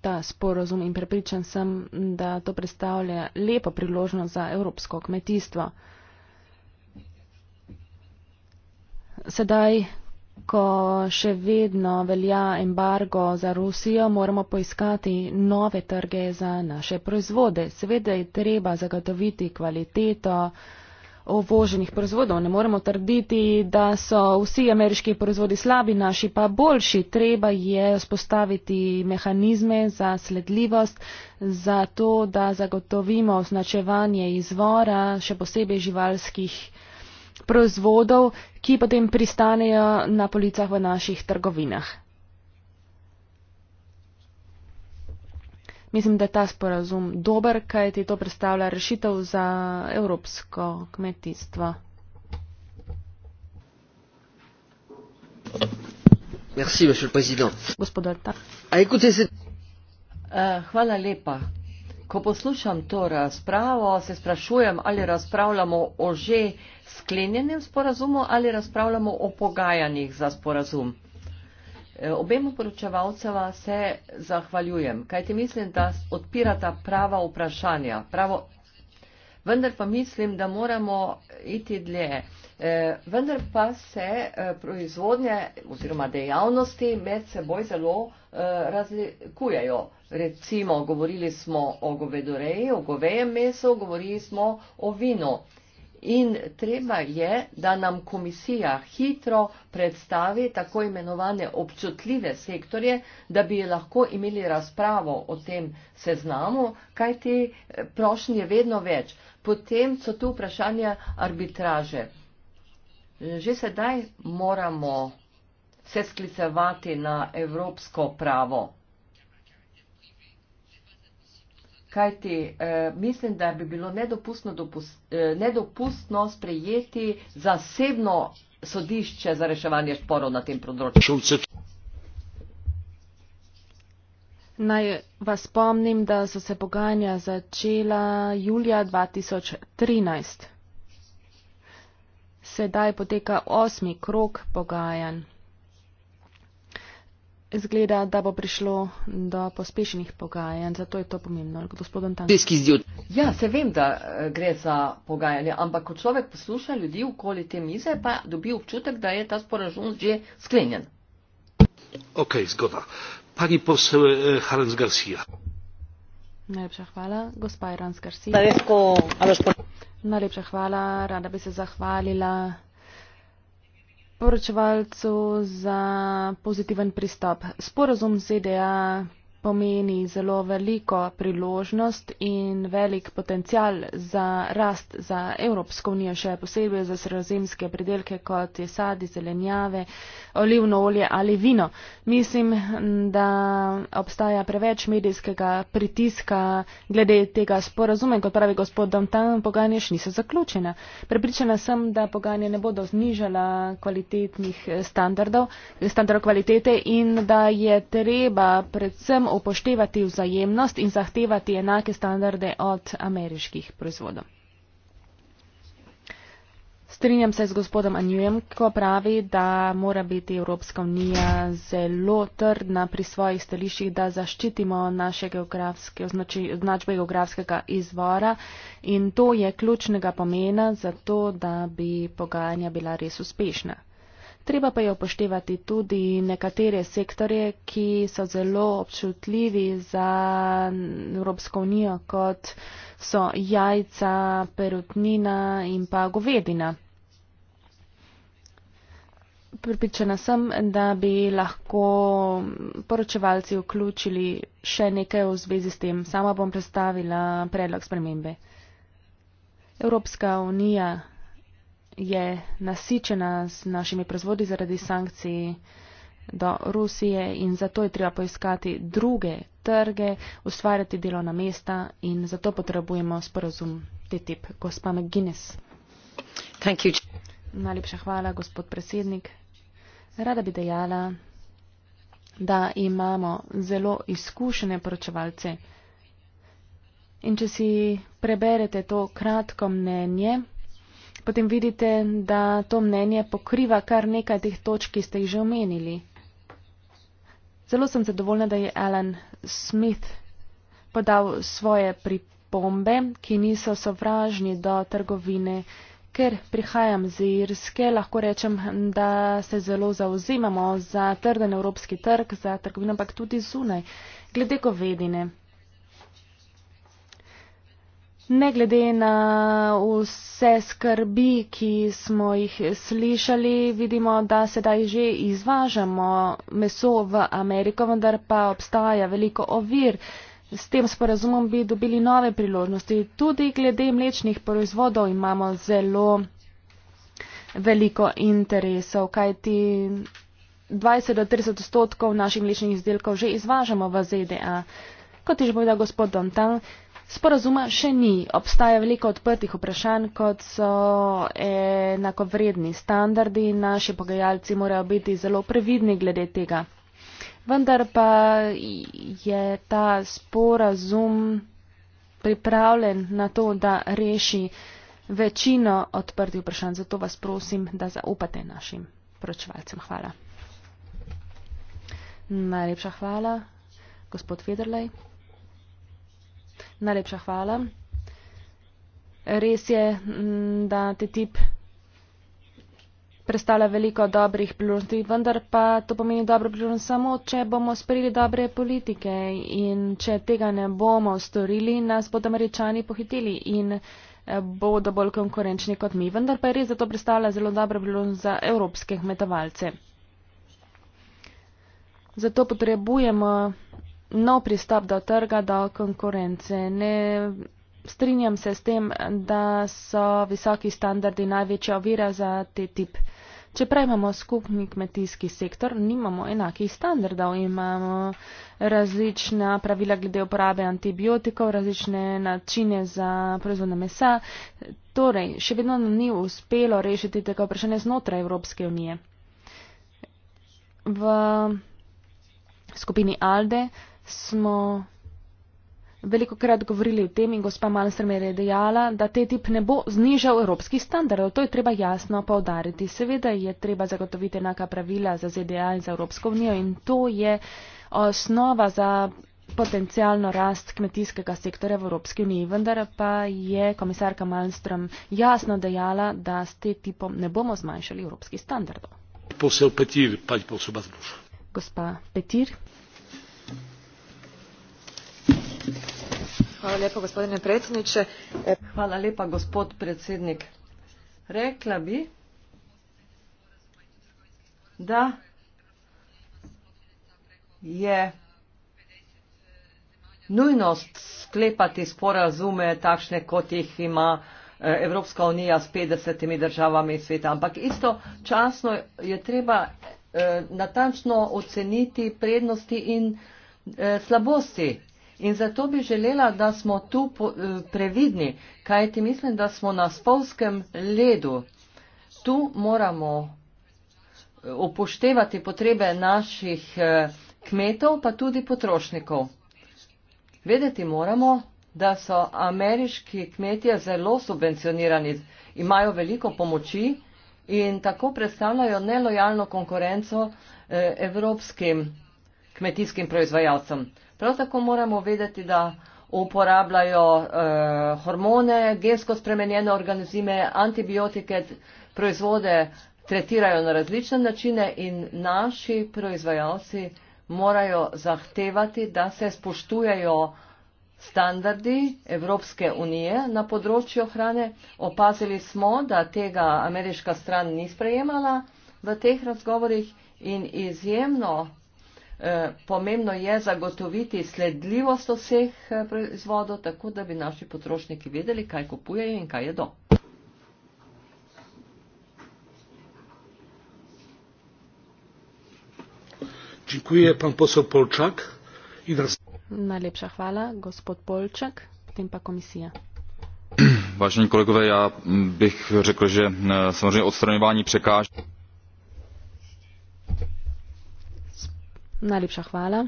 ta sporozum in prepričan sem, da to predstavlja lepo priložnost za evropsko kmetijstvo. Sedaj, ko še vedno velja embargo za Rusijo, moramo poiskati nove trge za naše proizvode. Seveda je treba zagotoviti kvaliteto, uvoženih proizvodov. Ne moremo trditi, da so vsi ameriški proizvodi slabi, naši pa boljši. Treba je spostaviti mehanizme za sledljivost, za to, da zagotovimo označevanje izvora, še posebej živalskih proizvodov, ki potem pristanejo na policah v naših trgovinah. mislim, da je ta sporazum dober, kaj ti to predstavlja rešitev za evropsko kmetijstvo. Merci, A, ekute, se... uh, hvala lepa. Ko poslušam to razpravo, se sprašujem, ali razpravljamo o že sklenjenem sporazumu ali razpravljamo o pogajanjih za sporazum. Eh, obema poročevalcema se zahvaljujem, kajti mislim, da odpirata prava vprašanja. Pravo... Vendar pa mislim, da moramo iti dlje. E, vendar pa se e, proizvodnje oziroma dejavnosti med seboj zelo e, razlikujejo. Recimo, govorili smo o govedoreji, o govejem mesu, govorili smo o vinu in treba je, da nam komisija hitro predstavi tako imenovane občutljive sektorje, da bi lahko imeli razpravo o tem seznamu, kaj ti eh, prošnje je vedno več. Potem so tu vprašanja arbitraže. Že sedaj moramo se sklicevati na evropsko pravo. kajti eh, mislim, da bi bilo nedopustno, dopust, eh, nedopustno sprejeti zasebno sodišče za reševanje sporov na tem področju. Naj vas spomnim, da so se pogajanja začela julija 2013. Sedaj poteka osmi krok pogajanj. Zgleda, da bo prišlo do pospešenih pogajanj, zato je to pomembno. Ja, se vem, da eh, gre za pogajanje, ampak ko človek posluša ljudi okoli te mize, pa dobi občutek, da je ta sporažun že sklenjen. Ok, zgoda. Pani posel eh, Harens Garcia. Najlepša hvala, gospa Harens Garcia. Najlepša hvala, rada bi se zahvalila poročevalcu za pozitiven pristop. Sporazum ZDA pomeni zelo veliko priložnost in velik potencial za rast za Evropsko unijo, še posebej za sredozemske pridelke kot je sadi, zelenjave, olivno olje ali vino. Mislim, da obstaja preveč medijskega pritiska glede tega sporazuma, kot pravi gospod Domtan, pogajanja še niso zaključena. Pripričana sem, da pogajanja ne bodo znižala kvalitetnih standardov, standardov kvalitete in da je treba predvsem upoštevati vzajemnost in zahtevati enake standarde od ameriških proizvodov. Strinjam se z gospodom Anjujem, ko pravi, da mora biti Evropska unija zelo trdna pri svojih stališčih, da zaščitimo naše geografske označbe geografskega izvora in to je ključnega pomena za to, da bi pogajanja bila res uspešna. Treba pa je upoštevati tudi nekatere sektorje, ki so zelo občutljivi za Evropsko unijo, kot so jajca, perutnina in pa govedina. Pripričana sem, da bi lahko poročevalci vključili še nekaj v zvezi s tem. Sama bom predstavila predlog spremembe. Evropska unija je nasičena z našimi proizvodi zaradi sankcij do Rusije in zato je treba poiskati druge trge, ustvarjati delovna mesta in zato potrebujemo sporozum TTIP. Gospa McGuinness. Najlepša hvala, gospod predsednik. Rada bi dejala, da imamo zelo izkušene poročevalce. In če si preberete to kratko mnenje, potem vidite, da to mnenje pokriva kar nekaj teh točk, ki ste jih že omenili. Zelo sem zadovoljna, da je Alan Smith podal svoje pripombe, ki niso sovražni do trgovine, ker prihajam z Irske, lahko rečem, da se zelo zauzimamo za trden evropski trg, za trgovino, ampak tudi zunaj, glede govedine. Ne glede na vse skrbi, ki smo jih slišali, vidimo, da sedaj že izvažamo meso v Ameriko, vendar pa obstaja veliko ovir. S tem sporazumom bi dobili nove priložnosti. Tudi glede mlečnih proizvodov imamo zelo veliko interesov, kajti 20 do 30 odstotkov naših mlečnih izdelkov že izvažamo v ZDA. Kot je že povedal gospod Dontan, sporazuma še ni. Obstaja veliko odprtih vprašanj, kot so enakovredni standardi in naši pogajalci morajo biti zelo previdni glede tega. Vendar pa je ta sporazum pripravljen na to, da reši večino odprtih vprašanj. Zato vas prosim, da zaupate našim pročevalcem. Hvala. Najlepša hvala, gospod Federlej. Najlepša hvala. Res je, mm, da te tip predstavlja veliko dobrih priložnosti, vendar pa to pomeni dobro priložnost samo, če bomo sprejeli dobre politike in če tega ne bomo storili, nas bodo američani pohitili in eh, bodo bolj konkurenčni kot mi. Vendar pa je res, da to predstavlja zelo dobro priložnost za evropske kmetovalce. Zato potrebujemo nov pristop do trga, do konkurence. Ne strinjam se s tem, da so visoki standardi največja ovira za te tip. Čeprav imamo skupni kmetijski sektor, nimamo enakih standardov, imamo različna pravila glede uporabe antibiotikov, različne načine za proizvodno mesa. Torej, še vedno ni uspelo rešiti tega vprašanja znotraj Evropske unije. V skupini ALDE smo veliko krat govorili o tem in gospa Malmström je dejala, da te tip ne bo znižal evropskih standardov. To je treba jasno povdariti. Seveda je treba zagotoviti enaka pravila za ZDA in za Evropsko unijo in to je osnova za potencijalno rast kmetijskega sektorja v Evropski uniji. Vendar pa je komisarka Malmström jasno dejala, da s te tipom ne bomo zmanjšali evropskih standardov. Gospa Petir. Hvala lepa, gospodine predsedniče. Hvala lepa, gospod predsednik. Rekla bi, da je nujnost sklepati sporazume takšne, kot jih ima e, Evropska unija s 50 državami sveta, ampak istočasno je treba e, natančno oceniti prednosti in e, slabosti In zato bi želela, da smo tu eh, previdni, kaj ti mislim, da smo na spolskem ledu. Tu moramo eh, upoštevati potrebe naših eh, kmetov, pa tudi potrošnikov. Vedeti moramo, da so ameriški kmetje zelo subvencionirani, imajo veliko pomoči in tako predstavljajo nelojalno konkurenco evropskim kmetijskim proizvajalcem. Prav tako moramo vedeti, da uporabljajo eh, hormone, gensko spremenjene organizme, antibiotike, proizvode tretirajo na različne načine in naši proizvajalci morajo zahtevati, da se spoštujejo standardi Evropske unije na področju hrane. Opazili smo, da tega ameriška stran ni sprejemala v teh razgovorih in izjemno Eh, pomembno je zagotoviti sledljivost vseh eh, proizvodov, tako da bi naši potrošniki vedeli, kaj kupujejo in kaj jedo. Dziękuję, pan poseł Polczak. I teraz... Najlepsza chwala, gospod Polczak, w tym pa komisja. Vážení kolegové, já bych řekl, že eh, samozřejmě odstraňování překážek. Najlepša hvala.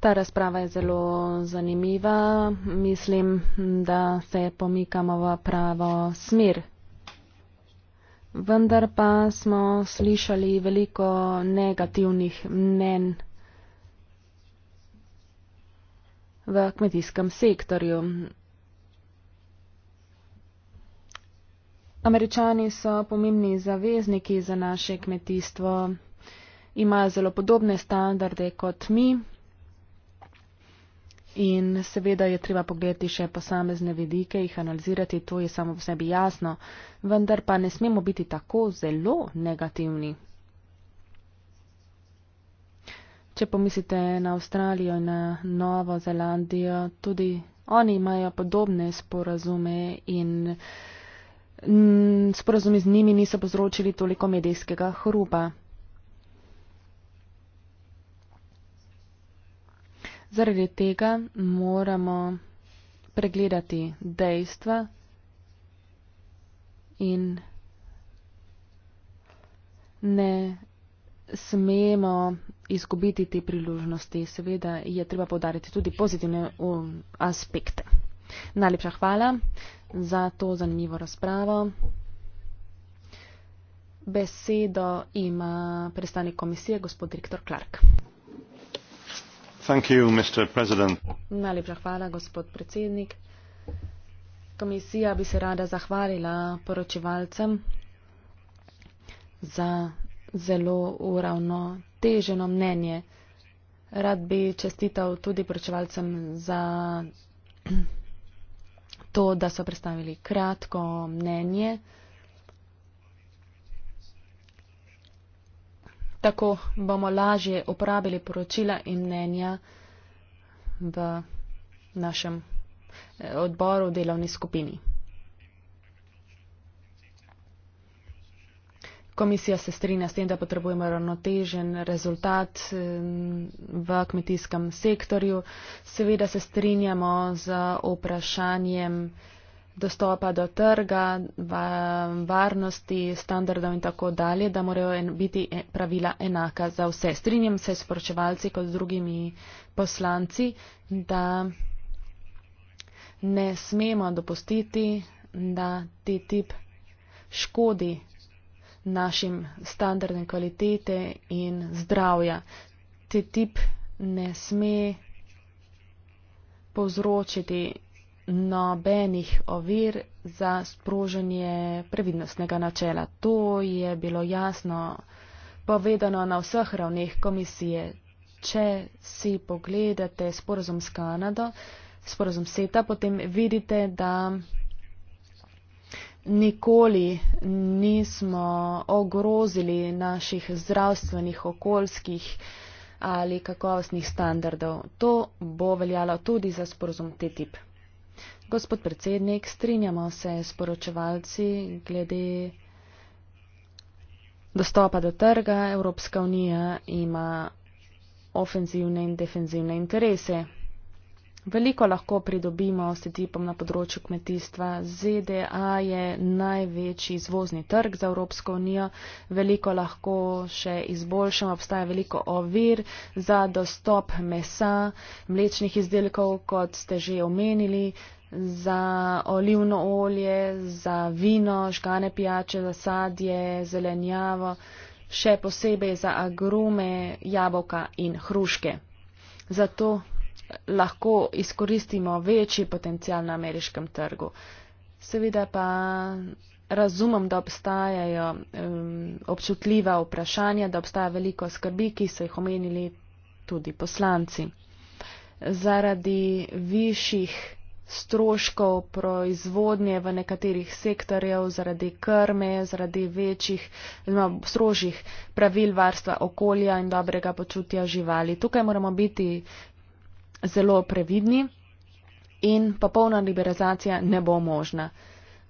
Ta razprava je zelo zanimiva. Mislim, da se pomikamo v pravo smer. Vendar pa smo slišali veliko negativnih mnen v kmetijskem sektorju. Američani so pomembni zavezniki za naše kmetijstvo ima zelo podobne standarde kot mi. In seveda je treba pogledati še posamezne vidike, jih analizirati, to je samo v sebi jasno, vendar pa ne smemo biti tako zelo negativni. Če pomislite na Avstralijo in na Novo Zelandijo, tudi oni imajo podobne sporazume in mm, sporazumi z njimi niso povzročili toliko medijskega hrupa. Zaradi tega moramo pregledati dejstva in ne smemo izgubiti te priložnosti. Seveda je treba podariti tudi pozitivne aspekte. Najlepša hvala za to zanimivo razpravo. Besedo ima predstavnik komisije, gospod direktor Clark. Najlepša hvala, gospod predsednik. Komisija bi se rada zahvalila poročevalcem za zelo uravno teženo mnenje. Rad bi čestital tudi poročevalcem za to, da so predstavili kratko mnenje. Tako bomo lažje uporabili poročila in mnenja v našem eh, odboru v delovni skupini. Komisija se strinja s tem, da potrebujemo ravnotežen rezultat eh, v kmetijskem sektorju. Seveda se strinjamo z vprašanjem, dostopa do trga, varnosti, standardov in tako dalje, da morajo biti e, pravila enaka za vse. Strinjam se s poročevalci kot z drugimi poslanci, da ne smemo dopustiti, da ti tip škodi našim standardem kvalitete in zdravja. Ti tip ne sme povzročiti nobenih ovir za sprožanje previdnostnega načela. To je bilo jasno povedano na vseh ravneh komisije. Če si pogledate sporozum s Kanado, sporozum SETA, potem vidite, da nikoli nismo ogrozili naših zdravstvenih, okoljskih ali kakovostnih standardov. To bo veljalo tudi za sporozum TTIP. Gospod predsednik, strinjamo se s poročevalci glede dostopa do trga. Evropska unija ima ofenzivne in defenzivne interese. Veliko lahko pridobimo s tipom na področju kmetijstva. ZDA je največji izvozni trg za Evropsko unijo. Veliko lahko še izboljšamo. Obstaja veliko ovir za dostop mesa, mlečnih izdelkov, kot ste že omenili za olivno olje, za vino, škane pijače, za sadje, zelenjavo, še posebej za agrume, jabolka in hruške. Zato lahko izkoristimo večji potencial na ameriškem trgu. Seveda pa razumem, da obstajajo um, občutljiva vprašanja, da obstaja veliko skrbi, ki so jih omenili tudi poslanci. Zaradi višjih stroškov proizvodnje v nekaterih sektorjev zaradi krme, zaradi večjih, no, strožjih pravil varstva okolja in dobrega počutja živali. Tukaj moramo biti zelo previdni in popolna liberalizacija ne bo možna.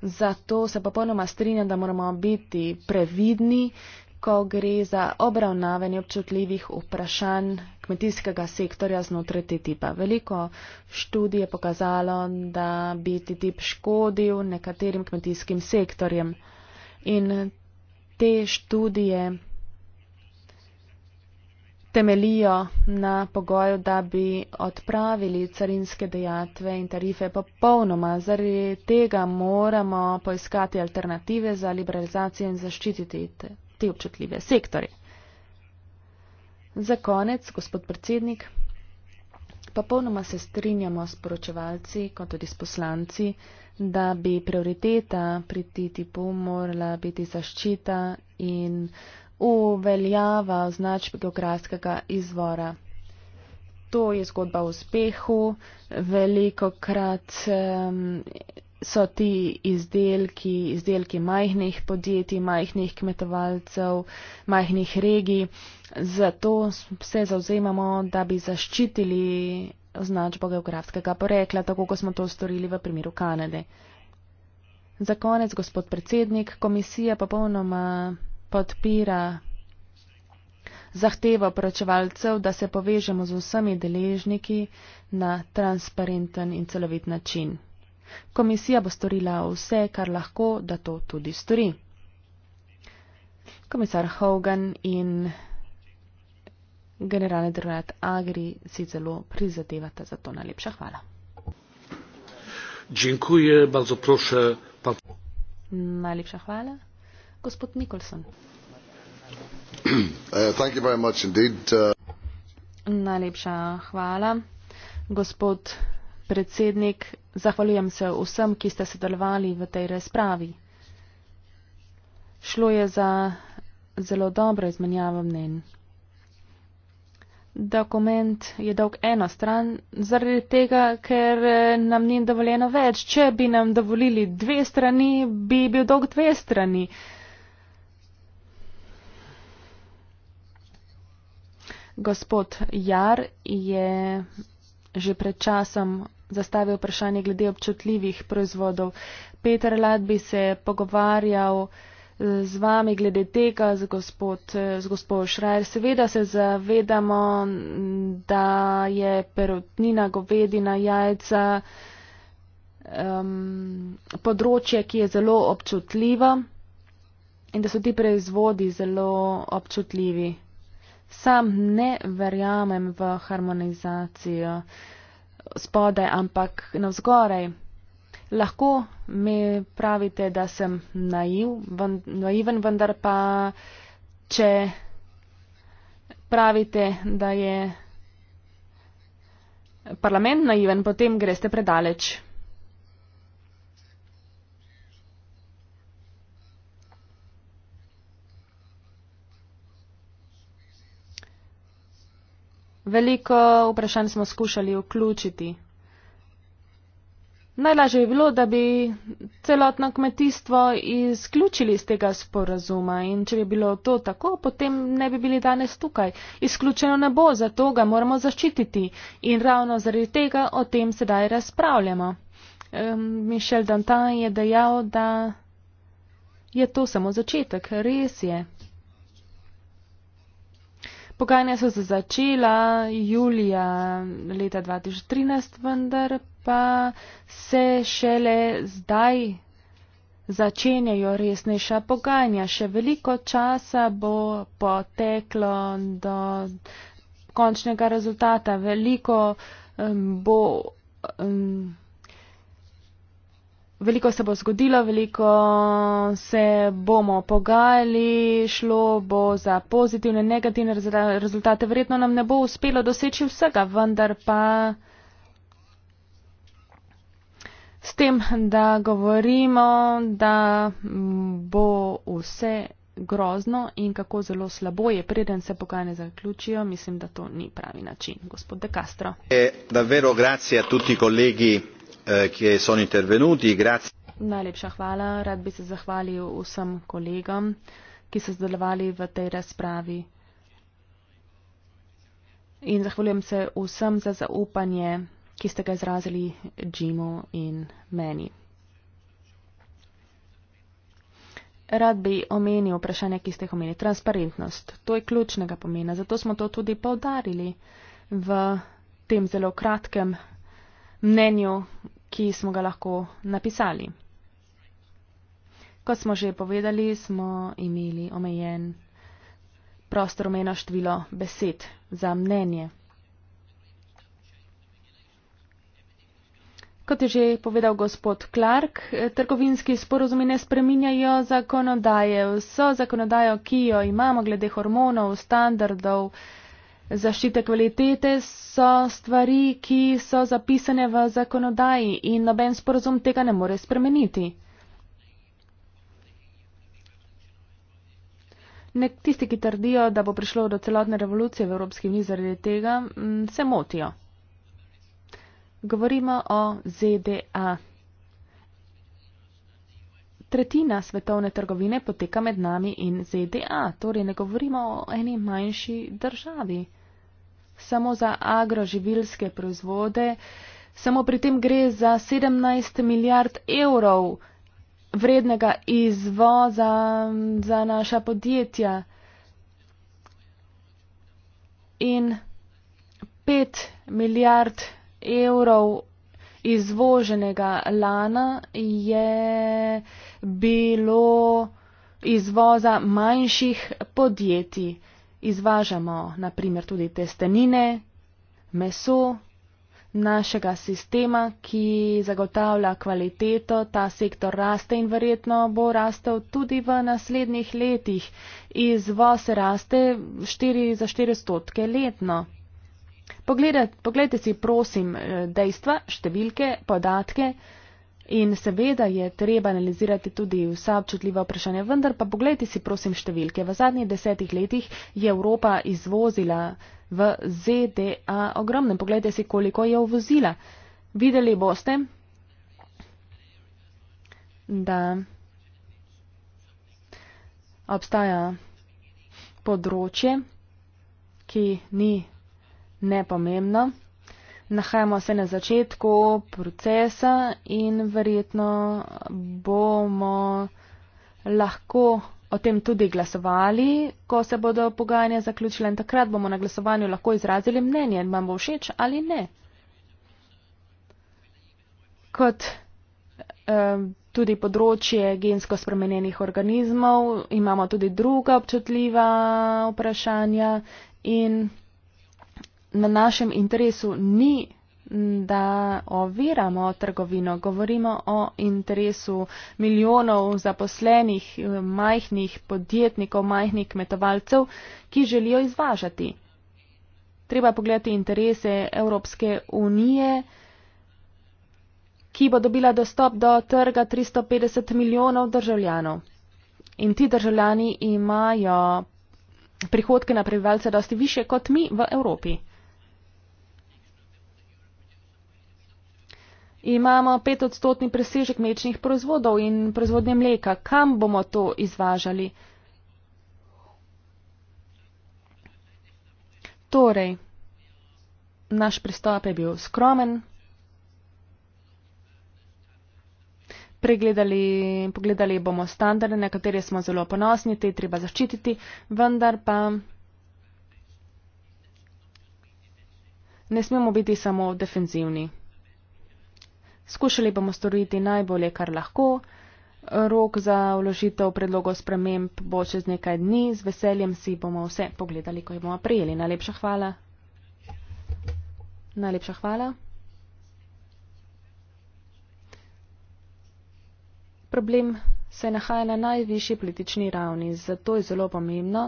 Zato se popolnoma strinjam, da moramo biti previdni, ko gre za obravnavanje občutljivih vprašanj kmetijskega sektorja znotraj TTIP. Veliko študij je pokazalo, da bi TTIP škodil nekaterim kmetijskim sektorjem. In te študije temelijo na pogoju, da bi odpravili carinske dejatve in tarife popolnoma. Zaradi tega moramo poiskati alternative za liberalizacijo in zaščititi te občutljive sektorje. Za konec, gospod predsednik, pa polnoma se strinjamo s poročevalci, kot tudi s poslanci, da bi prioriteta pri TTIP-u morala biti zaščita in uveljava označb geografskega izvora. To je zgodba o uspehu, veliko krat. Um, so ti izdelki, izdelki majhnih podjetij, majhnih kmetovalcev, majhnih regij. Zato se zauzemamo, da bi zaščitili označbo geografskega porekla, tako kot smo to storili v primeru Kanade. Za konec, gospod predsednik, komisija pa polnoma podpira zahtevo poročevalcev, da se povežemo z vsemi deležniki na transparenten in celovit način. Komisija bo storila vse, kar lahko, da to tudi stori. Komisar Hogan in generalni državljat Agri si zelo prizadevata za to. Najlepša hvala. Dziękuję, bardzo proszę. Pan... Najlepša hvala. Gospod Nikolson. Uh, thank you very much indeed. Uh- Najlepša hvala. Gospod predsednik, Zahvaljujem se vsem, ki ste sodelovali v tej razpravi. Šlo je za zelo dobro izmenjavo mnen. Dokument je dolg eno stran, zaradi tega, ker eh, nam ni dovoljeno več. Če bi nam dovolili dve strani, bi bil dolg dve strani. Gospod Jar je že pred časom zastavi vprašanje glede občutljivih proizvodov. Peter Lad bi se pogovarjal eh, z vami glede tega, z gospod, eh, z gospod Šrajer. Seveda se zavedamo, da je perutnina, govedina, jajca um, področje, ki je zelo občutljivo in da so ti proizvodi zelo občutljivi. Sam ne verjamem v harmonizacijo. Uh, spode, ampak navzgorej. Lahko mi pravite, da sem naiv, vend, naiven, vendar pa, če pravite, da je parlament naiven, potem greste predaleč. Veliko vprašanj smo skušali vključiti. Najlažje bi bilo, da bi celotno kmetijstvo izključili iz tega sporazuma in če bi bilo to tako, potem ne bi bili danes tukaj. Izključeno ne bo, zato ga moramo zaščititi in ravno zaradi tega o tem sedaj razpravljamo. Mišel Dantan je dejal, da je to samo začetek, res je. Pogajanja so se začela julija leta 2013, vendar pa se šele zdaj začenjajo resnejša pogajanja. Še veliko časa bo poteklo do končnega rezultata. Veliko um, bo. Um, Veliko se bo zgodilo, veliko se bomo pogajali, šlo bo za pozitivne, negativne rezultate. Verjetno nam ne bo uspelo doseči vsega, vendar pa s tem, da govorimo, da bo vse grozno in kako zelo slabo je, preden se pogajanje zaključijo, mislim, da to ni pravi način. Gospod De Castro. E, davvero, Eh, ki so intervenuti. Najlepša hvala. Rad bi se zahvalil vsem kolegom, ki so zdelovali v tej razpravi. In zahvaljujem se vsem za zaupanje, ki ste ga izrazili Džimu in meni. Rad bi omenil vprašanje, ki ste jih omenili. Transparentnost. To je ključnega pomena. Zato smo to tudi povdarili v tem zelo kratkem mnenju, ki smo ga lahko napisali. Kot smo že povedali, smo imeli omejen prostor omejeno število besed za mnenje. Kot je že povedal gospod Clark, trgovinski sporozumi ne spreminjajo zakonodaje. Vso zakonodajo, ki jo imamo glede hormonov, standardov, Zaščite kvalitete so stvari, ki so zapisane v zakonodaji in noben sporozum tega ne more spremeniti. Nek, tisti, ki trdijo, da bo prišlo do celotne revolucije v Evropski uniji zaradi tega, mm, se motijo. Govorimo o ZDA. Tretjina svetovne trgovine poteka med nami in ZDA, torej ne govorimo o eni manjši državi samo za agroživilske proizvode, samo pri tem gre za 17 milijard evrov vrednega izvoza za naša podjetja. In 5 milijard evrov izvoženega lana je bilo izvoza manjših podjetij izvažamo naprimer tudi testenine, meso našega sistema, ki zagotavlja kvaliteto, ta sektor raste in verjetno bo rastel tudi v naslednjih letih. Izvoz raste 4 za 4 stotke letno. Poglede, poglejte si prosim eh, dejstva, številke, podatke. In seveda je treba analizirati tudi vsa občutljiva vprašanja, vendar pa pogledajte si prosim številke. V zadnjih desetih letih je Evropa izvozila v ZDA ogromne. Pogledajte si, koliko je uvozila. Videli boste, da obstaja področje, ki ni nepomembno nahajamo se na začetku procesa in verjetno bomo lahko o tem tudi glasovali, ko se bodo pogajanja zaključile in takrat bomo na glasovanju lahko izrazili mnenje, vam bo všeč ali ne. Kot eh, Tudi področje gensko spremenjenih organizmov, imamo tudi druga občutljiva vprašanja in na našem interesu ni, da oviramo trgovino. Govorimo o interesu milijonov zaposlenih, eh, majhnih podjetnikov, majhnih kmetovalcev, ki želijo izvažati. Treba pogledati interese Evropske unije, ki bo dobila dostop do trga 350 milijonov državljanov. In ti državljani imajo prihodke na prebivalce dosti više kot mi v Evropi. imamo petodstotni presežek mlečnih proizvodov in proizvodnje mleka. Kam bomo to izvažali? Torej, naš pristop je bil skromen. Pregledali, pogledali bomo standarde, na katere smo zelo ponosni, te treba zaščititi, vendar pa ne smemo biti samo defenzivni. Skušali bomo storiti najbolje, kar lahko. Rok za vložitev predlogov sprememb bo čez nekaj dni. Z veseljem si bomo vse pogledali, ko jih bomo prijeli. Najlepša hvala. Najlepša hvala. Problem se nahaja na najvišji politični ravni, zato je zelo pomembno,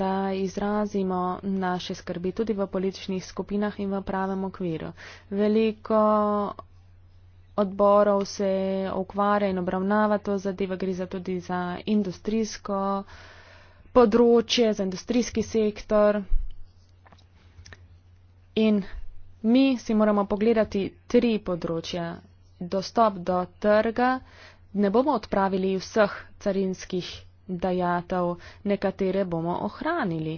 da izrazimo naše skrbi tudi v političnih skupinah in v pravem okviru. Veliko odborov se ukvarja in obravnava to zadeva, gre za tudi za industrijsko področje, za industrijski sektor. In mi si moramo pogledati tri področja. Dostop do trga, ne bomo odpravili vseh carinskih dajatev, nekatere bomo ohranili.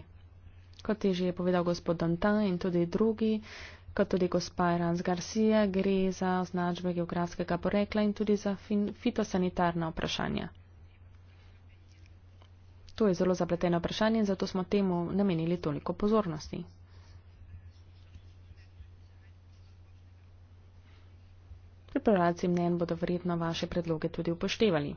Kot je že povedal gospod Dantan in tudi drugi, uh, Kot tudi gospod Rans Garcia, gre za označbe geografskega porekla in tudi za fitosanitarna vprašanja. To je zelo zapleteno vprašanje in zato smo temu namenili toliko pozornosti. Pripravljalci mnen bodo verjetno vaše predloge tudi upoštevali.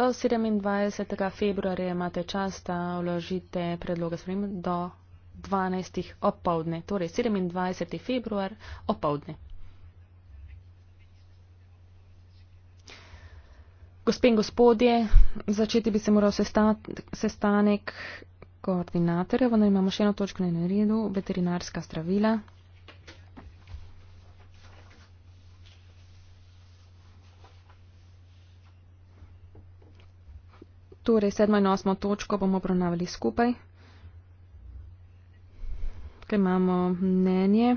Do 27. februarja imate čas, da vložite predloge sprem do 12. opovdne, torej 27. februar opovdne. Gospe in gospodje, začeti bi se moral sestanek koordinatorja, vendar imamo še eno točko na redu, veterinarska zdravila. Torej, sedmo in osmo točko bomo obravnavali skupaj. Tukaj imamo mnenje.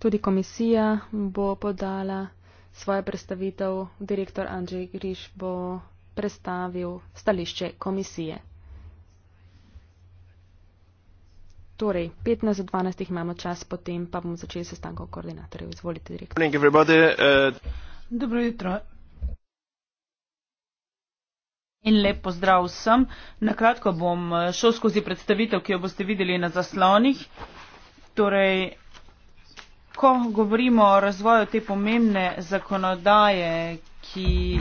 Tudi komisija bo podala svojo predstavitev, direktor Andrzej Griš bo predstavil stališče komisije. Torej, 15 do 12 imamo čas, potem pa bomo začeli sestankov koordinatorjev. Izvolite, direktor. Uh, Dobro jutro. In lep pozdrav vsem. Na kratko bom eh, šel skozi predstavitev, ki jo boste videli na zaslonih. Torej, ko govorimo o razvoju te pomembne zakonodaje, ki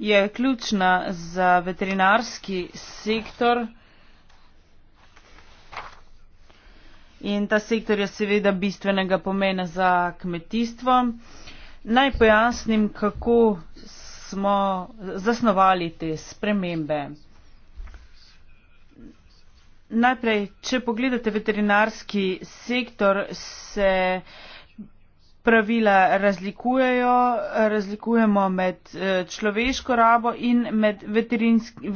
je ključna za veterinarski sektor, In ta sektor je seveda bistvenega pomena za kmetijstvo naj pojasnim kako smo zasnovali te spremembe najprej če pogledate veterinarski sektor se pravila razlikujejo razlikujemo med eh, človeško rabo in med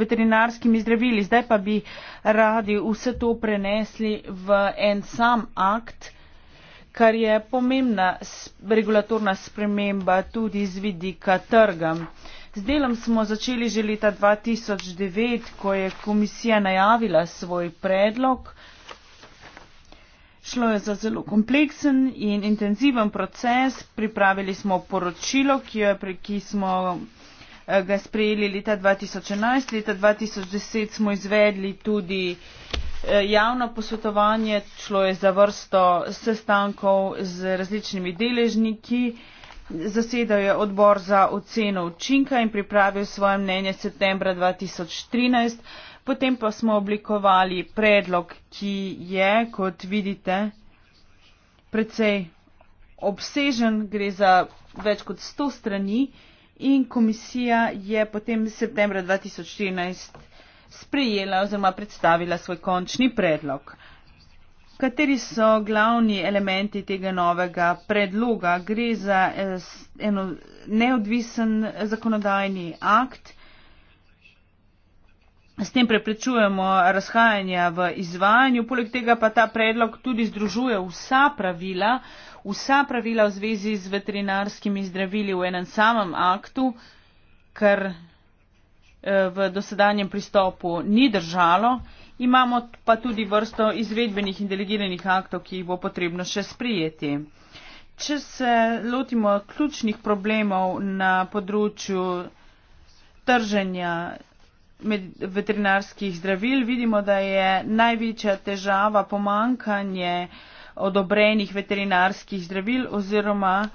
veterinarskimi zdravili zdaj pa bi radi vse to prenesli v en sam akt kar je pomembna regulatorna sprememba tudi z vidika trga. Z delom smo začeli že leta 2009, ko je komisija najavila svoj predlog. Šlo je za zelo kompleksen in intenziven proces. Pripravili smo poročilo, ki, je, ki smo Eh, ga sprejeli leta 2011. Leta 2010 smo izvedli tudi eh, javno posvetovanje, šlo je za vrsto sestankov z različnimi deležniki. Zasedal je odbor za oceno učinka in pripravil svoje mnenje septembra 2013. Potem pa smo oblikovali predlog, ki je, kot vidite, precej obsežen, gre za več kot 100 strani in komisija je potem septembra 2014 sprejela oziroma predstavila svoj končni predlog. Kateri so glavni elementi tega novega predloga? Gre za eh, eno neodvisen zakonodajni akt. S tem preprečujemo razhajanja v izvajanju, poleg tega pa ta predlog tudi združuje vsa pravila, vsa pravila v zvezi z veterinarskimi zdravili v enem samem aktu, kar eh, v dosedanjem pristopu ni držalo. Imamo pa tudi vrsto izvedbenih in delegiranih aktov, ki jih bo potrebno še sprijeti. Če se lotimo ključnih problemov na področju trženja veterinarskih zdravil, vidimo, da je največja težava pomankanje eh, odobrenih veterinarskih zdravil oziroma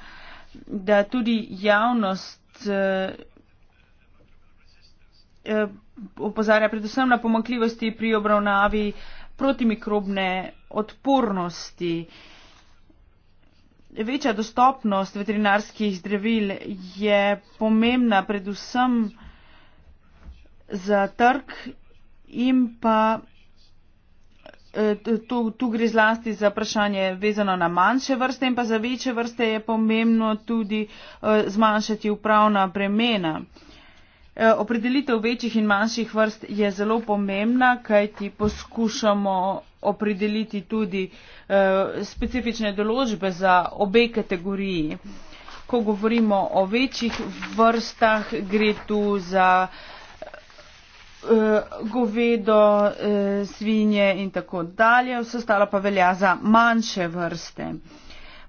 da tudi javnost eh, eh, opozarja predvsem na pomakljivosti pri obravnavi protimikrobne odpornosti. Večja dostopnost veterinarskih zdravil je pomembna predvsem za trg in pa Eh, tu, tu gre zlasti za vprašanje vezano na manjše vrste in pa za večje vrste je pomembno tudi eh, zmanjšati upravna bremena. Eh, opredelitev večjih in manjših vrst je zelo pomembna, kajti poskušamo opredeliti tudi specifične določbe za obe kategoriji. Ko govorimo o večjih vrstah, gre tu za Eh, govedo, eh, svinje in tako dalje, vse ostalo pa velja za manjše vrste.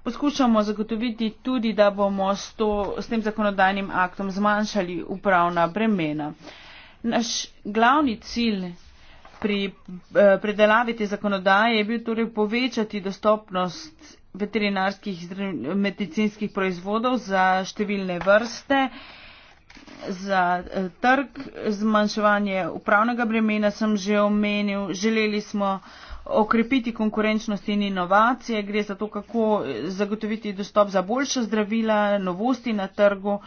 Poskušamo zagotoviti tudi, da bomo s, to, s tem zakonodajnim aktom zmanjšali upravna bremena. Naš glavni cilj pri eh, predelavi te zakonodaje je bil torej povečati dostopnost veterinarskih medicinskih proizvodov za številne vrste za eh, trg, zmanjševanje upravnega bremena sem že omenil. Želeli smo okrepiti konkurenčnost in inovacije, gre za to, kako eh, zagotoviti dostop za boljša zdravila, novosti na trgu.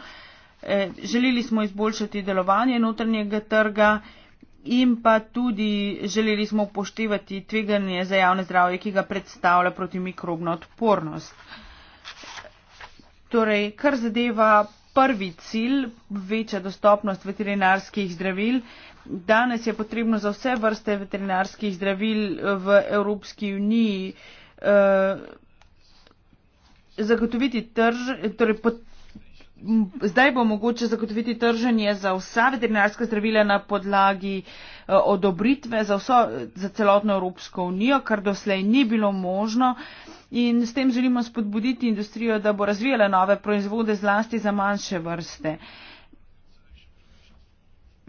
Eh, želeli smo izboljšati delovanje notranjega trga in pa tudi želeli smo upoštevati tveganje za javne zdravje, ki ga predstavlja protimikrobno odpornost. Torej, kar zadeva prvi cilj, večja dostopnost veterinarskih zdravil. Danes je potrebno za vse vrste veterinarskih zdravil v Evropski uniji eh, zagotoviti trž. Torej pot, Zdaj bo mogoče zagotoviti trženje za vsa veterinarska zdravila na podlagi eh, odobritve za, vso, za celotno Evropsko unijo, kar doslej ni bilo možno. Uh, in s tem želimo spodbuditi industrijo, da bo razvijala nove proizvode zlasti za manjše vrste.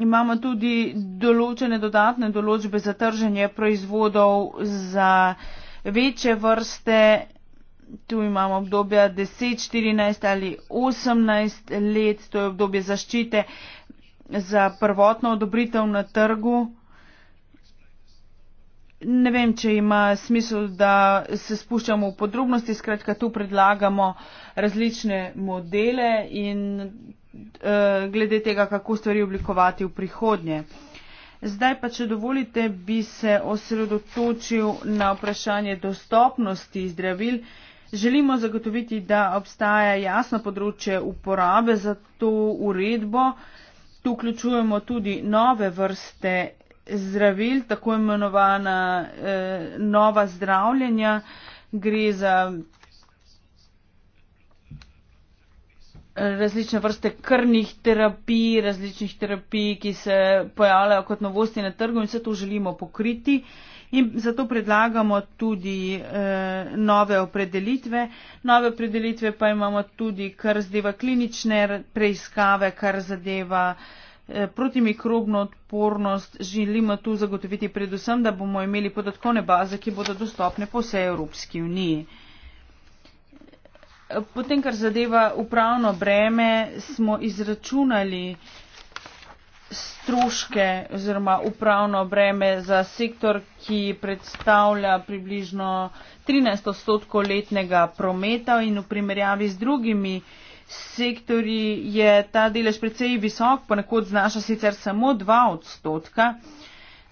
Imamo tudi določene dodatne določbe za trženje proizvodov za večje vrste. Tu imamo obdobja 10, 14 ali 18 let, to je obdobje zaščite za prvotno odobritev na trgu. Ne vem, če ima smisel, da se spuščamo v podrobnosti. Skratka, tu predlagamo različne modele in uh, glede tega, kako stvari oblikovati v prihodnje. Zdaj pa, če dovolite, bi se osredotočil na vprašanje dostopnosti zdravil. Želimo zagotoviti, da obstaja jasno področje uporabe za to uredbo. Tu vključujemo tudi nove vrste zdravil, tako imenovana eh, nova zdravljenja. Gre za eh, različne vrste krvnih terapij, različnih terapij, ki se pojavljajo kot novosti na trgu in vse to želimo pokriti. In zato predlagamo tudi eh, nove opredelitve. Nove opredelitve pa imamo tudi, kar zadeva klinične preiskave, kar zadeva eh, Eh, protimikrobno odpornost želimo tu zagotoviti predvsem, da bomo imeli podatkovne baze, ki bodo dostopne po vsej Evropski uniji. Eh, potem, kar zadeva upravno breme, smo izračunali stroške oziroma upravno breme za sektor, ki predstavlja približno 13 odstotkov letnega prometa in v primerjavi z drugimi sektorji je ta delež precej visok, ponekod znaša sicer samo 2 odstotka.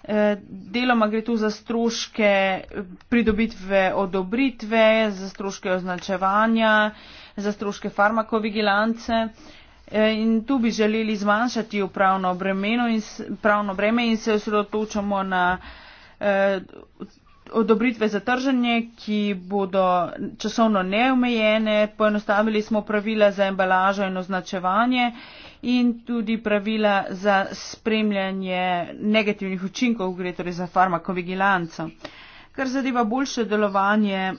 Eh, deloma gre tu za stroške pridobitve odobritve, za stroške označevanja, za stroške farmakovigilance. Eh, in tu bi želeli zmanjšati upravno breme in se osredotočamo na eh, odobritve za trženje, ki bodo časovno neomejene, poenostavili smo pravila za embalažo in označevanje in tudi pravila za spremljanje negativnih učinkov, gre torej za farmakovigilanco. Kar zadeva boljše delovanje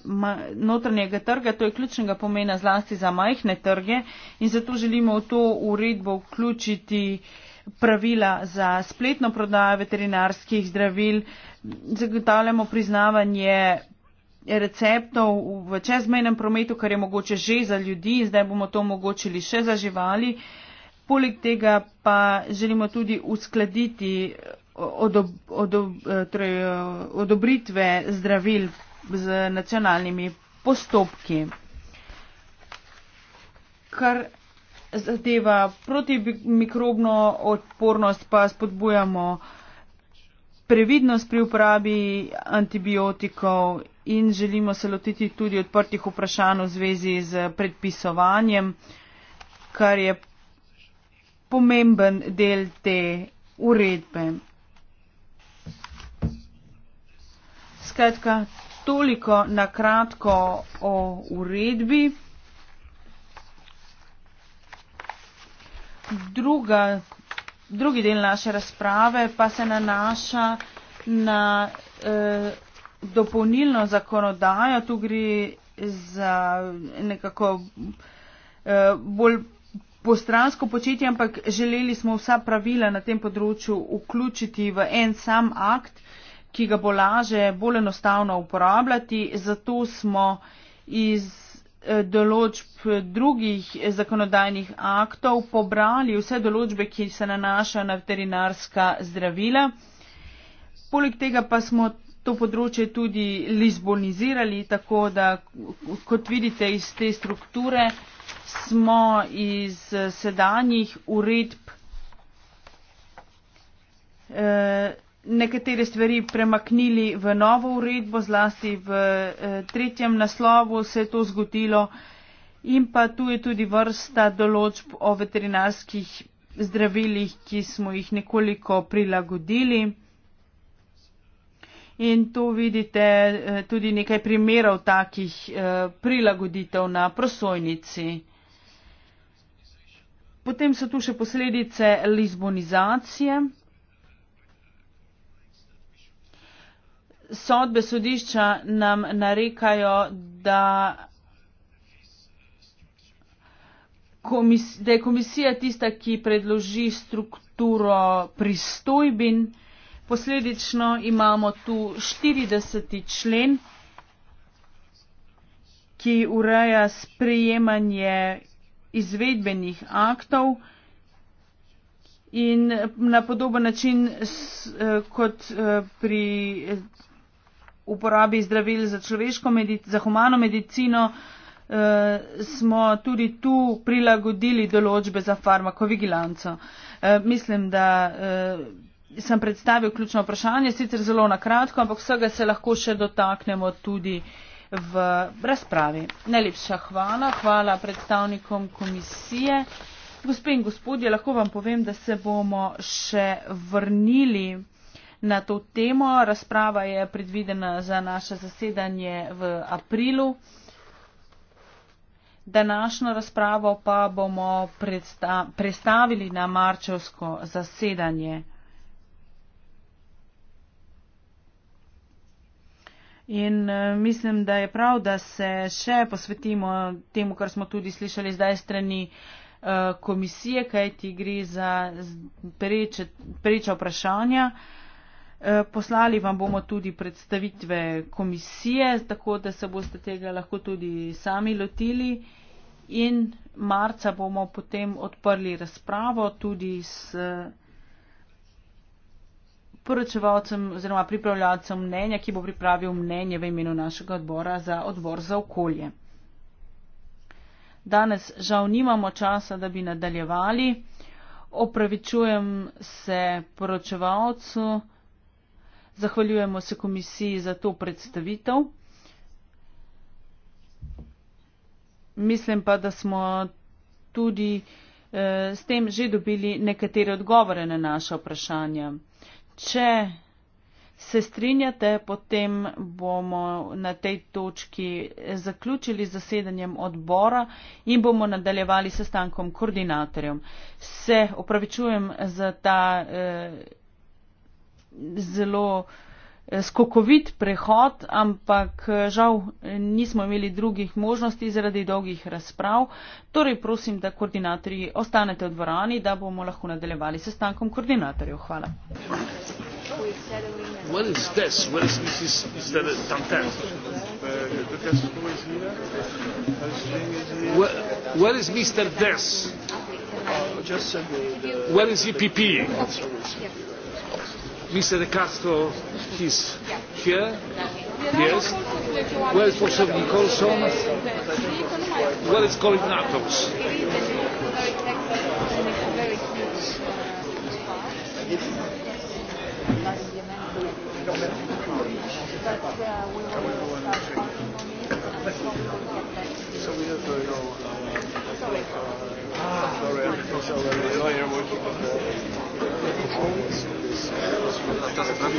notranjega trga, to je ključnega pomena zlasti za majhne trge in zato želimo v to uredbo vključiti pravila za spletno prodajo veterinarskih zdravil, zagotavljamo priznavanje receptov v čezmejnem prometu, kar je mogoče že za ljudi in zdaj bomo to omogočili še za živali. Poleg tega pa želimo tudi uskladiti eh, odob, odob, eh, torej, eh, odobritve zdravil z nacionalnimi postopki. Kar zadeva protimikrobno odpornost, pa spodbujamo uh, previdnost pri uporabi antibiotikov in želimo se lotiti tudi odprtih vprašanj v zvezi z predpisovanjem, kar je pomemben del te uredbe. Skratka, toliko na kratko o uredbi. Druga drugi del naše razprave pa se nanaša na eh, dopolnilno zakonodajo. Tu gre za nekako eh, bolj postransko početje, ampak želeli smo vsa pravila na tem področju vključiti v en sam akt, ki ga bo laže bolj enostavno uporabljati. Zato smo iz Eh, določb eh, drugih zakonodajnih aktov pobrali vse določbe, ki se nanašajo na veterinarska zdravila. Poleg tega pa smo to področje tudi lizbonizirali, tako da, kot vidite iz te strukture, smo iz eh, sedanjih uredb eh, nekatere stvari premaknili v novo uredbo, zlasti v eh, tretjem naslovu se je to zgodilo in pa tu je tudi vrsta določb o veterinarskih zdravilih, ki smo jih nekoliko prilagodili. In tu vidite eh, tudi nekaj primerov takih eh, prilagoditev na prosojnici. Potem so tu še posledice lizbonizacije. Sodbe sodišča nam narekajo, da, komis, da je komisija tista, ki predloži strukturo pristojbin. Posledično imamo tu 40. člen, ki ureja sprejemanje izvedbenih aktov. In na podoben način eh, kot eh, pri uporabi zdravil za, za humano medicino, eh, smo tudi tu prilagodili določbe za farmakovigilanco. Eh, mislim, da eh, sem predstavil ključno vprašanje, sicer zelo na kratko, ampak vsega se lahko še dotaknemo tudi v razpravi. Najlepša hvala, hvala predstavnikom komisije. Gospe in gospodje, lahko vam povem, da se bomo še vrnili na to temo. Razprava je predvidena za naše zasedanje v aprilu. Današnjo razpravo pa bomo predsta predstavili na marčevsko zasedanje. In e, mislim, da je prav, da se še posvetimo temu, kar smo tudi slišali zdaj strani e, komisije, kaj ti gre za preče, preča vprašanja. Eh, poslali vam bomo tudi predstavitve komisije, tako da se boste tega lahko tudi sami lotili. In marca bomo potem odprli razpravo tudi s eh, poročevalcem oziroma pripravljalcem mnenja, ki bo pripravil mnenje v imenu našega odbora za odbor za okolje. Danes žal nimamo časa, da bi nadaljevali. Opravičujem se poročevalcu. Zahvaljujemo se komisiji za to predstavitev. Mislim pa, da smo tudi eh, s tem že dobili nekatere odgovore na naše vprašanja. Če se strinjate, potem bomo na tej točki zaključili zasedanjem odbora in bomo nadaljevali sestankom koordinatorjem. Se opravičujem za ta. Eh, zelo eh, skokovit prehod, ampak eh, žal nismo imeli drugih možnosti zaradi dolgih razprav. Torej prosim, da koordinatorji ostanete v dvorani, da bomo lahko nadaljevali s stankom koordinatorjev. Hvala. Where is this? Where is Mr. Des? Uh, just a minute. Where is EPP? Yeah. Mr. De Castro is here, yes. Where is Professor Nicholson? Where is Colin Nathos? Thank you na ta strana.